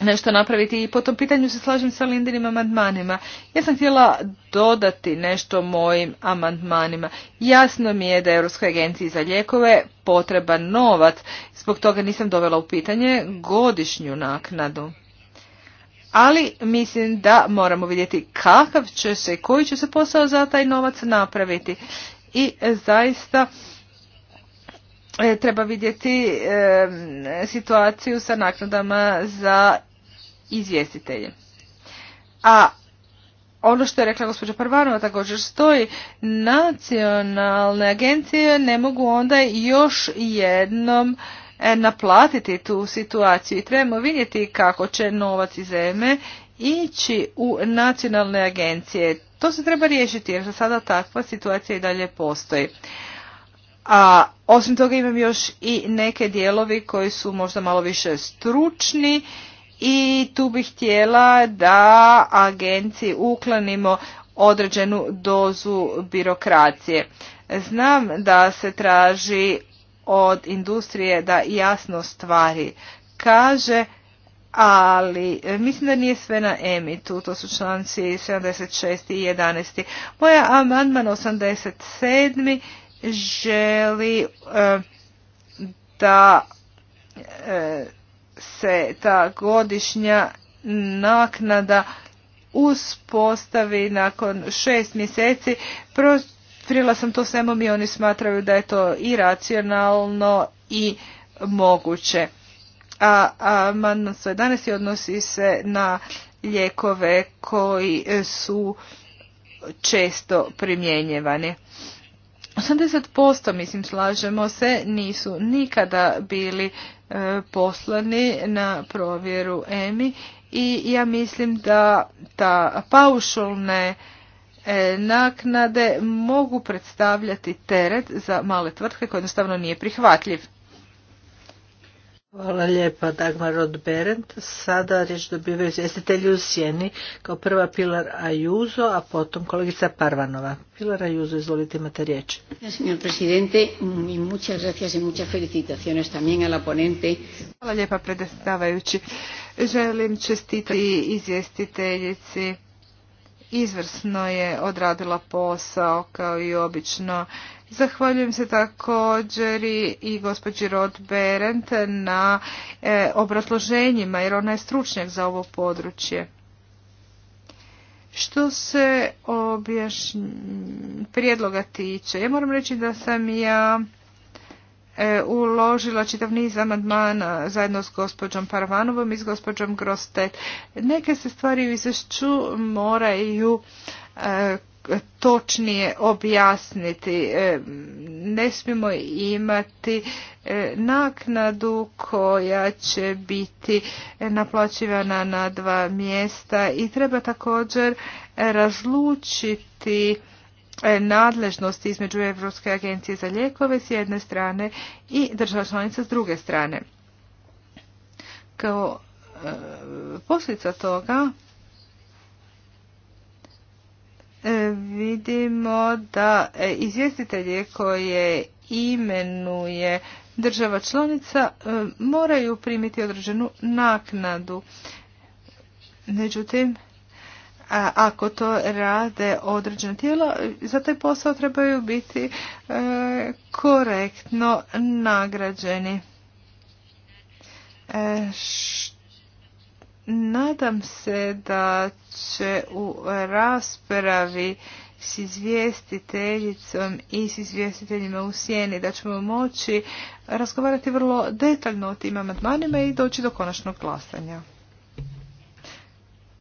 nešto napraviti i po tom pitanju se slažem sa Lindinim amandmanima. Ja sam htjela dodati nešto mojim amandmanima. Jasno mi je da je Europskoj agenciji za lijekove potreban novac, zbog toga nisam dovela u pitanje godišnju naknadu. Ali mislim da moramo vidjeti kakav će se, koji će se posao za taj novac napraviti. I zaista e, treba vidjeti e, situaciju sa naknadama za izvjestitelje. A ono što je rekla gospođa Parvanova također stoji, nacionalne agencije ne mogu onda još jednom e, naplatiti tu situaciju i trebamo vidjeti kako će novac iz zeme e ići u nacionalne agencije. To se treba riješiti jer za sada takva situacija i dalje postoji. A osim toga imam još i neke dijelovi koji su možda malo više stručni i tu bih htjela da agenciji uklonimo određenu dozu birokracije. Znam da se traži od industrije da jasno stvari kaže, ali mislim da nije sve na emitu, to su članci 76. i 11. Moja amandman 87. želi eh, da eh, se ta godišnja naknada uspostavi nakon šest mjeseci. Prila sam to svemu i oni smatraju da je to i racionalno i moguće. A amandman 11. odnosi se na lijekove koji su često primjenjevani. 80% mislim slažemo se nisu nikada bili e, poslani na provjeru EMI i ja mislim da ta paušalne e, naknade mogu predstavljati teret za male tvrtke koji jednostavno nije prihvatljiv. Hvala lijepa Dagmar od Berend. Sada riječ dobivaju izvjestitelji u Sjeni kao prva Pilar Ajuzo, a potom kolegica Parvanova. Pilar Ajuzo, izvolite imate riječ. Hvala lijepa predstavajući. Želim čestitati izvjestiteljici izvrsno je odradila posao kao i obično. Zahvaljujem se također i gospođi Rod Berend na e, obrazloženjima jer ona je stručnjak za ovo područje. Što se prijedloga tiče, ja moram reći da sam ja E, uložila čitav niz amandmana zajedno s gospođom Parvanovom i s gospođom Grostet. Neke se stvari u izvješću moraju e, točnije objasniti. E, ne smijemo imati naknadu koja će biti naplaćivana na dva mjesta i treba također razlučiti E, nadležnosti između Europske agencije za lijekove s jedne strane i država članica s druge strane. Kao e, posljedica toga e, vidimo da izvjestitelje koje imenuje država članica moraju primiti određenu naknadu. Međutim, ako to rade određena tijela, za taj posao trebaju biti e, korektno nagrađeni. E, nadam se da će u raspravi s izvjestiteljicom i s izvjestiteljima u sjeni da ćemo moći razgovarati vrlo detaljno o tim amandmanima i doći do konačnog glasanja.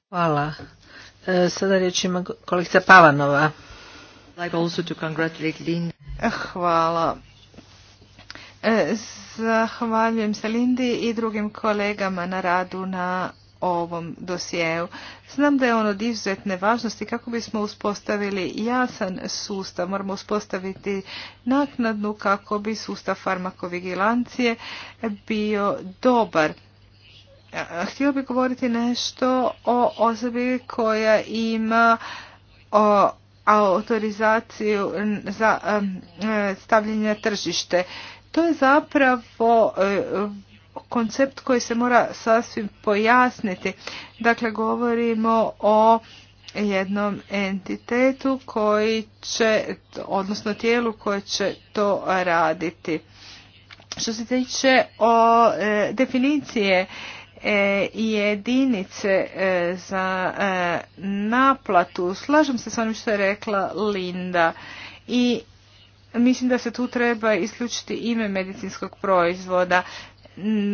Hvala E, sada riječ ima kolegica Pavanova. Hvala. E, zahvaljujem se Lindi i drugim kolegama na radu na ovom dosjeu. Znam da je on od izuzetne važnosti kako bismo uspostavili jasan sustav. Moramo uspostaviti naknadnu kako bi sustav farmakovigilancije bio dobar. E, htio bih govoriti nešto o osobi koja ima autorizaciju za e, stavljanje tržište. To je zapravo e, koncept koji se mora sasvim pojasniti. Dakle, govorimo o jednom entitetu koji će, odnosno tijelu koje će to raditi. Što se tiče o definicije E, jedinice e, za e, naplatu. Slažem se s onim što je rekla Linda i mislim da se tu treba isključiti ime medicinskog proizvoda.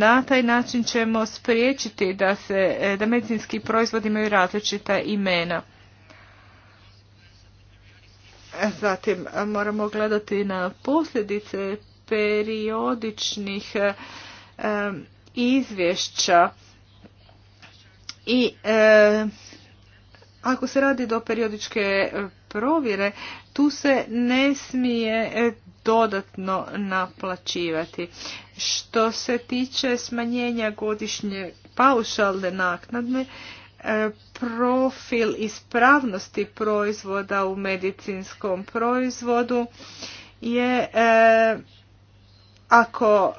Na taj način ćemo spriječiti da, se, da medicinski proizvodi imaju različita imena. Zatim moramo gledati na posljedice periodičnih izvješća i e, ako se radi do periodičke e, provjere, tu se ne smije e, dodatno naplaćivati. Što se tiče smanjenja godišnje paušalne naknadne, e, profil ispravnosti proizvoda u medicinskom proizvodu je ako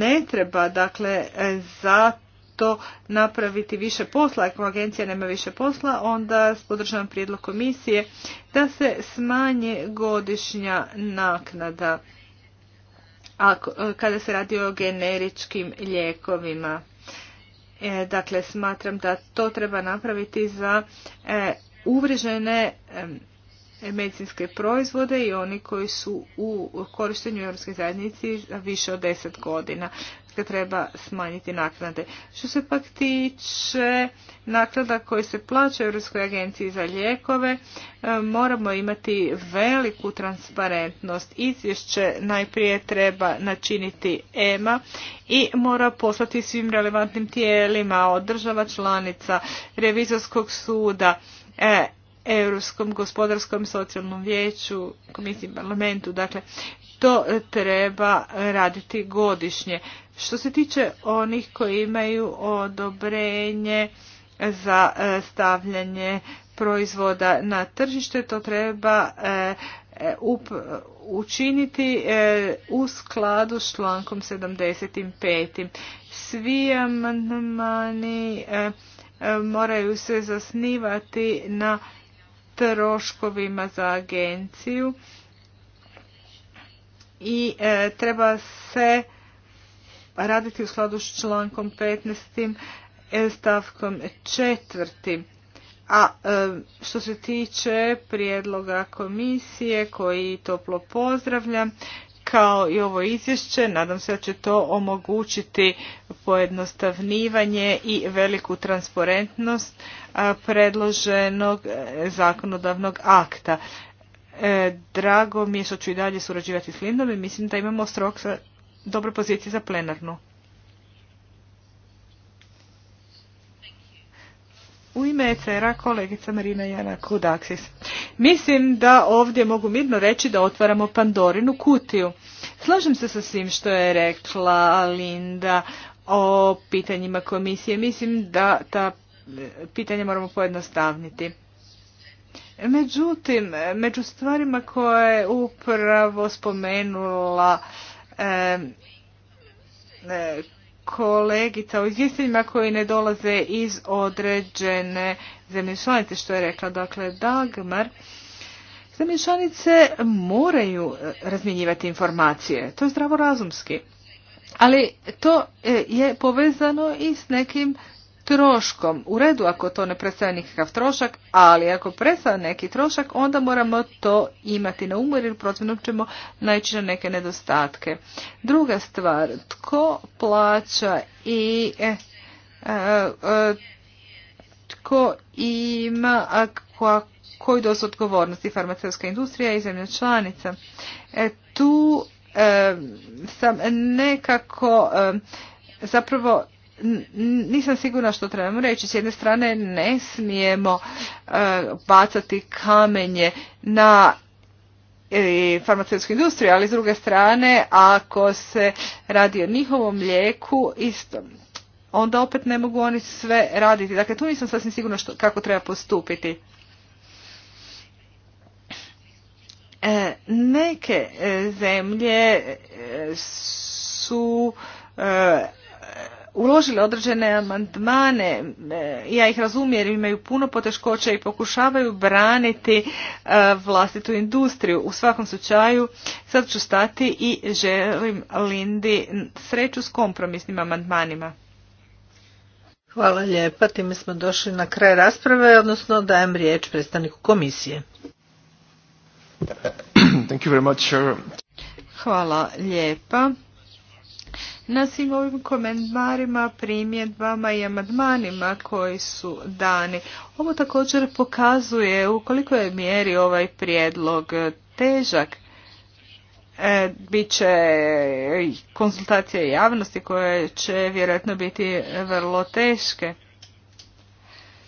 ne treba, dakle, za to napraviti više posla, ako agencija nema više posla, onda podržavam prijedlog komisije da se smanje godišnja naknada ako, kada se radi o generičkim lijekovima. E, dakle, smatram da to treba napraviti za e, uvrižene medicinske proizvode i oni koji su u korištenju Europske zajednici za više od deset godina dakle, treba smanjiti naknade. Što se pak tiče naknada koje se plaća Europskoj agenciji za lijekove, e, moramo imati veliku transparentnost. Izvješće najprije treba načiniti EMA i mora poslati svim relevantnim tijelima od država članica, revizorskog suda, e, Europskom gospodarskom socijalnom vijeću, komisiji parlamentu, dakle to treba raditi godišnje. Što se tiče onih koji imaju odobrenje za e, stavljanje proizvoda na tržište, to treba e, e, učiniti u skladu s člankom 75. Svi amandmani moraju se zasnivati na troškovima za agenciju i e, treba se raditi u skladu s člankom 15. E, stavkom 4. A e, što se tiče prijedloga komisije koji toplo pozdravljam, kao i ovo izvješće. Nadam se da će to omogućiti pojednostavnivanje i veliku transparentnost predloženog e, zakonodavnog akta. E, drago mi je što ću i dalje surađivati s Lindom i mislim da imamo strok za dobre pozicije za plenarnu. U ime ECR-a kolegica Marina Jana Kudaksis. Mislim da ovdje mogu mirno reći da otvaramo Pandorinu kutiju. Slažem se sa svim što je rekla Linda o pitanjima komisije. Mislim da ta e, pitanja moramo pojednostavniti. Međutim, među stvarima koje je upravo spomenula e, e kolegica u izvjestiteljima koji ne dolaze iz određene zemlje članice, što je rekla dakle Dagmar. Zemlje članice moraju e, razmjenjivati informacije, to je zdravorazumski. Ali to e, je povezano i s nekim troškom. U redu ako to ne predstavlja nikakav trošak, ali ako predstavlja neki trošak, onda moramo to imati na umor jer protivno ćemo naići na neke nedostatke. Druga stvar, tko plaća i e, e, e, tko ima koji dos koju odgovornosti farmaceutska industrija i zemlja članica. tu sam nekako zapravo nisam sigurna što trebamo reći. S jedne strane ne smijemo e, bacati kamenje na e, farmaceutsku industriju, ali s druge strane ako se radi o njihovom lijeku isto onda opet ne mogu oni sve raditi. Dakle, tu nisam sasvim sigurna kako treba postupiti. E, neke e, zemlje su uložile određene amandmane, e, ja ih razumijem jer imaju puno poteškoća i pokušavaju braniti e, vlastitu industriju. U svakom slučaju sad ću stati i želim Lindi sreću s kompromisnim amandmanima. Hvala lijepa, time smo došli na kraj rasprave, odnosno dajem riječ predstavniku komisije. Hvala lijepa na svim ovim komentarima, primjedbama i amandmanima koji su dani. Ovo također pokazuje u koliko je mjeri ovaj prijedlog težak. E, bit će konsultacije javnosti koje će vjerojatno biti vrlo teške.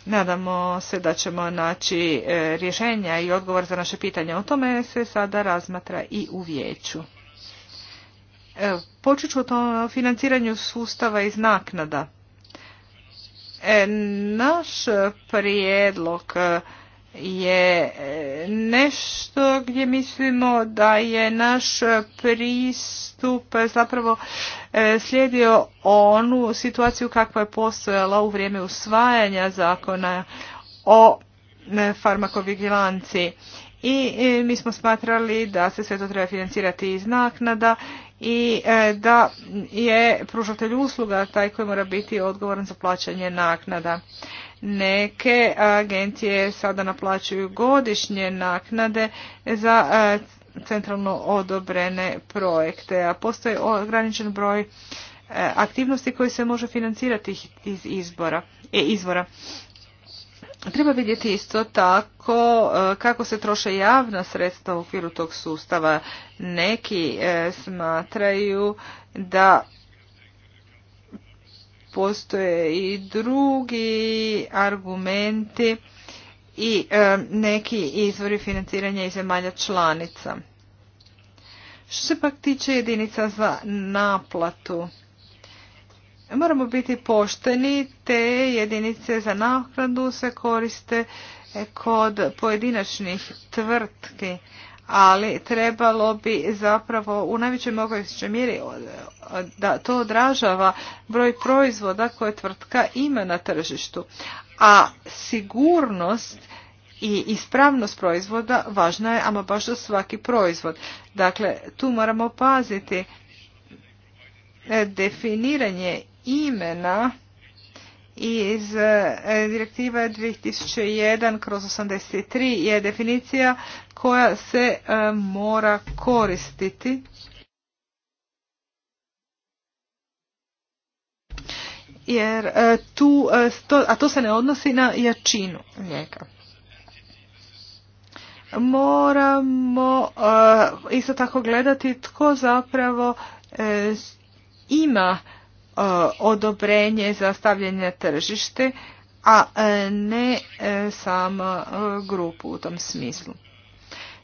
Nadamo se da ćemo naći e, rješenja i odgovor za naše pitanje. O tome se sada razmatra i u vijeću. Počet ću o financiranju sustava iz naknada. E, naš prijedlog e, je e, nešto gdje mislimo da je naš pristup zapravo slijedio onu situaciju kakva je postojala u vrijeme usvajanja zakona o farmakovigilanci I mi smo smatrali da se sve to treba financirati iz naknada i e, da je pružatelj usluga taj koji mora biti odgovoran za plaćanje naknada. Neke agencije sada naplaćuju godišnje naknade za e, centralno odobrene projekte, a postoji ograničen broj e, aktivnosti koji se može financirati iz izbora, izvora. Treba vidjeti isto tako e, kako se troše javna sredstva u okviru tog sustava. Neki e, smatraju da postoje i drugi argumenti i e, neki izvori financiranja iz zemalja članica. Što se pak tiče jedinica za naplatu, Moramo biti pošteni, te jedinice za naknadu se koriste e, kod pojedinačnih tvrtki, ali trebalo bi zapravo u najvećoj mogućoj mjeri da to odražava broj proizvoda koje tvrtka ima na tržištu. A sigurnost i ispravnost proizvoda važna je ama baš za svaki proizvod. Dakle, tu moramo paziti e, definiranje imena iz e, direktiva 2001 kroz 83 je definicija koja se e, mora koristiti jer e, tu, a to se ne odnosi na jačinu lijeka. Moramo isto tako gledati tko zapravo ima E, odobrenje za stavljanje na tržište, a e, ne e, sam grupu u tom smislu.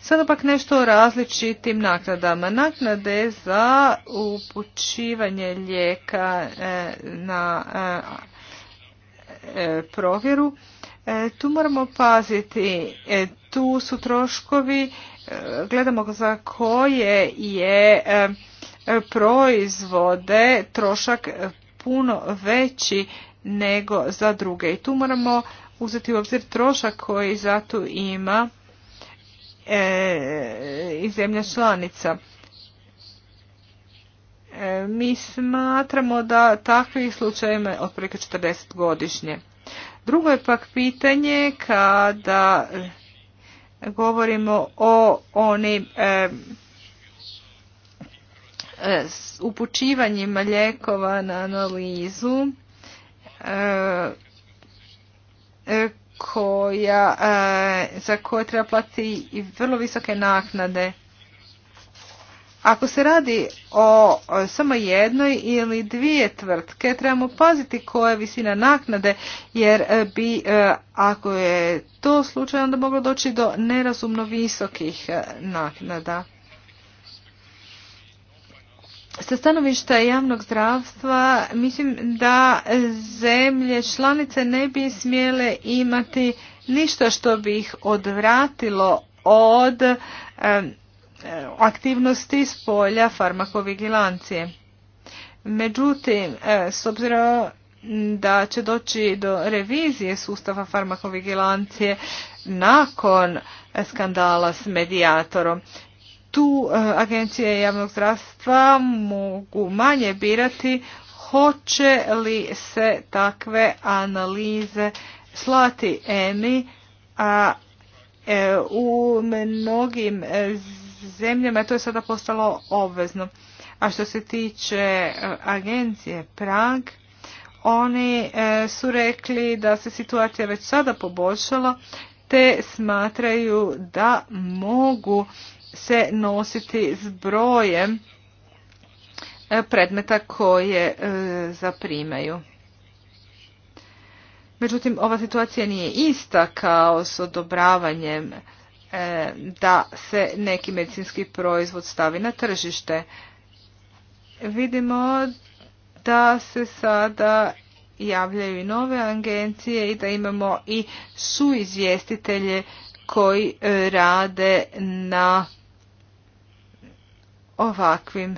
Sada pak nešto o različitim naknadama. Naknade za upućivanje lijeka na provjeru. Tu moramo paziti. Tu su troškovi, gledamo za koje je E, proizvode trošak puno veći nego za druge. I tu moramo uzeti u obzir trošak koji zato ima e, i zemlja članica. E, mi smatramo da takvih slučajeva otprilike 40 godišnje. Drugo je pak pitanje kada govorimo o onim e, E, s upućivanjima lijekova na analizu e, e, koja, za koje treba platiti vrlo visoke naknade. Ako se radi o samo jednoj ili dvije tvrtke, trebamo paziti koja je visina naknade, jer bi, ako je to slučaj, onda moglo doći do nerazumno visokih naknada. Sa stanovišta javnog zdravstva mislim da zemlje članice ne bi smjele imati ništa što bi ih odvratilo od aktivnosti s polja farmakovigilancije. Međutim, e, s obzirom da će doći do revizije sustava farmakovigilancije nakon skandala s medijatorom tu e, agencije javnog zdravstva mogu manje birati hoće li se takve analize slati EMI, a e, u mnogim zemljama to je sada postalo obvezno. A što se tiče e, agencije Prag, oni su rekli da se situacija već sada poboljšala, te smatraju da mogu se nositi s brojem e, predmeta koje e, zaprimaju. Međutim, ova situacija nije ista kao s odobravanjem e, da se neki medicinski proizvod stavi na tržište. Vidimo da se sada javljaju i nove agencije i da imamo i suizvjestitelje koji rade na ovakvim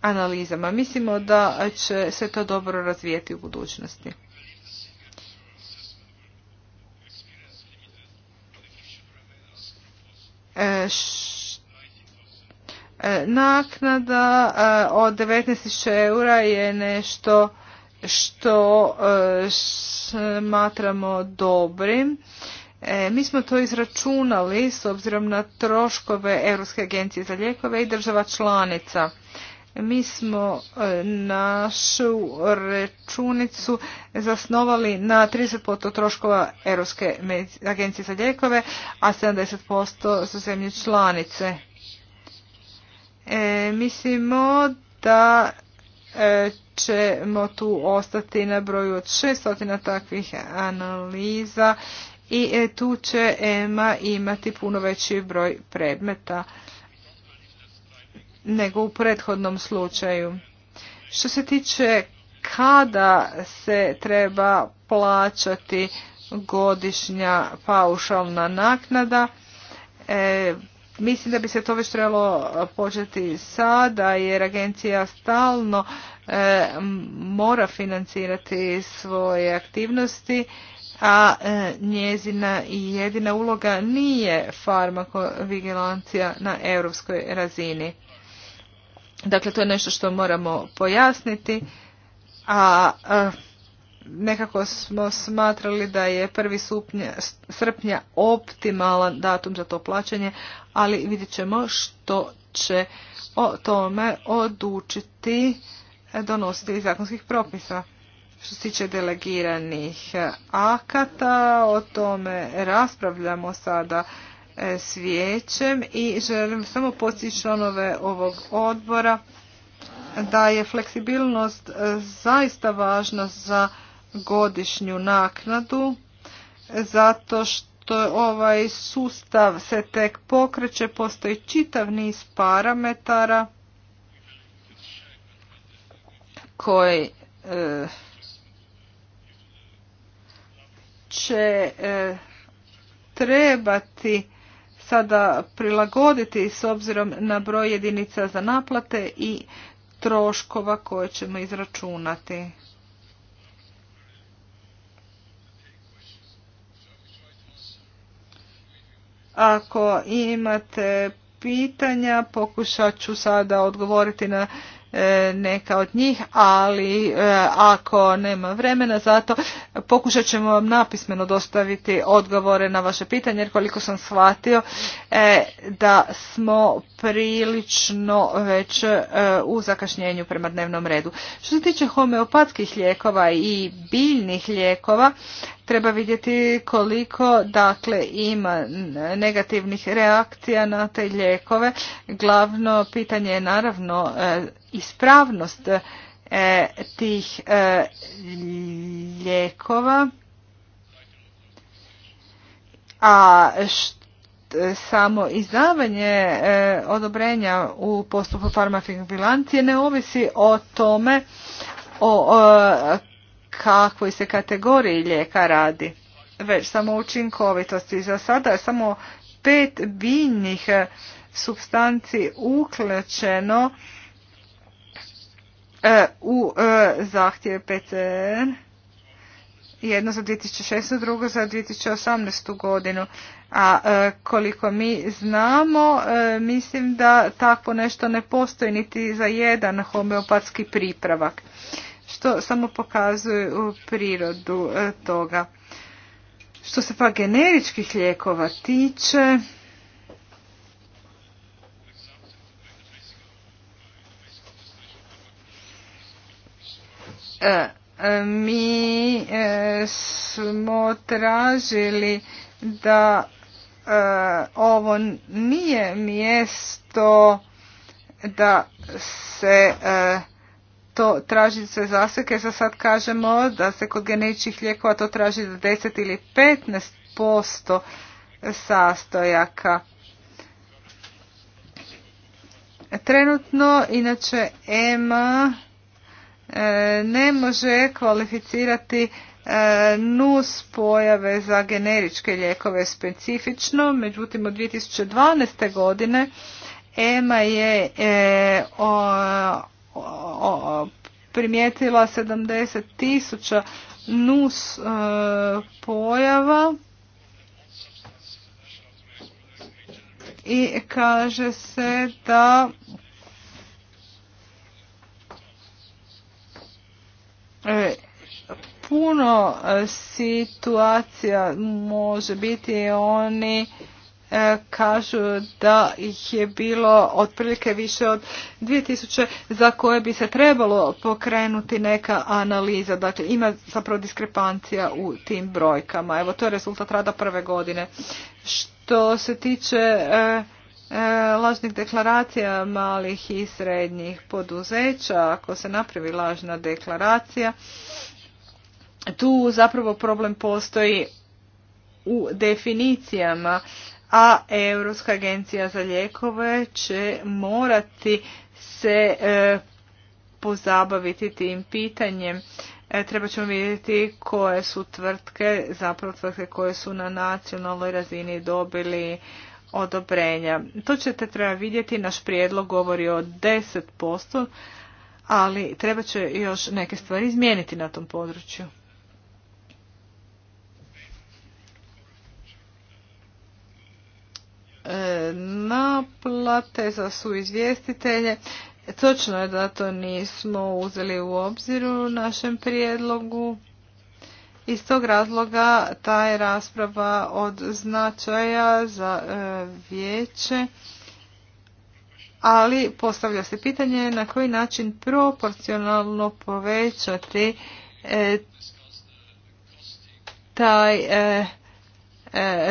analizama. Mislimo da će se to dobro razvijeti u budućnosti. E, e, naknada e, od 19.000 eura je nešto što smatramo dobrim E, mi smo to izračunali s obzirom na troškove Europske agencije za lijekove i država članica. Mi smo e, našu računicu zasnovali na 30% troškova Europske agencije za lijekove, a 70% su zemlje članice. E, mislimo da e, ćemo tu ostati na broju od 600 takvih analiza i e, tu će EMA imati puno veći broj predmeta nego u prethodnom slučaju. Što se tiče kada se treba plaćati godišnja paušalna naknada, e, mislim da bi se to već trebalo početi sada jer agencija stalno e, mora financirati svoje aktivnosti a e, njezina i jedina uloga nije farmakovigilancija na europskoj razini. Dakle, to je nešto što moramo pojasniti, a e, nekako smo smatrali da je prvi srpnja optimalan datum za to plaćanje, ali vidjet ćemo što će o tome odučiti e, donositelji zakonskih propisa. Što se tiče delegiranih akata, o tome raspravljamo sada e, s vijećem i želim samo postići članove ovog odbora da je fleksibilnost e, zaista važna za godišnju naknadu zato što ovaj sustav se tek pokreće, postoji čitav niz parametara koji e, će e, trebati sada prilagoditi s obzirom na broj jedinica za naplate i troškova koje ćemo izračunati. Ako imate pitanja, pokušat ću sada odgovoriti na E, neka od njih, ali e, ako nema vremena zato pokušat ćemo vam napismeno dostaviti odgovore na vaše pitanje jer koliko sam shvatio e, da smo prilično već u zakašnjenju prema dnevnom redu. Što se tiče homeopatskih lijekova i biljnih lijekova, treba vidjeti koliko dakle ima negativnih reakcija na te lijekove. Glavno pitanje je naravno ispravnost e, tih ljekova, lijekova a samo izdavanje e, odobrenja u postupku farmakovigilancije ne ovisi o tome o, kakvoj se kategoriji lijeka radi već samo učinkovitosti za sada je samo pet biljnih e, supstanci uključeno E, u e, zahtjeve PCR, jedno za 2016. drugo za 2018. godinu. A e, koliko mi znamo, mislim da tako nešto ne postoji niti za jedan homeopatski pripravak, što samo pokazuje u prirodu toga. Što se pa generičkih lijekova tiče, E, mi e, smo tražili da e, ovo nije mjesto da se to traži sve zaseke. Za sad kažemo da se kod genetičkih lijekova to traži za 10 ili 15 posto sastojaka. Trenutno, inače, EMA E, ne može kvalificirati e, nus pojave za generičke lijekove specifično, međutim od 2012. godine EMA je e, primijetila 70 nus pojava i kaže se da E, puno e, situacija može biti oni e, kažu da ih je bilo otprilike više od 2000 za koje bi se trebalo pokrenuti neka analiza. Dakle, ima zapravo diskrepancija u tim brojkama. Evo, to je rezultat rada prve godine. Što se tiče E, lažnih deklaracija malih i srednjih poduzeća, ako se napravi lažna deklaracija, tu zapravo problem postoji u definicijama, a Europska agencija za lijekove će morati se e, pozabaviti tim pitanjem. E, treba ćemo vidjeti koje su tvrtke, zapravo tvrtke koje su na nacionalnoj razini dobili odobrenja. To ćete treba vidjeti, naš prijedlog govori o 10%, ali treba će još neke stvari izmijeniti na tom području. E, naplate za su izvjestitelje. Točno je da to nismo uzeli u obzir u našem prijedlogu. Iz tog razloga ta je rasprava od značaja za e, vijeće, ali postavlja se pitanje na koji način proporcionalno povećati e, taj e,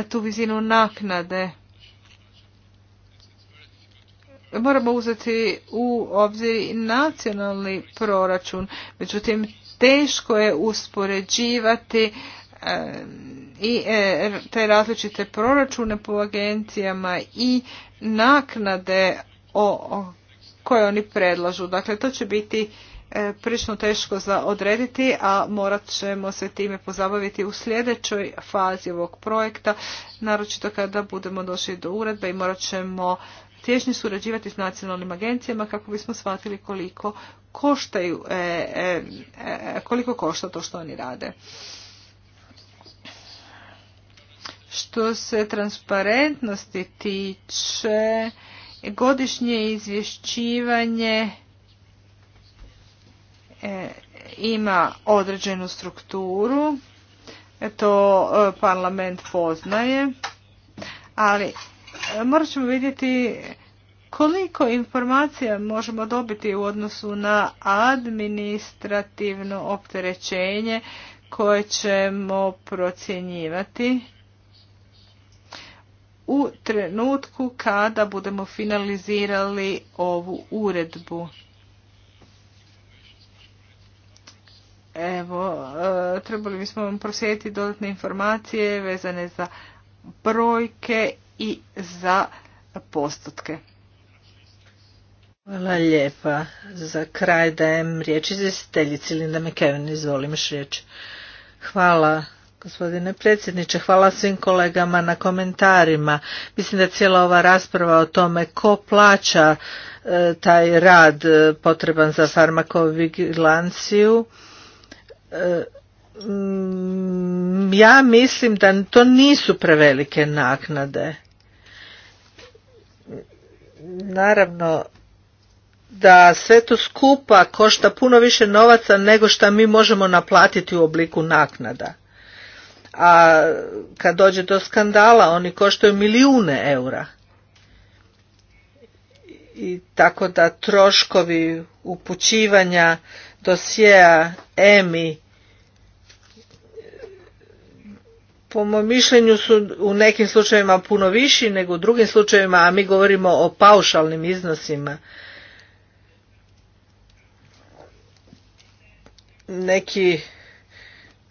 tu visinu naknade. Moramo uzeti u obzir nacionalni proračun, međutim teško je uspoređivati e, i e, te različite proračune po agencijama i naknade o koje oni predlažu. Dakle, to će biti e, prilično teško za odrediti, a morat ćemo se time pozabaviti u sljedećoj fazi ovog projekta, naročito kada budemo došli do uredbe i morat ćemo tješnje surađivati s nacionalnim agencijama kako bismo shvatili koliko koštaju, e, e, e, koliko košta to što oni rade. Što se transparentnosti tiče, godišnje izvješćivanje ima određenu strukturu, to parlament poznaje, ali morat ćemo vidjeti koliko informacija možemo dobiti u odnosu na administrativno opterećenje koje ćemo procjenjivati u trenutku kada budemo finalizirali ovu uredbu? Evo, e, trebali bismo vam prosjetiti dodatne informacije vezane za brojke i za postotke. Hvala lijepa. Za kraj dajem riječ izvjestiteljici Linda McKevin. Izvolim riječ. Hvala gospodine predsjedniče. Hvala svim kolegama na komentarima. Mislim da cijela ova rasprava o tome ko plaća e, taj rad e, potreban za farmakovigilanciju e, ja mislim da to nisu prevelike naknade. Naravno, da sve to skupa košta puno više novaca nego što mi možemo naplatiti u obliku naknada. A kad dođe do skandala, oni koštaju milijune eura. I tako da troškovi upućivanja dosjeja EMI po mom mišljenju su u nekim slučajevima puno viši nego u drugim slučajevima, a mi govorimo o paušalnim iznosima. neki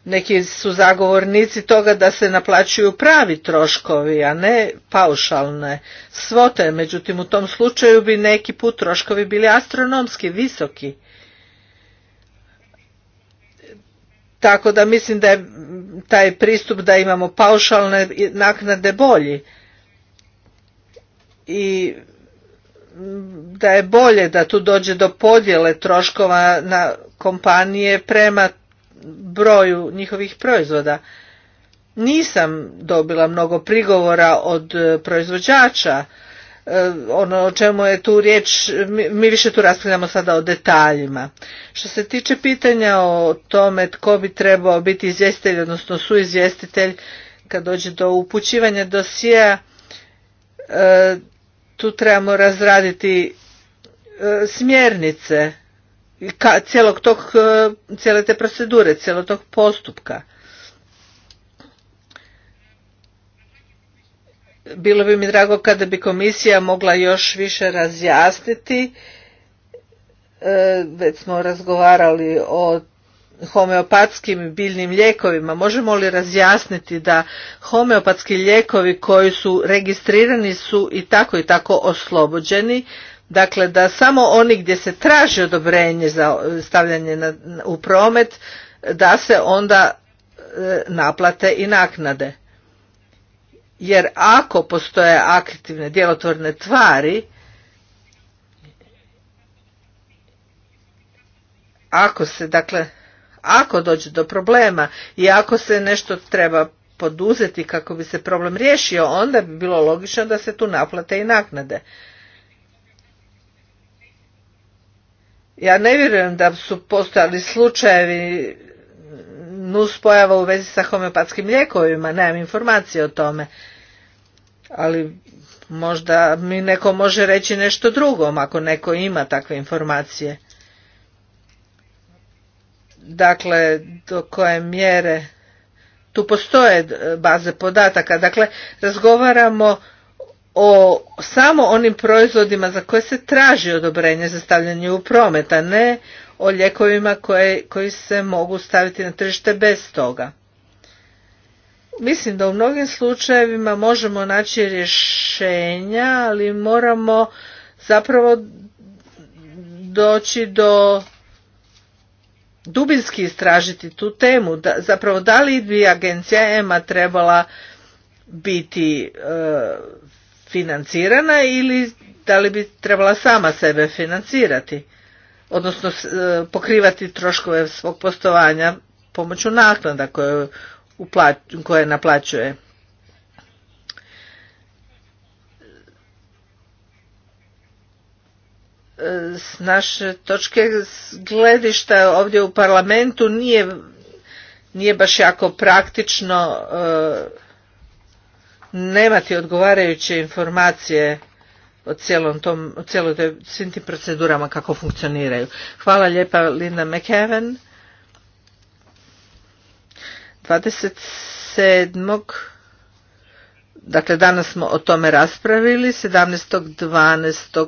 neki su zagovornici toga da se naplaćuju pravi troškovi, a ne paušalne svote. Međutim, u tom slučaju bi neki put troškovi bili astronomski visoki. Tako da mislim da je taj pristup da imamo paušalne naknade bolji. I da je bolje da tu dođe do podjele troškova na kompanije prema broju njihovih proizvoda. Nisam dobila mnogo prigovora od e, proizvođača, e, ono o čemu je tu riječ, mi više tu raspravljamo sada o detaljima. Što se tiče pitanja o tome tko bi trebao biti izvjestitelj, odnosno suizvjestitelj, kad dođe do upućivanja dosija, e, tu trebamo razraditi smjernice cijelog tog, e, cijele te procedure, cijelog tog postupka. Bilo bi mi drago kada bi komisija mogla još više razjasniti. E, već smo razgovarali o homeopatskim biljnim lijekovima. Možemo li razjasniti da homeopatski lijekovi koji su registrirani su i tako i tako oslobođeni Dakle, da samo oni gdje se traži odobrenje za stavljanje na, u promet, da se onda e, naplate i naknade. Jer ako postoje aktivne djelotvorne tvari, ako se, dakle, ako dođe do problema i ako se nešto treba poduzeti kako bi se problem riješio, onda bi bilo logično da se tu naplate i naknade. Ja ne vjerujem da su postojali slučajevi nuspojava u vezi sa homeopatskim lijekovima, nemam informacije o tome. Ali možda mi neko može reći nešto drugom ako neko ima takve informacije. Dakle, do koje mjere tu postoje baze podataka. Dakle, razgovaramo o samo onim proizvodima za koje se traži odobrenje za stavljanje u promet, a ne o ljekovima koji se mogu staviti na tržište bez toga. Mislim da u mnogim slučajevima možemo naći rješenja, ali moramo zapravo doći do dubinski istražiti tu temu. Da, zapravo da li bi agencija EMA trebala biti e, financirana ili da li bi trebala sama sebe financirati, odnosno e, pokrivati troškove svog postovanja pomoću naknada koje, koje naplaćuje. E, s naše točke gledišta ovdje u parlamentu nije, nije baš jako praktično e, nemati odgovarajuće informacije o cijelom tom, svim tim procedurama kako funkcioniraju. Hvala lijepa Linda McEwen. 27. Dakle, danas smo o tome raspravili. 17.12.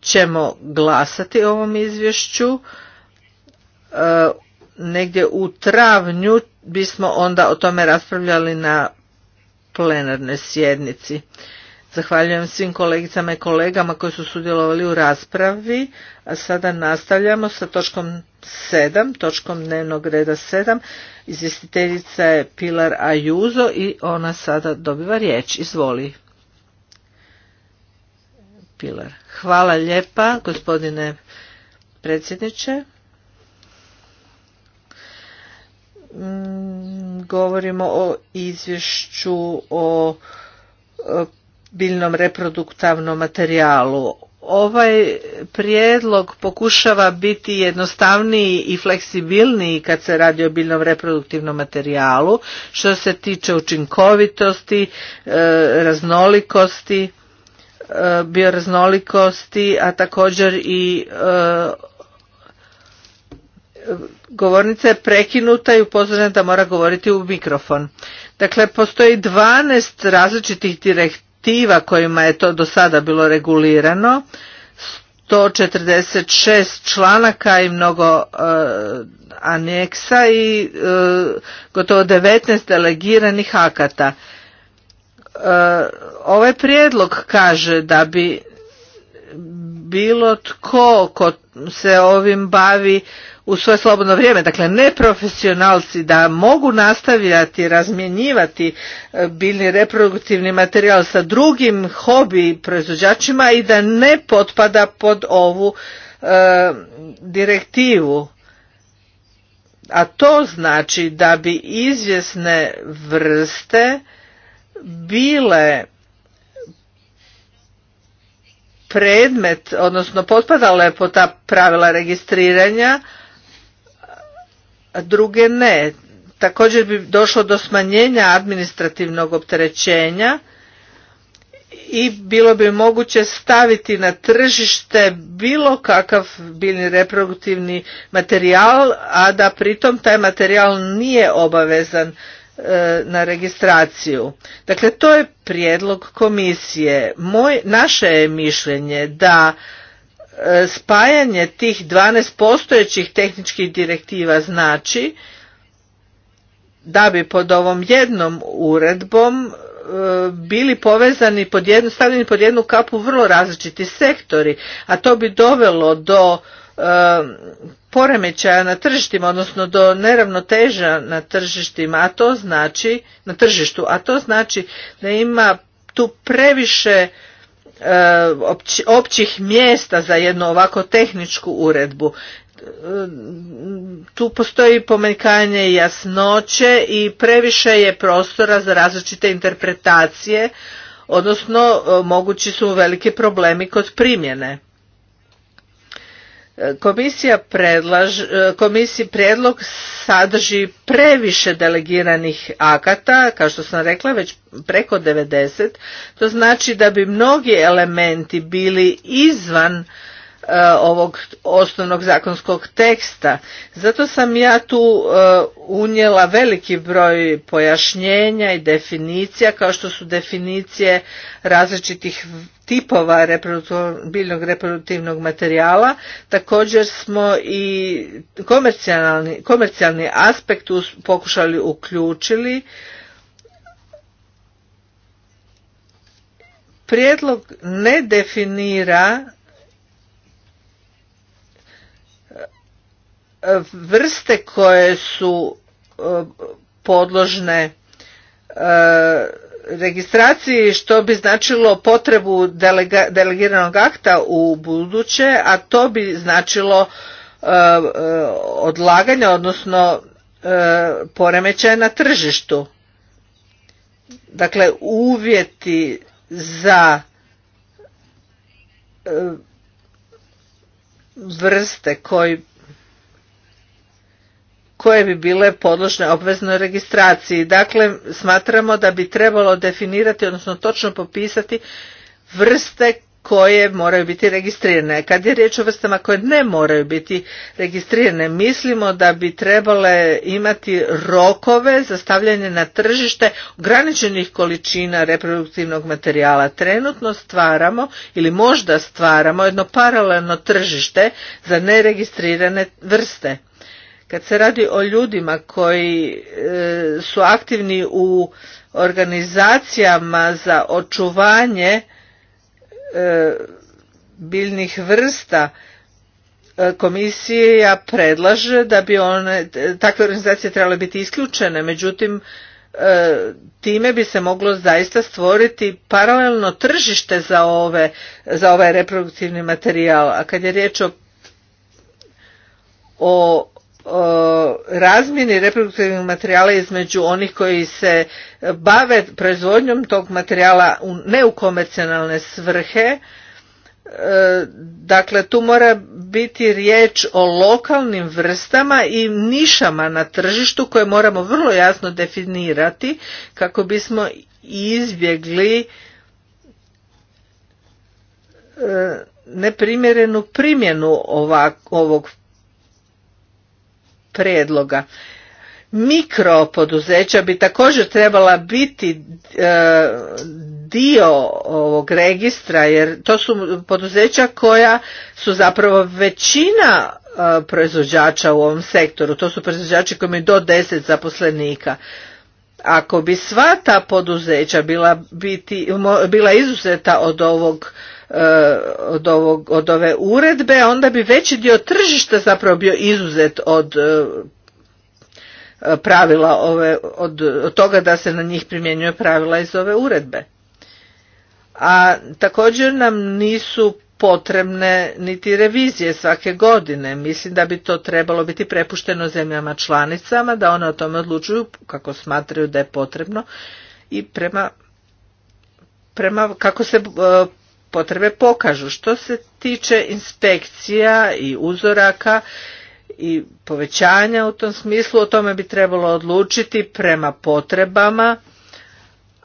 ćemo glasati o ovom izvješću. E, negdje u travnju bismo onda o tome raspravljali na plenarnoj sjednici. Zahvaljujem svim kolegicama i kolegama koji su sudjelovali u raspravi, a sada nastavljamo sa točkom 7, točkom dnevnog reda 7. Izvjestiteljica je Pilar Ajuzo i ona sada dobiva riječ. Izvoli. Pilar. Hvala lijepa gospodine predsjedniče. Mm, govorimo o izvješću o biljnom reproduktavnom materijalu. Ovaj prijedlog pokušava biti jednostavniji i fleksibilniji kad se radi o biljnom reproduktivnom materijalu što se tiče učinkovitosti, e, raznolikosti, e, bioraznolikosti, a također i e, govornica je prekinuta i upozorena da mora govoriti u mikrofon. Dakle, postoji 12 različitih direktiva kojima je to do sada bilo regulirano, 146 članaka i mnogo e, aneksa i e, gotovo 19 delegiranih akata. E, ovaj prijedlog kaže da bi bilo tko ko se ovim bavi u svoje slobodno vrijeme, dakle ne profesionalci da mogu nastavljati razmjenjivati e, biljni reproduktivni materijal sa drugim hobi proizvođačima i da ne potpada pod ovu e, direktivu. A to znači da bi izvjesne vrste bile predmet, odnosno potpadala je po ta pravila registriranja, a druge ne. Također bi došlo do smanjenja administrativnog opterećenja i bilo bi moguće staviti na tržište bilo kakav biljni reproduktivni materijal, a da pritom taj materijal nije obavezan E, na registraciju. Dakle, to je prijedlog komisije. Moj, naše je mišljenje da e, spajanje tih 12 postojećih tehničkih direktiva znači da bi pod ovom jednom uredbom e, bili povezani pod jednu, stavljeni pod jednu kapu vrlo različiti sektori, a to bi dovelo do Eh, poremećaja na tržištima, odnosno do neravnoteža na tržištima, a to znači, na tržištu, a to znači da ima tu previše eh, općih mjesta za jednu ovako tehničku uredbu. Eh, tu postoji pomekanje jasnoće i previše je prostora za različite interpretacije, odnosno mogući su veliki problemi kod primjene. Komisija komisiji prijedlog sadrži previše delegiranih akata, kao što sam rekla već preko 90, to znači da bi mnogi elementi bili izvan E, ovog osnovnog zakonskog teksta. Zato sam ja tu e, unijela veliki broj pojašnjenja i definicija, kao što su definicije različitih tipova biljnog reproduktivnog materijala. Također smo i komercijalni, aspekt pokušali uključili. Prijedlog ne definira vrste koje su e, podložne e, registraciji što bi značilo potrebu delegiranog akta u buduće, a to bi značilo e, odlaganje, odnosno poremećaj na tržištu. Dakle, uvjeti za vrste koji koje bi bile podložne obveznoj registraciji. Dakle, smatramo da bi trebalo definirati, odnosno točno popisati vrste koje moraju biti registrirane. Kad je riječ o vrstama koje ne moraju biti registrirane, mislimo da bi trebale imati rokove za stavljanje na tržište ograničenih količina reproduktivnog materijala. Trenutno stvaramo ili možda stvaramo jedno paralelno tržište za neregistrirane vrste. Kad se radi o ljudima koji e, su aktivni u organizacijama za očuvanje e, biljnih vrsta, e, komisija predlaže da bi one, takve organizacije trebale biti isključene, međutim time bi se moglo zaista stvoriti paralelno tržište za, ove, za ovaj reproduktivni materijal. A kad je riječ o, o razmjeni reproduktivnih materijala između onih koji se bave proizvodnjom tog materijala u neukomercionalne svrhe e, dakle tu mora biti riječ o lokalnim vrstama i nišama na tržištu koje moramo vrlo jasno definirati kako bismo izbjegli e, neprimjerenu primjenu ovog predloga. Mikropoduzeća bi također trebala biti e, dio ovog registra jer to su poduzeća koja su zapravo većina e, proizvođača u ovom sektoru. To su proizvođači koji imaju do 10 zaposlenika. Ako bi sva ta poduzeća bila, biti, bila izuzeta od ovog E, od, ovog, od ove uredbe, onda bi veći dio tržišta zapravo bio izuzet od e, pravila ove, od, od toga da se na njih primjenjuje pravila iz ove uredbe. A također nam nisu potrebne niti revizije svake godine. Mislim da bi to trebalo biti prepušteno zemljama članicama, da one o tome odlučuju kako smatraju da je potrebno i prema, prema kako se e, potrebe pokažu. Što se tiče inspekcija i uzoraka i povećanja u tom smislu, o tome bi trebalo odlučiti prema potrebama,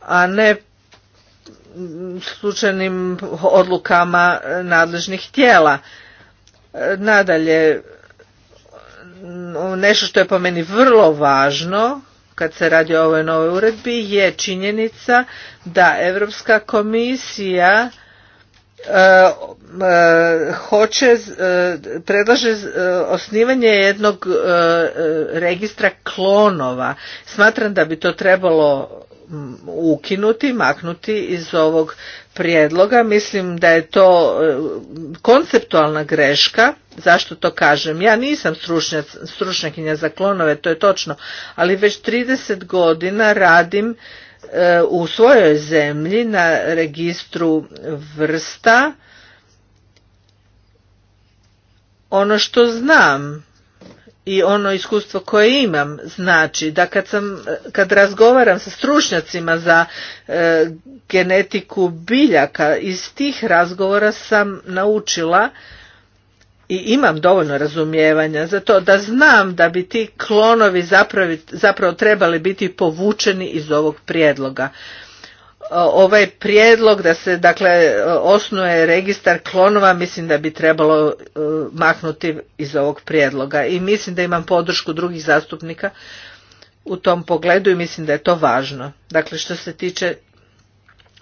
a ne slučajnim odlukama nadležnih tijela. Nadalje, nešto što je po meni vrlo važno kad se radi o ovoj novoj uredbi je činjenica da Europska komisija E, hoće e, predlaže e, osnivanje jednog registra klonova smatram da bi to trebalo ukinuti maknuti iz ovog prijedloga mislim da je to konceptualna greška zašto to kažem ja nisam stručnjakinja za klonove to je točno ali već 30 godina radim u svojoj zemlji na registru vrsta ono što znam i ono iskustvo koje imam znači da kad sam kad razgovaram sa stručnjacima za e, genetiku biljaka iz tih razgovora sam naučila i imam dovoljno razumijevanja za to da znam da bi ti klonovi zapravo trebali biti povučeni iz ovog prijedloga ovaj prijedlog da se dakle osnuje registar klonova mislim da bi trebalo e, maknuti iz ovog prijedloga i mislim da imam podršku drugih zastupnika u tom pogledu i mislim da je to važno. Dakle što se tiče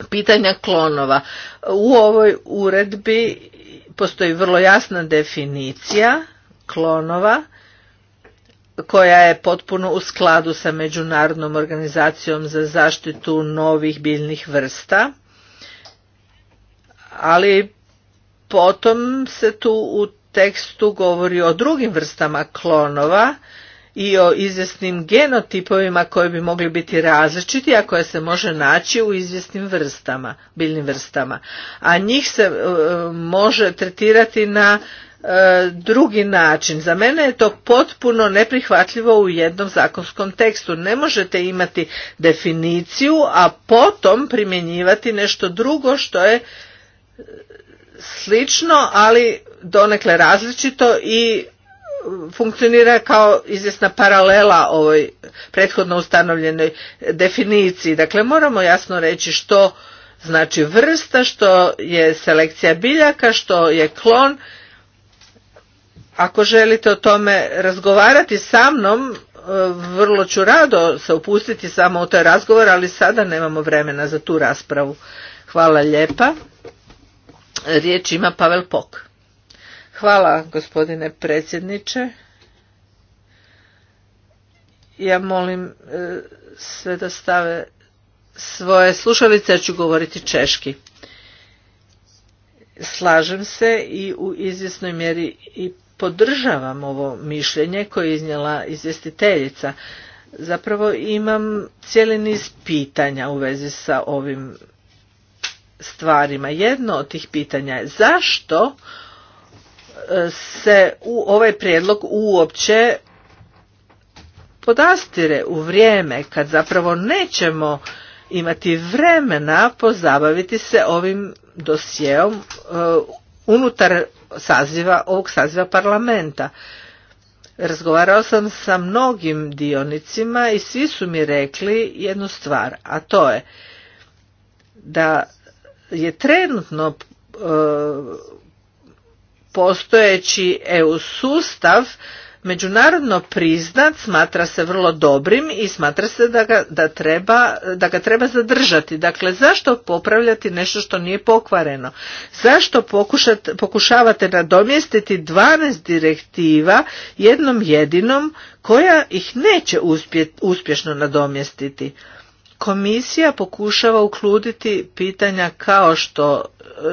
pitanja klonova u ovoj uredbi postoji vrlo jasna definicija klonova koja je potpuno u skladu sa Međunarodnom organizacijom za zaštitu novih biljnih vrsta, ali potom se tu u tekstu govori o drugim vrstama klonova i o izvjesnim genotipovima koji bi mogli biti različiti, a koje se može naći u izvjesnim vrstama, biljnim vrstama. A njih se e, može tretirati na e, drugi način. Za mene je to potpuno neprihvatljivo u jednom zakonskom tekstu. Ne možete imati definiciju, a potom primjenjivati nešto drugo što je e, slično, ali donekle različito i funkcionira kao izvjesna paralela ovoj prethodno ustanovljenoj definiciji. Dakle, moramo jasno reći što znači vrsta, što je selekcija biljaka, što je klon. Ako želite o tome razgovarati sa mnom, e, vrlo ću rado se upustiti samo u taj razgovor, ali sada nemamo vremena za tu raspravu. Hvala lijepa. Riječ ima Pavel Pok. Hvala gospodine predsjedniče. Ja molim e, sve da stave svoje slušalice, ja ću govoriti češki. Slažem se i u izvjesnoj mjeri i podržavam ovo mišljenje koje je iznijela izvjestiteljica. Zapravo imam cijeli niz pitanja u vezi sa ovim stvarima. Jedno od tih pitanja je zašto se u ovaj prijedlog uopće podastire u vrijeme kad zapravo nećemo imati vremena pozabaviti se ovim dosijeom uh, unutar saziva, ovog saziva parlamenta. Razgovarao sam sa mnogim dionicima i svi su mi rekli jednu stvar, a to je da je trenutno uh, postojeći EU sustav međunarodno priznat smatra se vrlo dobrim i smatra se da ga, da, treba, da ga treba zadržati. Dakle, zašto popravljati nešto što nije pokvareno? Zašto pokušat, pokušavate nadomjestiti 12 direktiva jednom jedinom koja ih neće uspješno nadomjestiti? Komisija pokušava ukluditi pitanja kao što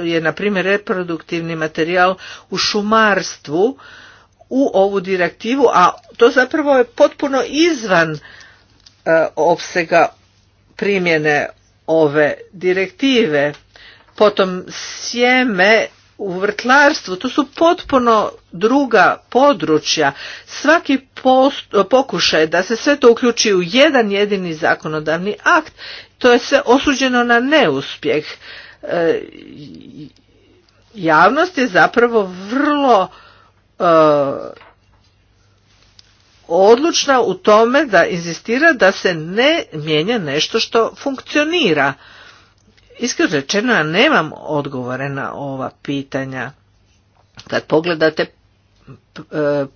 e, je na primjer reproduktivni materijal u šumarstvu u ovu direktivu, a to zapravo je potpuno izvan e, opsega primjene ove direktive. Potom sjeme u vrtlarstvu, to su potpuno druga područja. Svaki pokušaj da se sve to uključi u jedan jedini zakonodavni akt, to je sve osuđeno na neuspjeh. E, javnost je zapravo vrlo e, odlučna u tome da inzistira da se ne mijenja nešto što funkcionira. Iskreno rečeno, ja nemam odgovore na ova pitanja. Kad pogledate e,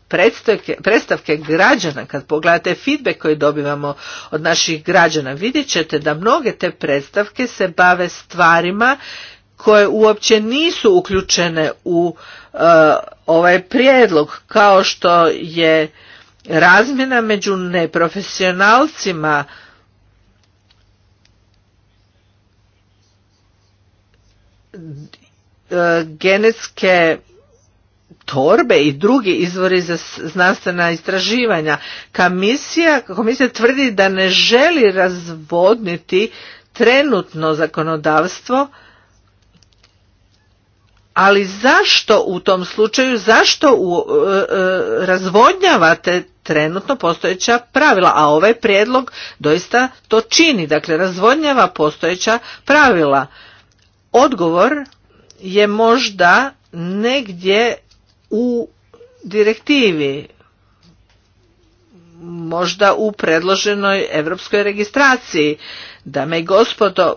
predstavke, građana, kad pogledate feedback koji dobivamo od naših građana, vidjet ćete da mnoge te predstavke se bave stvarima koje uopće nisu uključene u e, ovaj prijedlog, kao što je razmjena među neprofesionalcima E, genetske torbe i drugi izvori za znanstvena istraživanja. Komisija, komisija tvrdi da ne želi razvodniti trenutno zakonodavstvo, ali zašto u tom slučaju, zašto e, e, razvodnjavate trenutno postojeća pravila, a ovaj prijedlog doista to čini, dakle razvodnjava postojeća pravila. Odgovor je možda negdje u direktivi, možda u predloženoj europskoj registraciji. Dame i gospodo,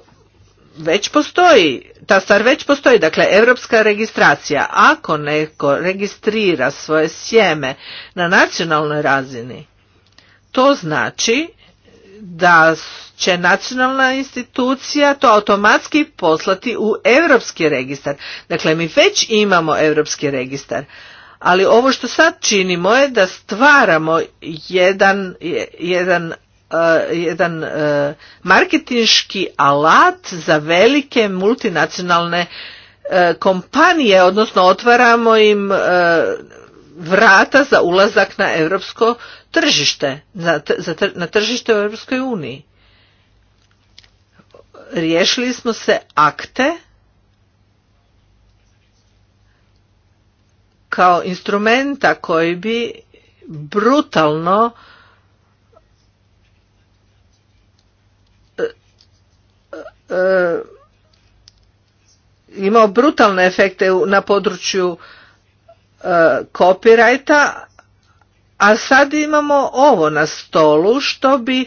već postoji, ta stvar već postoji, dakle europska registracija. Ako neko registrira svoje sjeme na nacionalnoj razini, to znači da će nacionalna institucija to automatski poslati u europski registar. Dakle, mi već imamo europski registar, ali ovo što sad činimo je da stvaramo jedan, jedan, eh, jedan eh, marketinški alat za velike multinacionalne eh, kompanije, odnosno otvaramo im vrata za ulazak na europsko tržište, na, na tržište u Europskoj uniji. Riješili smo se akte kao instrumenta koji bi brutalno e, e, imao brutalne efekte na području kopirajta e, a sad imamo ovo na stolu što bi e,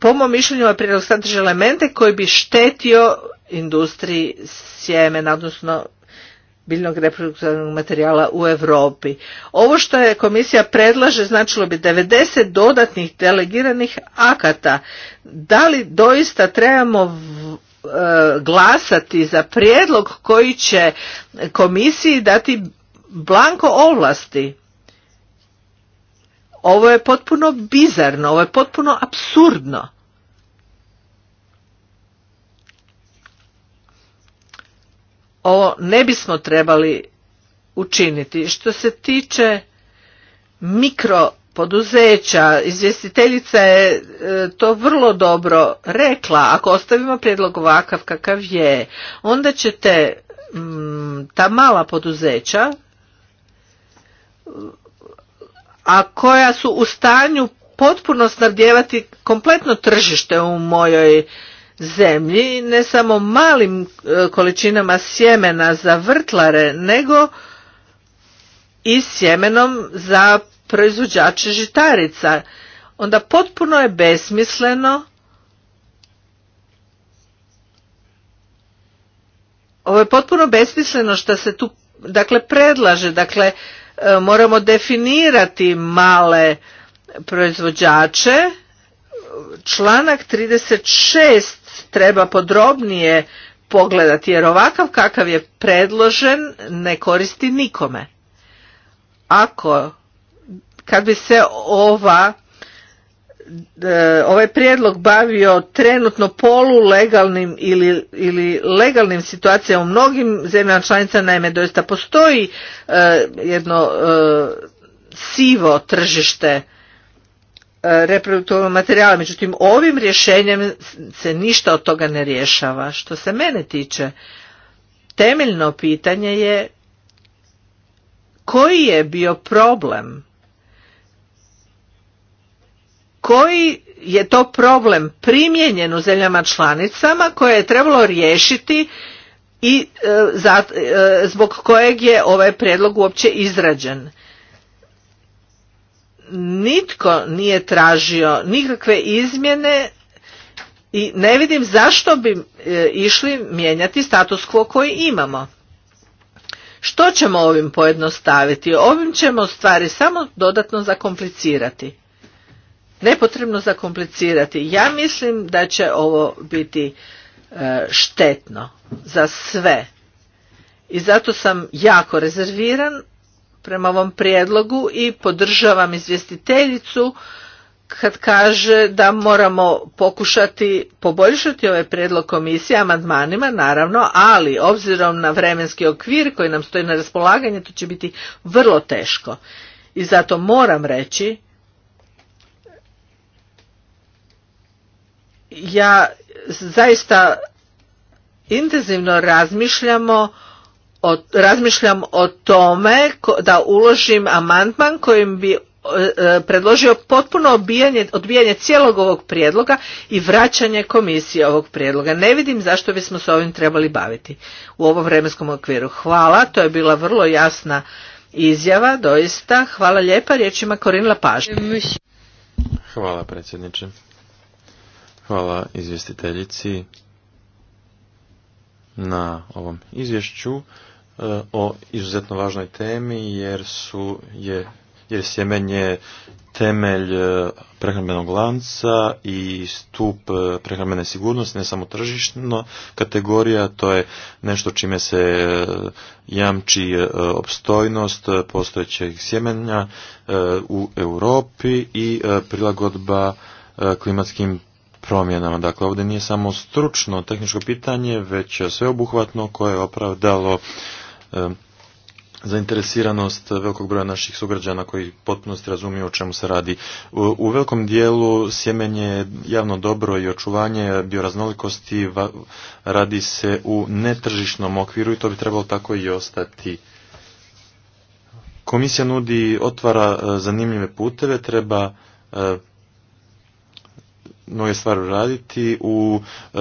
po mom mišljenju predstavljaš elemente koji bi štetio industriji sjemena, odnosno biljnog reproduktivnog materijala u Europi. Ovo što je komisija predlaže značilo bi 90 dodatnih delegiranih akata. Da li doista trebamo e, glasati za prijedlog koji će komisiji dati blanko ovlasti? Ovo je potpuno bizarno, ovo je potpuno absurdno. Ovo ne bismo trebali učiniti. Što se tiče mikropoduzeća, izvjestiteljica je e, to vrlo dobro rekla. Ako ostavimo prijedlog ovakav kakav je, onda ćete mm, ta mala poduzeća a koja su u stanju potpuno snabdjevati kompletno tržište u mojoj zemlji, ne samo malim e, količinama sjemena za vrtlare, nego i sjemenom za proizvođače žitarica. Onda potpuno je besmisleno Ovo je potpuno besmisleno što se tu dakle predlaže, dakle E, moramo definirati male proizvođače. Članak 36 treba podrobnije pogledati jer ovakav kakav je predložen ne koristi nikome. Ako kad bi se ova E, ovaj prijedlog bavio trenutno polulegalnim ili, ili legalnim situacijama u mnogim zemljama članica, naime doista postoji e, jedno e, sivo tržište reproduktivnog materijala. Međutim, ovim rješenjem se ništa od toga ne rješava. Što se mene tiče, temeljno pitanje je koji je bio problem koji je to problem primijenjen u zemljama članicama koje je trebalo riješiti i e, e, zbog kojeg je ovaj prijedlog uopće izrađen. Nitko nije tražio nikakve izmjene i ne vidim zašto bi e, išli mijenjati status quo koji imamo. Što ćemo ovim pojednostaviti? Ovim ćemo stvari samo dodatno zakomplicirati nepotrebno zakomplicirati. Ja mislim da će ovo biti e, štetno za sve. I zato sam jako rezerviran prema ovom prijedlogu i podržavam izvjestiteljicu kad kaže da moramo pokušati poboljšati ovaj prijedlog komisije amandmanima, naravno, ali obzirom na vremenski okvir koji nam stoji na raspolaganje, to će biti vrlo teško. I zato moram reći ja zaista intenzivno razmišljamo razmišljam o tome da uložim amandman kojim bi e, e, predložio potpuno odbijanje, odbijanje cijelog ovog prijedloga i vraćanje komisije ovog prijedloga. Ne vidim zašto bismo se ovim trebali baviti u ovom vremenskom okviru. Hvala, to je bila vrlo jasna izjava, doista. Hvala lijepa, riječ ima Korin Hvala predsjedniče. Hvala izvjestiteljici na ovom izvješću e, o izuzetno važnoj temi jer su je jer sjemen temelj e, prehrambenog lanca i stup e, prehrambene sigurnosti, ne samo tržišno kategorija, to je nešto čime se jamči opstojnost postojećeg sjemenja u Europi i prilagodba klimatskim promjenama. Dakle, ovdje nije samo stručno tehničko pitanje, već sveobuhvatno koje je opravdalo e, zainteresiranost velikog broja naših sugrađana koji potpunosti razumiju o čemu se radi. U, u velikom dijelu sjemenje javno dobro i očuvanje bioraznolikosti radi se u netržišnom okviru i to bi trebalo tako i ostati. Komisija nudi, otvara e, zanimljive puteve, treba e, mnoge stvari raditi. U e,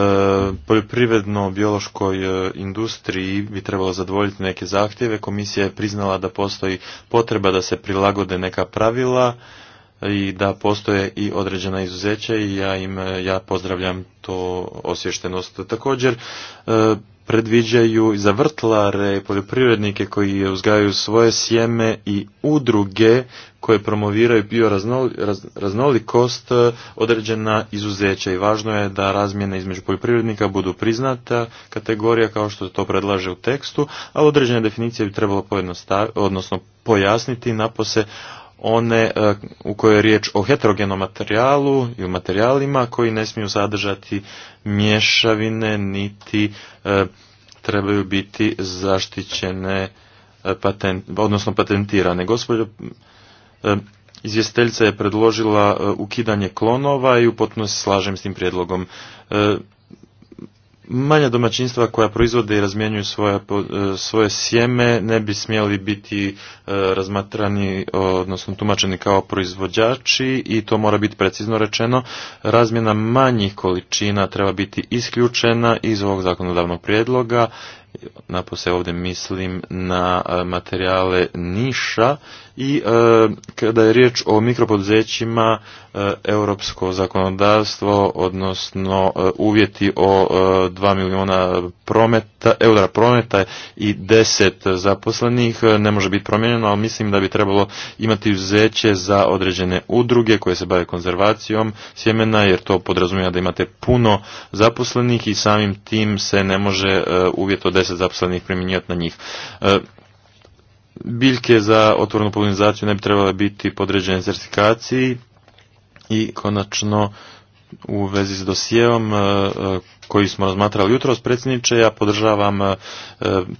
poljoprivredno-biološkoj e, industriji bi trebalo zadovoljiti neke zahtjeve. Komisija je priznala da postoji potreba da se prilagode neka pravila i da postoje i određena izuzeća i ja im e, ja pozdravljam to osviještenost. Također e, predviđaju za vrtlare, poljoprivrednike koji uzgajaju svoje sjeme i udruge koje promoviraju bioraznolikost e, određena izuzeća i važno je da razmjene između poljoprivrednika budu priznata kategorija kao što to predlaže u tekstu, a određene definicije bi trebalo odnosno pojasniti napose one e, u kojoj je riječ o heterogenom materijalu i u materijalima koji ne smiju sadržati mješavine niti e, trebaju biti zaštićene e, patent, odnosno patentirane. Gospođo izvjestiteljica je predložila ukidanje klonova i u se slažem s tim prijedlogom. Manja domaćinstva koja proizvode i razmjenjuju svoje, svoje sjeme ne bi smjeli biti e, razmatrani, odnosno tumačeni kao proizvođači i to mora biti precizno rečeno. Razmjena manjih količina treba biti isključena iz ovog zakonodavnog prijedloga. Napose ovdje mislim na e, materijale niša i e, kada je riječ o mikropoduzećima e, europsko zakonodavstvo odnosno e, uvjeti o 2 e, milijuna prometa, eura prometa i 10 zaposlenih ne može biti promijenjeno, ali mislim da bi trebalo imati uzeće za određene udruge koje se bave konzervacijom sjemena jer to podrazumijeva da imate puno zaposlenih i samim tim se ne može uvjet o 10 zaposlenih primjenjivati na njih biljke za otvornu polinizaciju ne bi trebale biti podređene certifikaciji i konačno u vezi s dosijevom e, e, koji smo razmatrali jutros predsjedniče, ja podržavam e,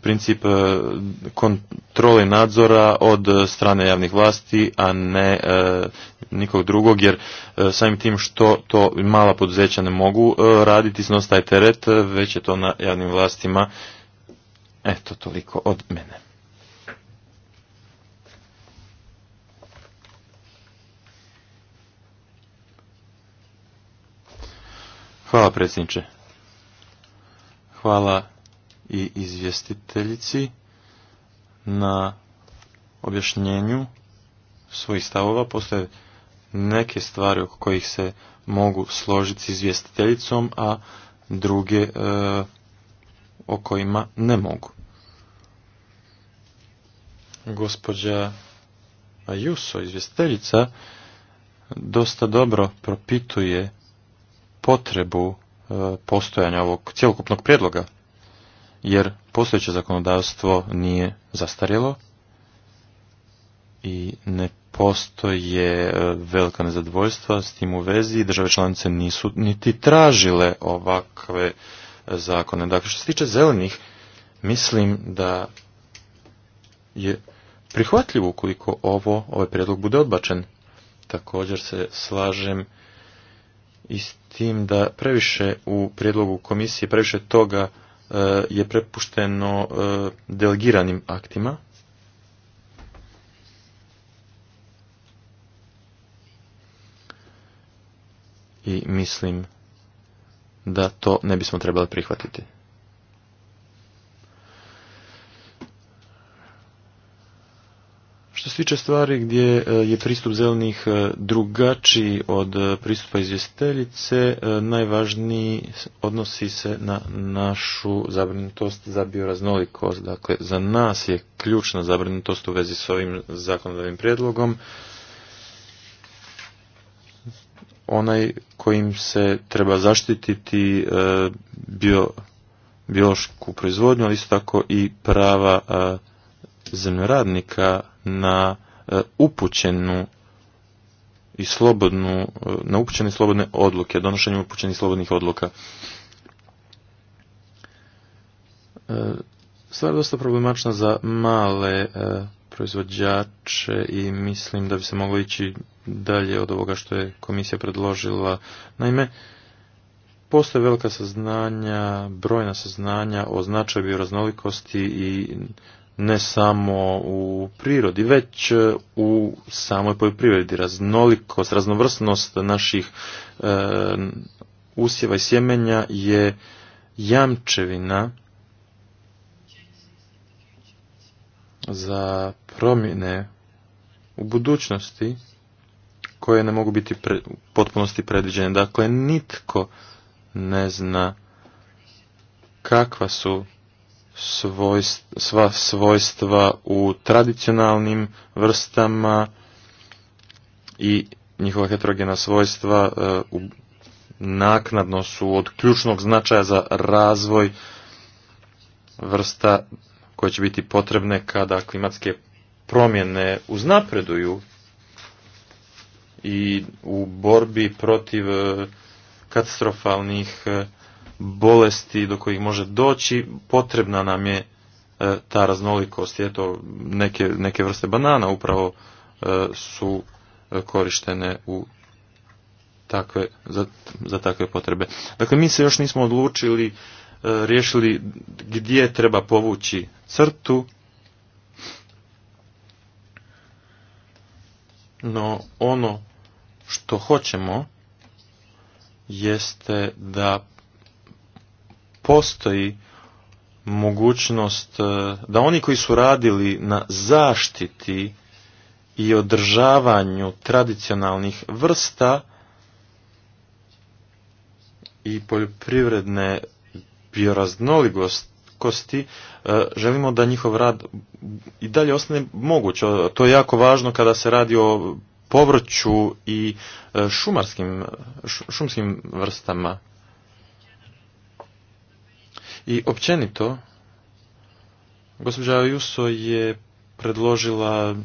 princip kontrole nadzora od strane javnih vlasti, a ne nikog drugog, jer samim tim što to mala poduzeća ne mogu raditi, snos taj teret, već je to na javnim vlastima. Eto, toliko od mene. Hvala predsjedniče. Hvala i izvjestiteljici na objašnjenju svojih stavova. Postoje neke stvari oko kojih se mogu složiti s izvjestiteljicom, a druge e, o kojima ne mogu. Gospođa Ajuso, izvjestiteljica, dosta dobro propituje potrebu e, postojanja ovog cjelokupnog prijedloga, jer postojeće zakonodavstvo nije zastarjelo i ne postoje e, velika nezadvojstva s tim u vezi i države članice nisu niti tražile ovakve e, zakone. Dakle, što se tiče zelenih, mislim da je prihvatljivo ukoliko ovo, ovaj prijedlog bude odbačen. Također se slažem i s tim da previše u prijedlogu komisije, previše toga e, je prepušteno e, delegiranim aktima. I mislim da to ne bismo trebali prihvatiti. Što se tiče stvari gdje e, je pristup zelenih e, drugačiji od e, pristupa izvjestiteljice, najvažniji odnosi se na našu zabrinutost za bioraznolikost. Dakle, za nas je ključna zabrinutost u vezi s ovim zakonodavnim prijedlogom onaj kojim se treba zaštititi bio, biološku proizvodnju, ali isto tako i prava zemljoradnika na e, upućenu i slobodnu, e, na upućene slobodne odluke, donošenje upućenih slobodnih odluka. E, stvar je dosta problematična za male proizvođače i mislim da bi se moglo ići dalje od ovoga što je komisija predložila. Naime, postoje velika saznanja, brojna saznanja o značaju raznolikosti i ne samo u prirodi, već e, u samoj poljoprivredi. Raznolikost, raznovrsnost naših e, usjeva i sjemenja je jamčevina za promjene u budućnosti koje ne mogu biti u potpunosti predviđene. Dakle, nitko ne zna kakva su svojstva sva svojstva u tradicionalnim vrstama i njihova heterogena svojstva e, u naknadno su od ključnog značaja za razvoj vrsta koje će biti potrebne kada klimatske promjene uznapreduju i u borbi protiv e, katastrofalnih e, bolesti do kojih može doći, potrebna nam je e, ta raznolikost. Eto, neke, neke vrste banana upravo e, su e, korištene u takve, za, za takve potrebe. Dakle, mi se još nismo odlučili, riješili gdje treba povući crtu, no ono što hoćemo jeste da postoji mogućnost e, da oni koji su radili na zaštiti i održavanju tradicionalnih vrsta i poljoprivredne bioraznolikosti, e, želimo da njihov rad i dalje ostane moguć. To je jako važno kada se radi o povrću i e, šumarskim, šumskim vrstama. I općenito, gospođa Juso je predložila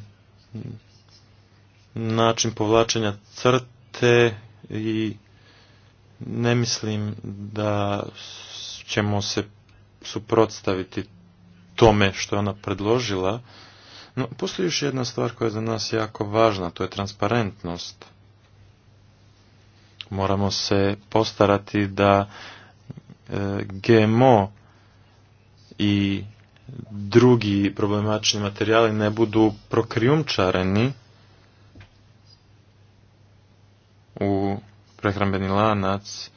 način povlačenja crte i ne mislim da ćemo se suprotstaviti tome što je ona predložila. No, postoji još jedna stvar koja je za nas jako važna, to je transparentnost. Moramo se postarati da GMO i drugi problemačni materijali ne budu prokrijumčareni u prehrambeni lanac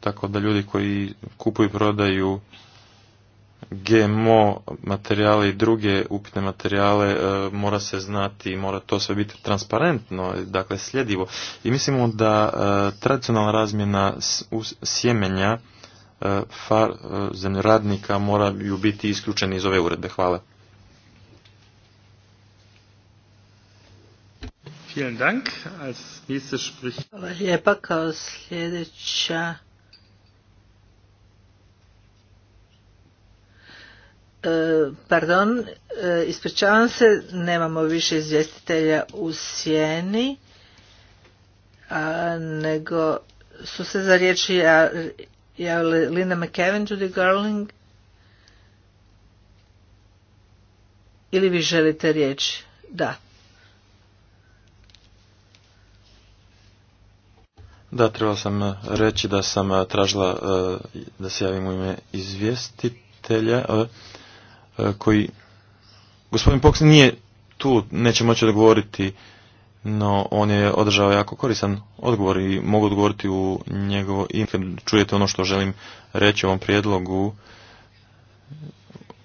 tako da ljudi koji kupuju i prodaju GMO materijale i druge upitne materijale e, mora se znati, i mora to sve biti transparentno, dakle sljedivo. I mislimo da e, tradicionalna razmjena sjemenja e, far, e, moraju biti isključeni iz ove uredbe. Hvala. Vielen Hvala lijepa kao sljedeća E, pardon, e, ispričavam se, nemamo više izvjestitelja u sjeni, a, nego su se za riječi javili Linda McKevin, Judy Garling, ili vi želite riječ? Da. Da, treba sam e, reći da sam tražila da se javim u ime izvjestitelja E, koji... Gospodin Poks nije tu, neće moći odgovoriti, no on je održao jako koristan odgovor i mogu odgovoriti u njegovo ime. Kad čujete ono što želim reći o ovom prijedlogu,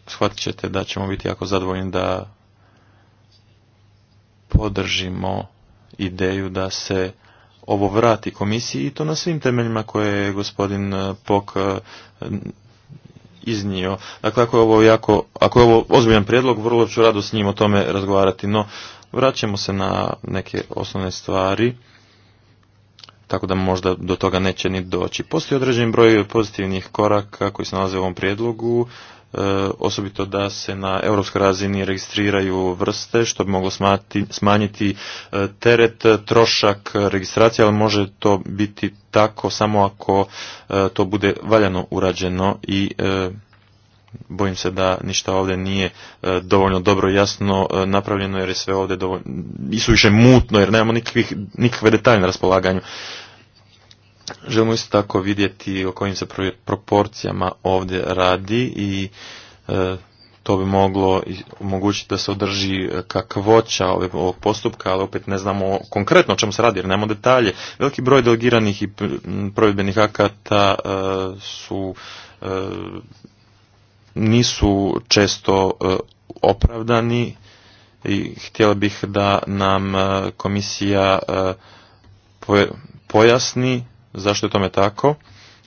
shvatit ćete da ćemo biti jako zadovoljni da podržimo ideju da se ovo vrati komisiji i to na svim temeljima koje je gospodin Pok e, iznio. Dakle, ako je ovo, jako, ako je ovo ozbiljan prijedlog, vrlo ću rado s njim o tome razgovarati, no vraćamo se na neke osnovne stvari tako da možda do toga neće ni doći. Postoji određen broj pozitivnih koraka koji se nalaze u ovom prijedlogu, E, osobito da se na europskoj razini registriraju vrste, što bi moglo smanjiti e, teret, e, trošak registracije, ali može to biti tako samo ako to bude valjano urađeno i bojim se da ništa ovdje nije dovoljno dobro jasno napravljeno jer je sve ovdje dovoljno, nisu više mutno jer nemamo nikakvih, nikakve detalje na raspolaganju. Želimo isto tako vidjeti o kojim se proporcijama ovdje radi i e, to bi moglo omogućiti da se održi e, kakvoća ovog postupka, ali opet ne znamo konkretno o čemu se radi, jer nemamo detalje. Veliki broj delegiranih i provedbenih akata e, su nisu često opravdani i htjela bih da nam komisija pojasni Zašto je tome tako?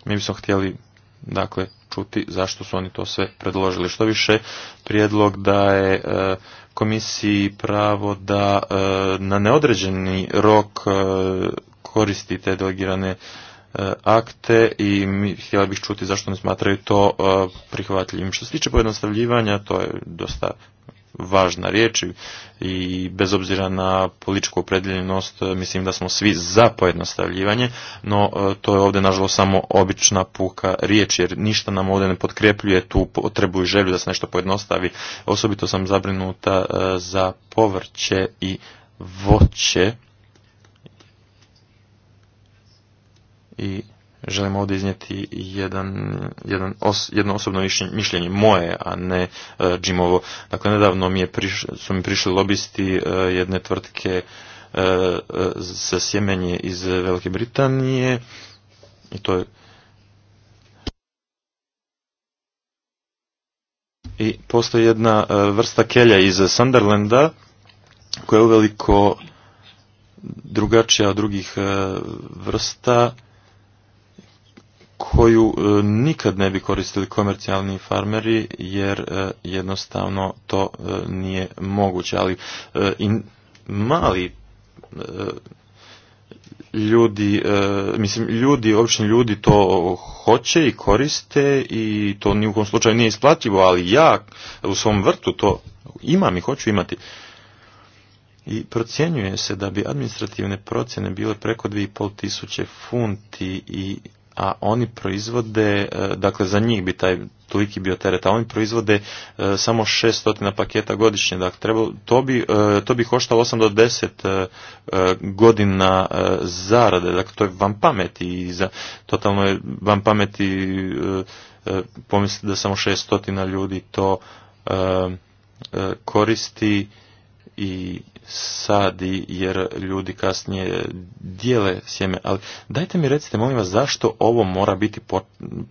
Mi bismo htjeli dakle čuti zašto su oni to sve predložili. Što više prijedlog da je e, komisiji pravo da e, na neodređeni rok e, koristi te delegirane akte i mi htjeli bih čuti zašto ne smatraju to prihvatljivim. Što se tiče pojednostavljivanja, to je dosta važna riječ i bez obzira na političku opredeljenost e, mislim da smo svi za pojednostavljivanje, no e, to je ovdje nažalost samo obična puka riječ jer ništa nam ovdje ne potkrepljuje tu potrebu i želju da se nešto pojednostavi. Osobito sam zabrinuta e, za povrće i voće i želim ovdje iznijeti jedan, jedan jedno osobno mišljenje moje, a ne Jimovo. E, dakle, nedavno mi je su mi prišli lobisti e, jedne tvrtke sa e, za sjemenje iz Velike Britanije i to je i postoji jedna vrsta kelja iz Sunderlanda koja je uveliko drugačija od drugih vrsta koju e, nikad ne bi koristili komercijalni farmeri jer e, jednostavno to e, nije moguće ali i mali ljudi mislim ljudi obični ljudi to hoće i koriste i to ni u kom slučaju nije isplativo ali ja u svom vrtu to imam i hoću imati i procjenjuje se da bi administrativne procjene bile preko 2500 funti i a oni proizvode, e, dakle za njih bi taj toliki bio teret, a oni proizvode e, samo 600 paketa godišnje, dakle treba, to, bi, e, to bi koštalo 8 do 10 godina zarade, dakle to je vam pameti i za, totalno je vam pameti pomisliti da samo 600 ljudi to koristi i sadi jer ljudi kasnije dijele sjeme. Ali dajte mi recite molim vas zašto ovo mora biti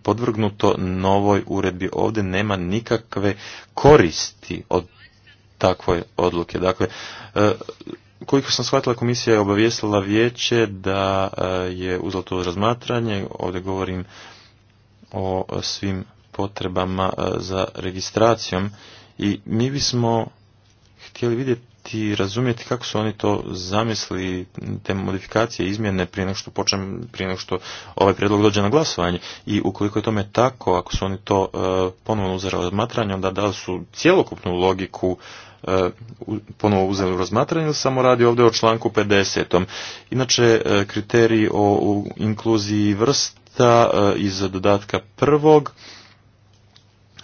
podvrgnuto novoj uredbi. Ovdje nema nikakve koristi od takvoj odluke. Dakle, e, koliko sam shvatila, komisija je obavijestila vijeće da e, je uzelo to razmatranje. Ovdje govorim o svim potrebama e, za registracijom i mi bismo htjeli vidjeti i razumjeti kako su oni to zamislili, te modifikacije, izmjene prije nego što počnem, prije nego što ovaj prijedlog dođe na glasovanje. I ukoliko je tome tako, ako su oni to e, ponovno uzeli razmatranje, onda da su cjelokupnu logiku e, ponovo uzeli u razmatranje ili samo radi ovdje o članku 50. Inače, e, kriteriji o, o inkluziji vrsta e, iz dodatka prvog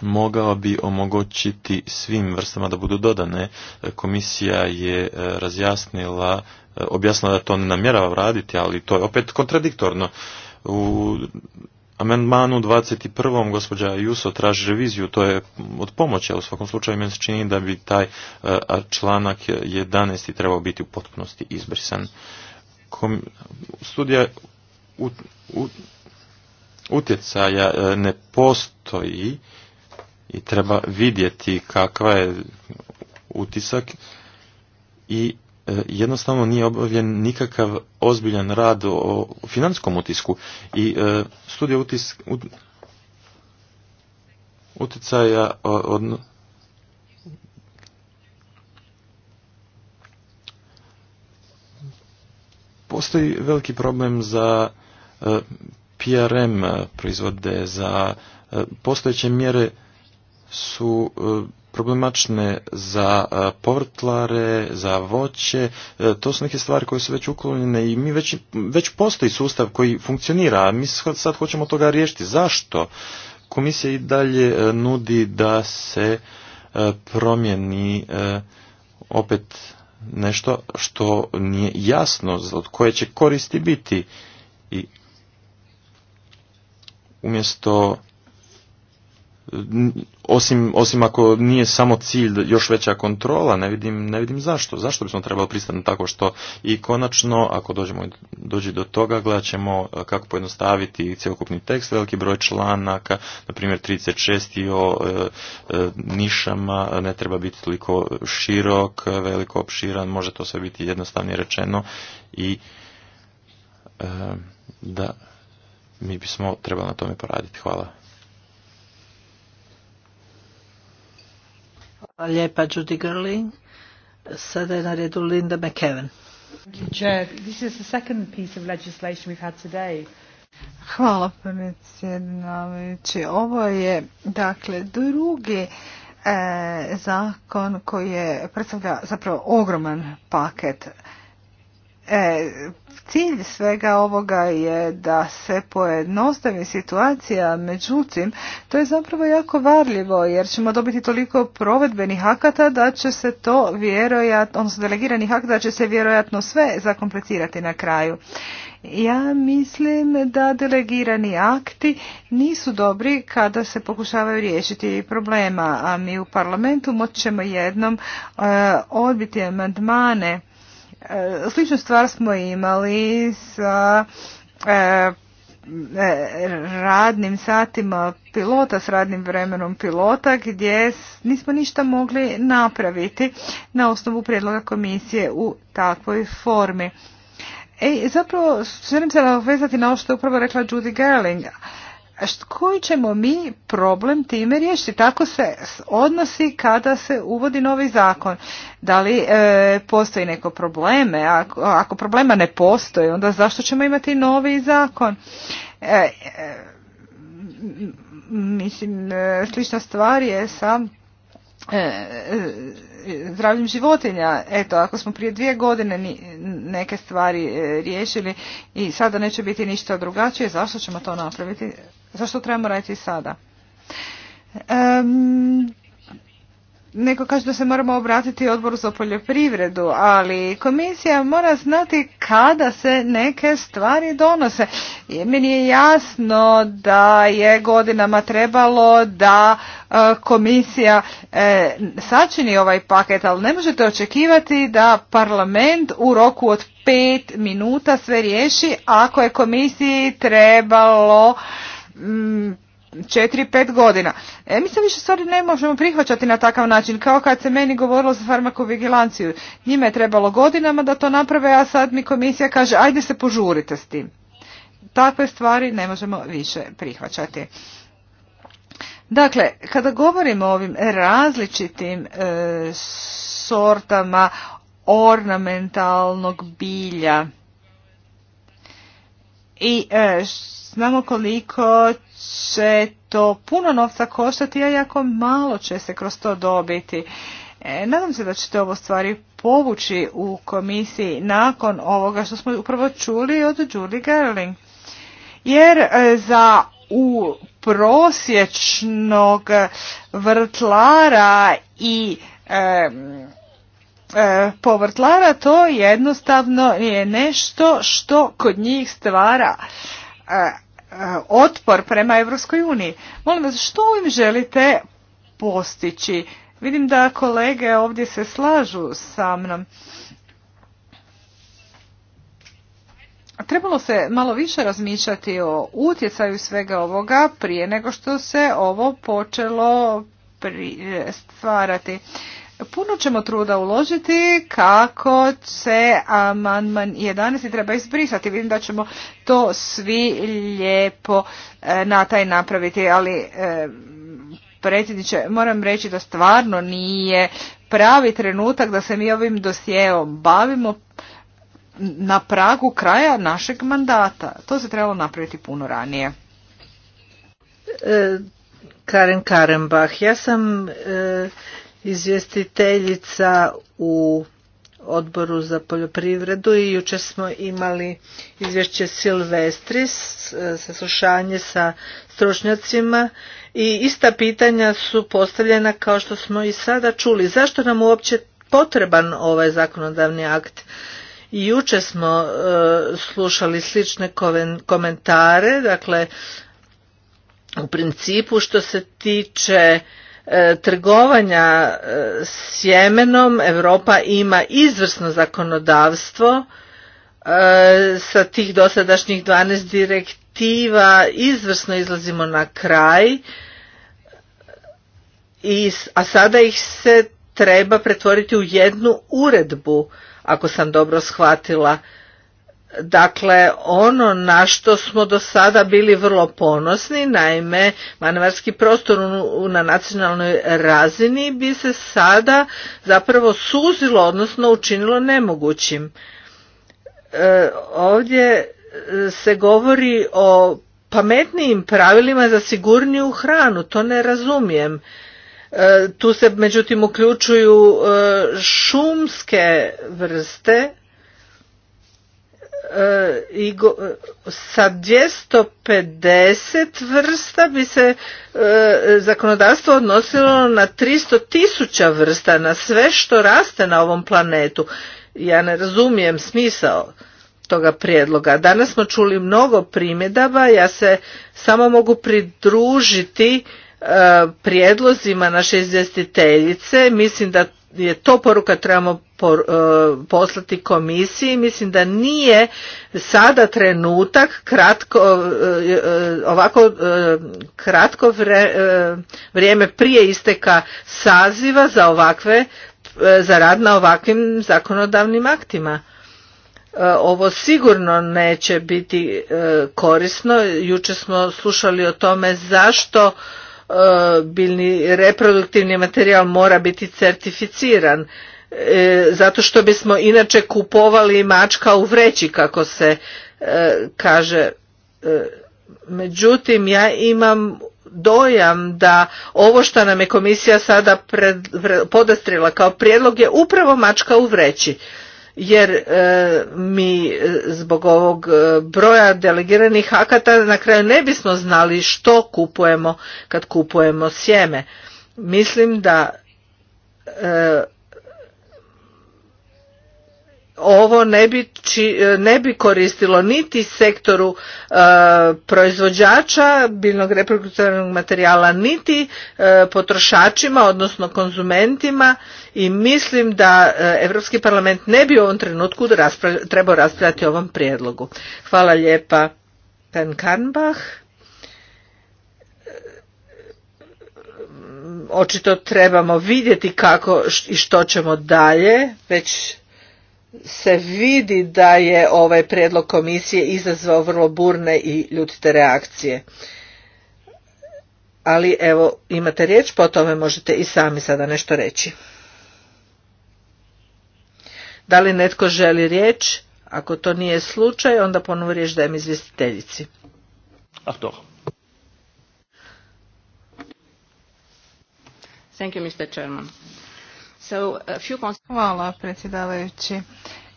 mogao bi omogućiti svim vrstama da budu dodane. E, komisija je e, razjasnila, e, objasnila da to ne namjerava raditi, ali to je opet kontradiktorno. U amandmanu 21. gospođa Juso traži reviziju, to je od pomoći, ali u svakom slučaju meni se čini da bi taj članak 11. trebao biti u potpunosti izbrisan. studija utjecaja ne postoji i treba vidjeti kakva je utisak i e, jednostavno nije obavljen nikakav ozbiljan rad o financijskom utisku i e, studija utjecaja od, postoji veliki problem za e, PRM proizvode, za postojeće mjere su e, problematične za e, povrtlare, za voće, e, to su neke stvari koje su već uklonjene i mi već, postoji sustav koji funkcionira, a mi sad hoćemo toga riješiti. Zašto? Komisija i dalje nudi da se promjeni opet nešto što nije jasno od koje će koristi biti i umjesto osim, osim ako nije samo cilj još veća kontrola, ne vidim, ne vidim zašto. Zašto bismo trebali pristati tako što i konačno, ako dođemo, dođe do toga, gledat ćemo e, kako pojednostaviti cjelokupni tekst, veliki broj članaka, na primjer 36 o e, e, nišama, ne treba biti toliko širok, veliko opširan, može to sve biti jednostavnije rečeno i da mi bismo trebali na tome poraditi. Hvala. Hvala lijepa Judy Gerling. Sada je na redu Linda McKeven. Hvala predsjednavajući. Ovo je dakle drugi e, zakon koji je predstavlja zapravo ogroman paket E, cilj svega ovoga je da se pojednostavi situacija, međutim, to je zapravo jako varljivo jer ćemo dobiti toliko provedbenih akata da će se to vjerojatno, odnosno delegiranih akata da će se vjerojatno sve zakomplicirati na kraju. Ja mislim da delegirani akti nisu dobri kada se pokušavaju riješiti problema, a mi u parlamentu moćemo jednom e, odbiti amandmane E, sličnu stvar smo imali sa e, e, radnim satima pilota, s radnim vremenom pilota gdje nismo ništa mogli napraviti na osnovu prijedloga komisije u takvoj formi. I zapravo želim se vezati na ovo što je upravo rekla Judy Gerling koji ćemo mi problem time riješiti? Tako se odnosi kada se uvodi novi zakon. Da li e, postoji neko probleme? Ako, ako problema ne postoji, onda zašto ćemo imati novi zakon? E, e, mislim, slična stvar je sa zdravljem životinja. Eto, ako smo prije dvije godine neke stvari riješili i sada neće biti ništa drugačije, zašto ćemo to napraviti Zašto trebamo raditi sada? Um, neko kaže da se moramo obratiti odboru za poljoprivredu, ali komisija mora znati kada se neke stvari donose. I meni je jasno da je godinama trebalo da e, komisija e, sačini ovaj paket, ali ne možete očekivati da parlament u roku od pet minuta sve riješi ako je komisiji trebalo Mm, četiri, pet godina. E, mi se više stvari ne možemo prihvaćati na takav način, kao kad se meni govorilo za farmakovigilanciju. Njima je trebalo godinama da to naprave, a sad mi komisija kaže ajde se požurite s tim. Takve stvari ne možemo više prihvaćati. Dakle, kada govorimo o ovim različitim e, sortama ornamentalnog bilja i e, Znamo koliko će to puno novca koštati, a jako malo će se kroz to dobiti. E, nadam se da ćete ovo stvari povući u komisiji nakon ovoga što smo upravo čuli od Julie Gerling. Jer e, za u prosječnog vrtlara i e, povrtlara to jednostavno je nešto što kod njih stvara E, otpor prema Europskoj uniji. Molim vas, što im želite postići? Vidim da kolege ovdje se slažu sa mnom. Trebalo se malo više razmišljati o utjecaju svega ovoga prije nego što se ovo počelo e, stvarati. Puno ćemo truda uložiti kako se amandman 11 treba izbrisati. Vidim da ćemo to svi lijepo e, na taj napraviti, ali e, predsjedniče, moram reći da stvarno nije pravi trenutak da se mi ovim dosjeom bavimo na pragu kraja našeg mandata. To se trebalo napraviti puno ranije. E, Karen Karenbach, ja sam izvjestiteljica u odboru za poljoprivredu i jučer smo imali izvješće Silvestris, e, saslušanje sa stručnjacima i ista pitanja su postavljena kao što smo i sada čuli. Zašto nam uopće potreban ovaj zakonodavni akt? I jučer smo e, slušali slične komentare, dakle u principu što se tiče E, trgovanja e, sjemenom Europa ima izvrsno zakonodavstvo e, sa tih dosadašnjih 12 direktiva izvrsno izlazimo na kraj a sada ih se treba pretvoriti u jednu uredbu ako sam dobro shvatila Dakle, ono na što smo do sada bili vrlo ponosni, naime, manevarski prostor na nacionalnoj razini bi se sada zapravo suzilo, odnosno učinilo nemogućim. E, ovdje e, se govori o pametnijim pravilima za sigurniju hranu, to ne razumijem. E, tu se međutim uključuju šumske vrste, i go, sa 250 vrsta bi se e, zakonodavstvo odnosilo na 300 tisuća vrsta, na sve što raste na ovom planetu. Ja ne razumijem smisao toga prijedloga. Danas smo čuli mnogo primjedaba, ja se samo mogu pridružiti e, prijedlozima naše izvjestiteljice. Mislim da je to poruka trebamo E, poslati komisiji. Mislim da nije sada trenutak kratko, e, e, ovako kratko vrijeme prije isteka saziva za ovakve za rad na ovakvim zakonodavnim aktima. Ovo sigurno neće biti korisno. Juče smo slušali o tome zašto biljni reproduktivni materijal mora biti certificiran E, zato što bismo inače kupovali mačka u vreći kako se e, kaže e, međutim ja imam dojam da ovo što nam je komisija sada pred, podastrila kao prijedlog je upravo mačka u vreći jer mi zbog ovog broja delegiranih akata na kraju ne bismo znali što kupujemo kad kupujemo sjeme mislim da ovo e, ne bi, koristilo niti sektoru e, proizvođača biljnog reproduktivnog materijala niti e, potrošačima odnosno konzumentima i mislim da europski parlament ne bi u ovom trenutku trebao raspravljati o ovom prijedlogu hvala lijepa Karnbach. očito trebamo vidjeti kako i što ćemo dalje već se vidi da je ovaj prijedlog komisije izazvao vrlo burne i ljutite reakcije. Ali evo, imate riječ, po tome možete i sami sada nešto reći. Da li netko želi riječ? Ako to nije slučaj, onda ponovo riječ dajem izvjestiteljici. Ah, Mr. Chairman. Hvala predsjedavajući.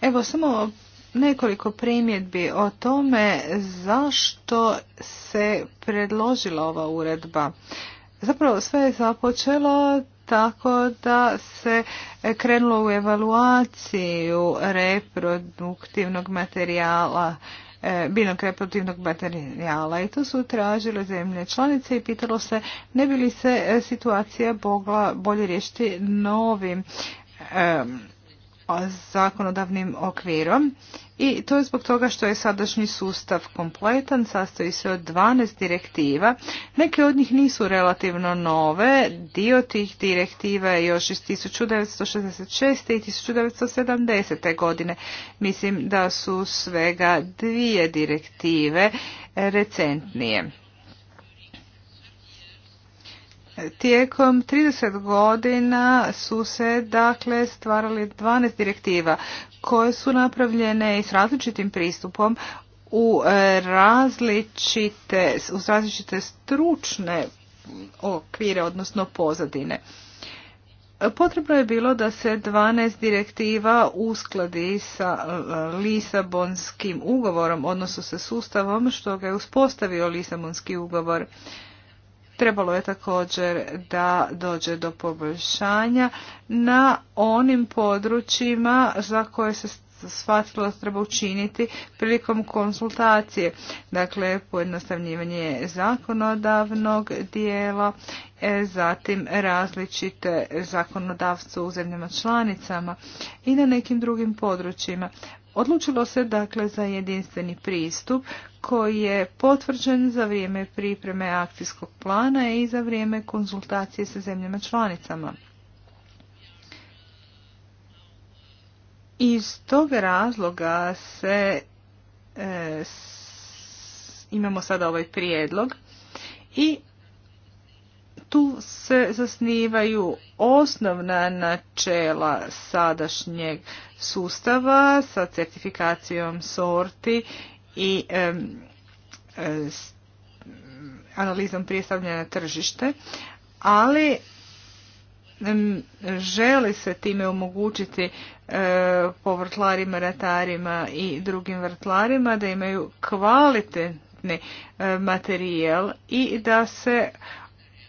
Evo samo nekoliko primjedbi o tome zašto se predložila ova uredba. Zapravo sve je započelo tako da se krenulo u evaluaciju reproduktivnog materijala E, biljnog reproduktivnog materijala i to su tražile zemlje članice i pitalo se ne bi li se e, situacija mogla bolje riješiti novim e, zakonodavnim okvirom i to je zbog toga što je sadašnji sustav kompletan, sastoji se od 12 direktiva. Neke od njih nisu relativno nove, dio tih direktiva je još iz 1966. i 1970. godine. Mislim da su svega dvije direktive recentnije. Tijekom 30 godina su se dakle stvarali 12 direktiva koje su napravljene i s različitim pristupom u e, različite, u različite stručne okvire, odnosno pozadine. Potrebno je bilo da se 12 direktiva uskladi sa e, Lisabonskim ugovorom, odnosno sa sustavom što ga je uspostavio Lisabonski ugovor. Trebalo je također da dođe do poboljšanja na onim područjima za koje se shvatilo da treba učiniti prilikom konsultacije. Dakle, pojednostavnjivanje zakonodavnog dijela, e, zatim različite zakonodavstvo u zemljama članicama i na nekim drugim područjima. Odlučilo se dakle za jedinstveni pristup koji je potvrđen za vrijeme pripreme akcijskog plana i za vrijeme konzultacije sa zemljama članicama. Iz tog razloga se e, imamo sada ovaj prijedlog i tu se zasnivaju osnovna načela sadašnjeg sustava sa certifikacijom sorti i analizom prije na tržište, ali želi se time omogućiti e, povrtlarima, ratarima i drugim vrtlarima da imaju kvalitetni e, materijel materijal i da se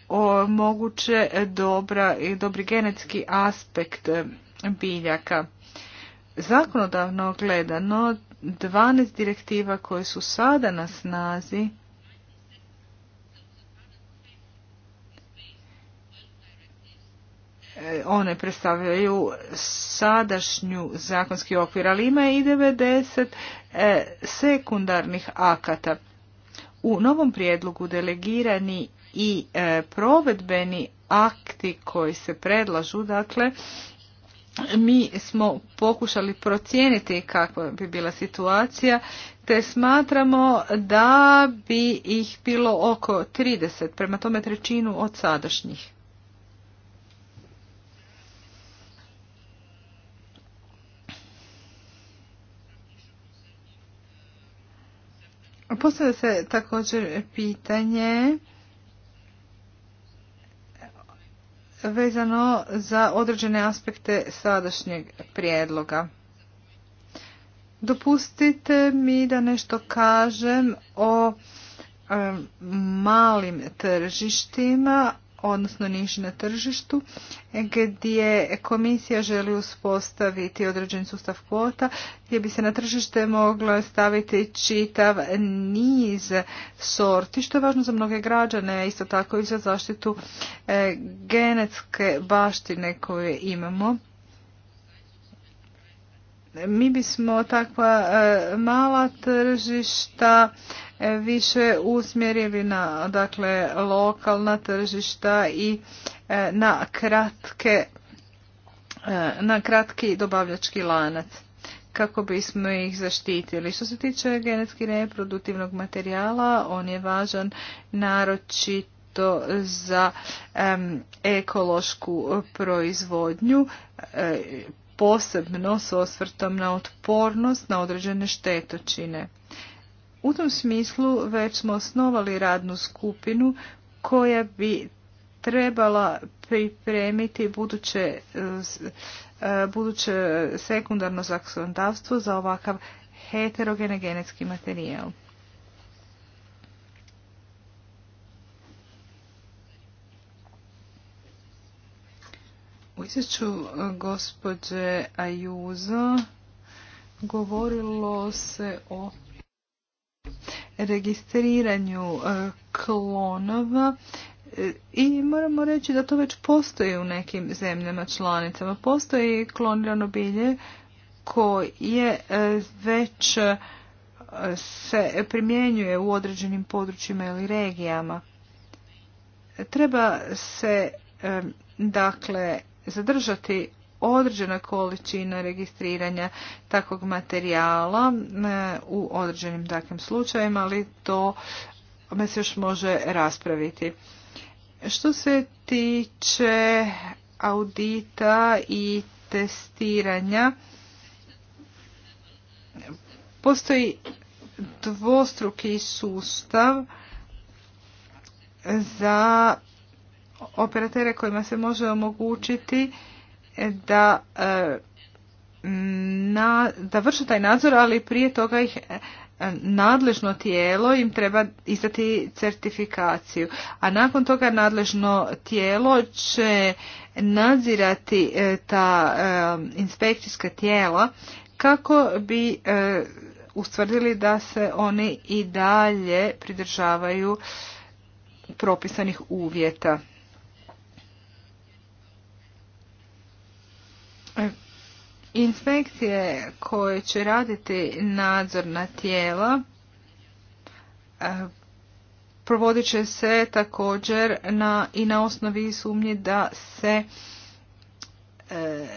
o moguće dobra, dobri genetski aspekt biljaka. Zakonodavno gledano, 12 direktiva koje su sada na snazi one predstavljaju sadašnju zakonski okvir, ali ima i 90 e, sekundarnih akata. U novom prijedlogu delegirani i e, provedbeni akti koji se predlažu, dakle, mi smo pokušali procijeniti kakva bi bila situacija, te smatramo da bi ih bilo oko 30, prema tome trećinu od sadašnjih. Postavlja se također pitanje vezano za određene aspekte sadašnjeg prijedloga. Dopustite mi da nešto kažem o malim tržištima, odnosno niži na tržištu, gdje komisija želi uspostaviti određen sustav kvota, gdje bi se na tržište moglo staviti čitav niz sorti, što je važno za mnoge građane, a isto tako i za zaštitu e, genetske baštine koju imamo mi bismo takva e, mala tržišta e, više usmjerili na dakle lokalna tržišta i e, na kratke na kratki dobavljački lanac kako bismo ih zaštitili. Što se tiče genetski reproduktivnog materijala, on je važan naročito za ekološku proizvodnju posebno s osvrtom na otpornost na određene štetočine. U tom smislu već smo osnovali radnu skupinu koja bi trebala pripremiti buduće, e, buduće sekundarno zakonodavstvo za ovakav heterogene genetski materijal. izvješću e, gospođe Ajuzo govorilo se o registriranju e, klonova e, i moramo reći da to već postoji u nekim zemljama članicama. Postoji klonirano bilje koje već se primjenjuje u određenim područjima ili regijama. Treba se dakle zadržati određena količina registriranja takvog materijala e, u određenim takvim slučajima, ali to me se još može raspraviti. Što se tiče audita i testiranja, postoji dvostruki sustav za operatere kojima se može omogućiti da e, da vrše taj nadzor, ali prije toga ih e, nadležno tijelo im treba izdati certifikaciju. A nakon toga nadležno tijelo će nadzirati e, ta inspekcijska tijela kako bi ustvrdili da se oni i dalje pridržavaju propisanih uvjeta. Inspekcije koje će raditi nadzorna tijela e, provodit će se također na, i na osnovi sumnje da se e,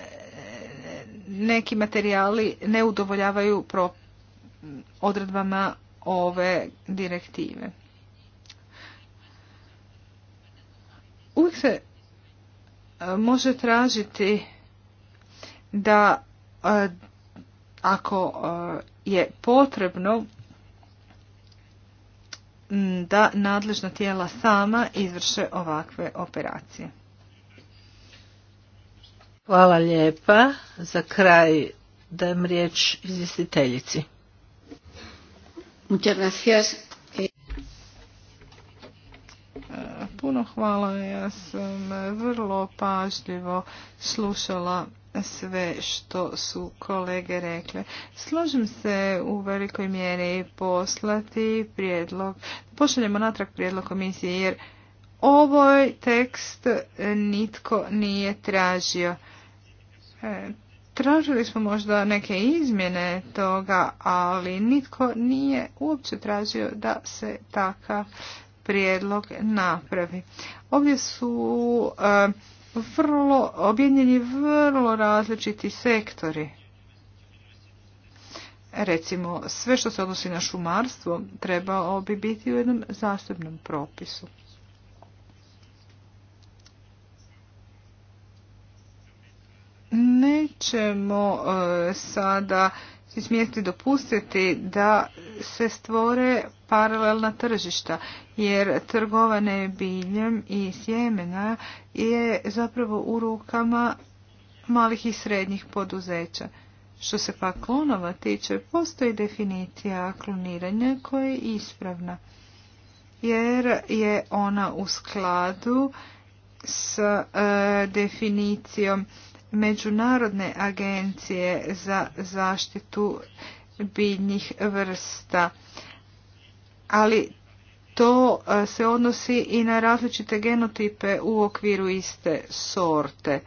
neki materijali ne udovoljavaju pro, odredbama ove direktive. Uvijek se e, može tražiti da E, ako e, je potrebno da nadležna tijela sama izvrše ovakve operacije. Hvala lijepa. Za kraj dajem riječ izvjestiteljici. Muchas gracias. Eh, e, puno hvala, ja sam vrlo pažljivo slušala sve što su kolege rekle. Složim se u velikoj mjeri poslati prijedlog, pošaljemo natrag prijedlog komisije jer ovoj tekst nitko nije tražio. E, tražili smo možda neke izmjene toga, ali nitko nije uopće tražio da se takav prijedlog napravi. Ovdje su e, vrlo objedinjeni vrlo različiti sektori. Recimo, sve što se odnosi na šumarstvo trebao bi biti u jednom zasebnom propisu. Nećemo e, sada smjeti dopustiti da se stvore paralelna tržišta, jer trgovane biljem i sjemena je zapravo u rukama malih i srednjih poduzeća. Što se pa klonova tiče, postoji definicija kloniranja koja je ispravna, jer je ona u skladu s e, definicijom Međunarodne agencije za zaštitu biljnih vrsta. Ali to e, se odnosi i na različite genotipe u okviru iste sorte.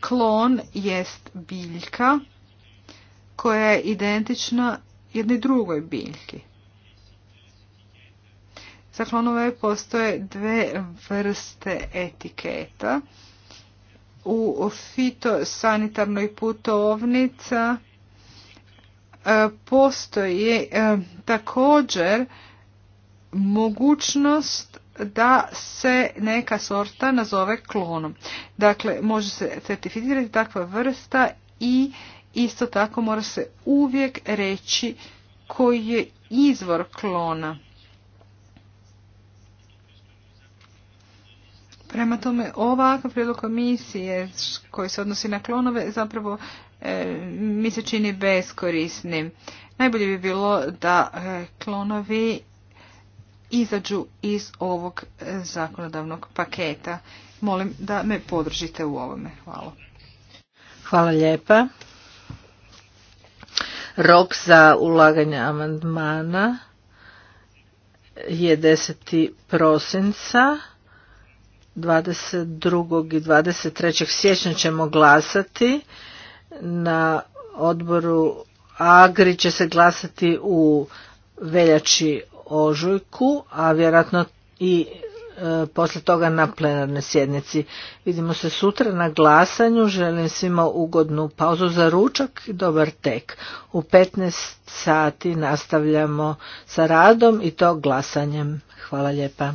Klon jest biljka koja je identična jednoj drugoj biljki. Za klonove postoje dve vrste etiketa u fitosanitarnoj putovnica e, postoji e, također mogućnost da se neka sorta nazove klonom. Dakle, može se certificirati takva vrsta i isto tako mora se uvijek reći koji je izvor klona. Prema tome, ovakav prijedlog komisije koji se odnosi na klonove zapravo e, mi se čini beskorisnim. Najbolje bi bilo da e, klonovi izađu iz ovog e, zakonodavnog paketa. Molim da me podržite u ovome. Hvala. Hvala lijepa. Rok za ulaganje amandmana je 10. prosinca 22. i 23. siječnja ćemo glasati. Na odboru Agri će se glasati u veljači ožujku, a vjerojatno i e, poslije toga na plenarnoj sjednici. Vidimo se sutra na glasanju. Želim svima ugodnu pauzu za ručak i dobar tek. U 15 sati nastavljamo sa radom i to glasanjem. Hvala lijepa.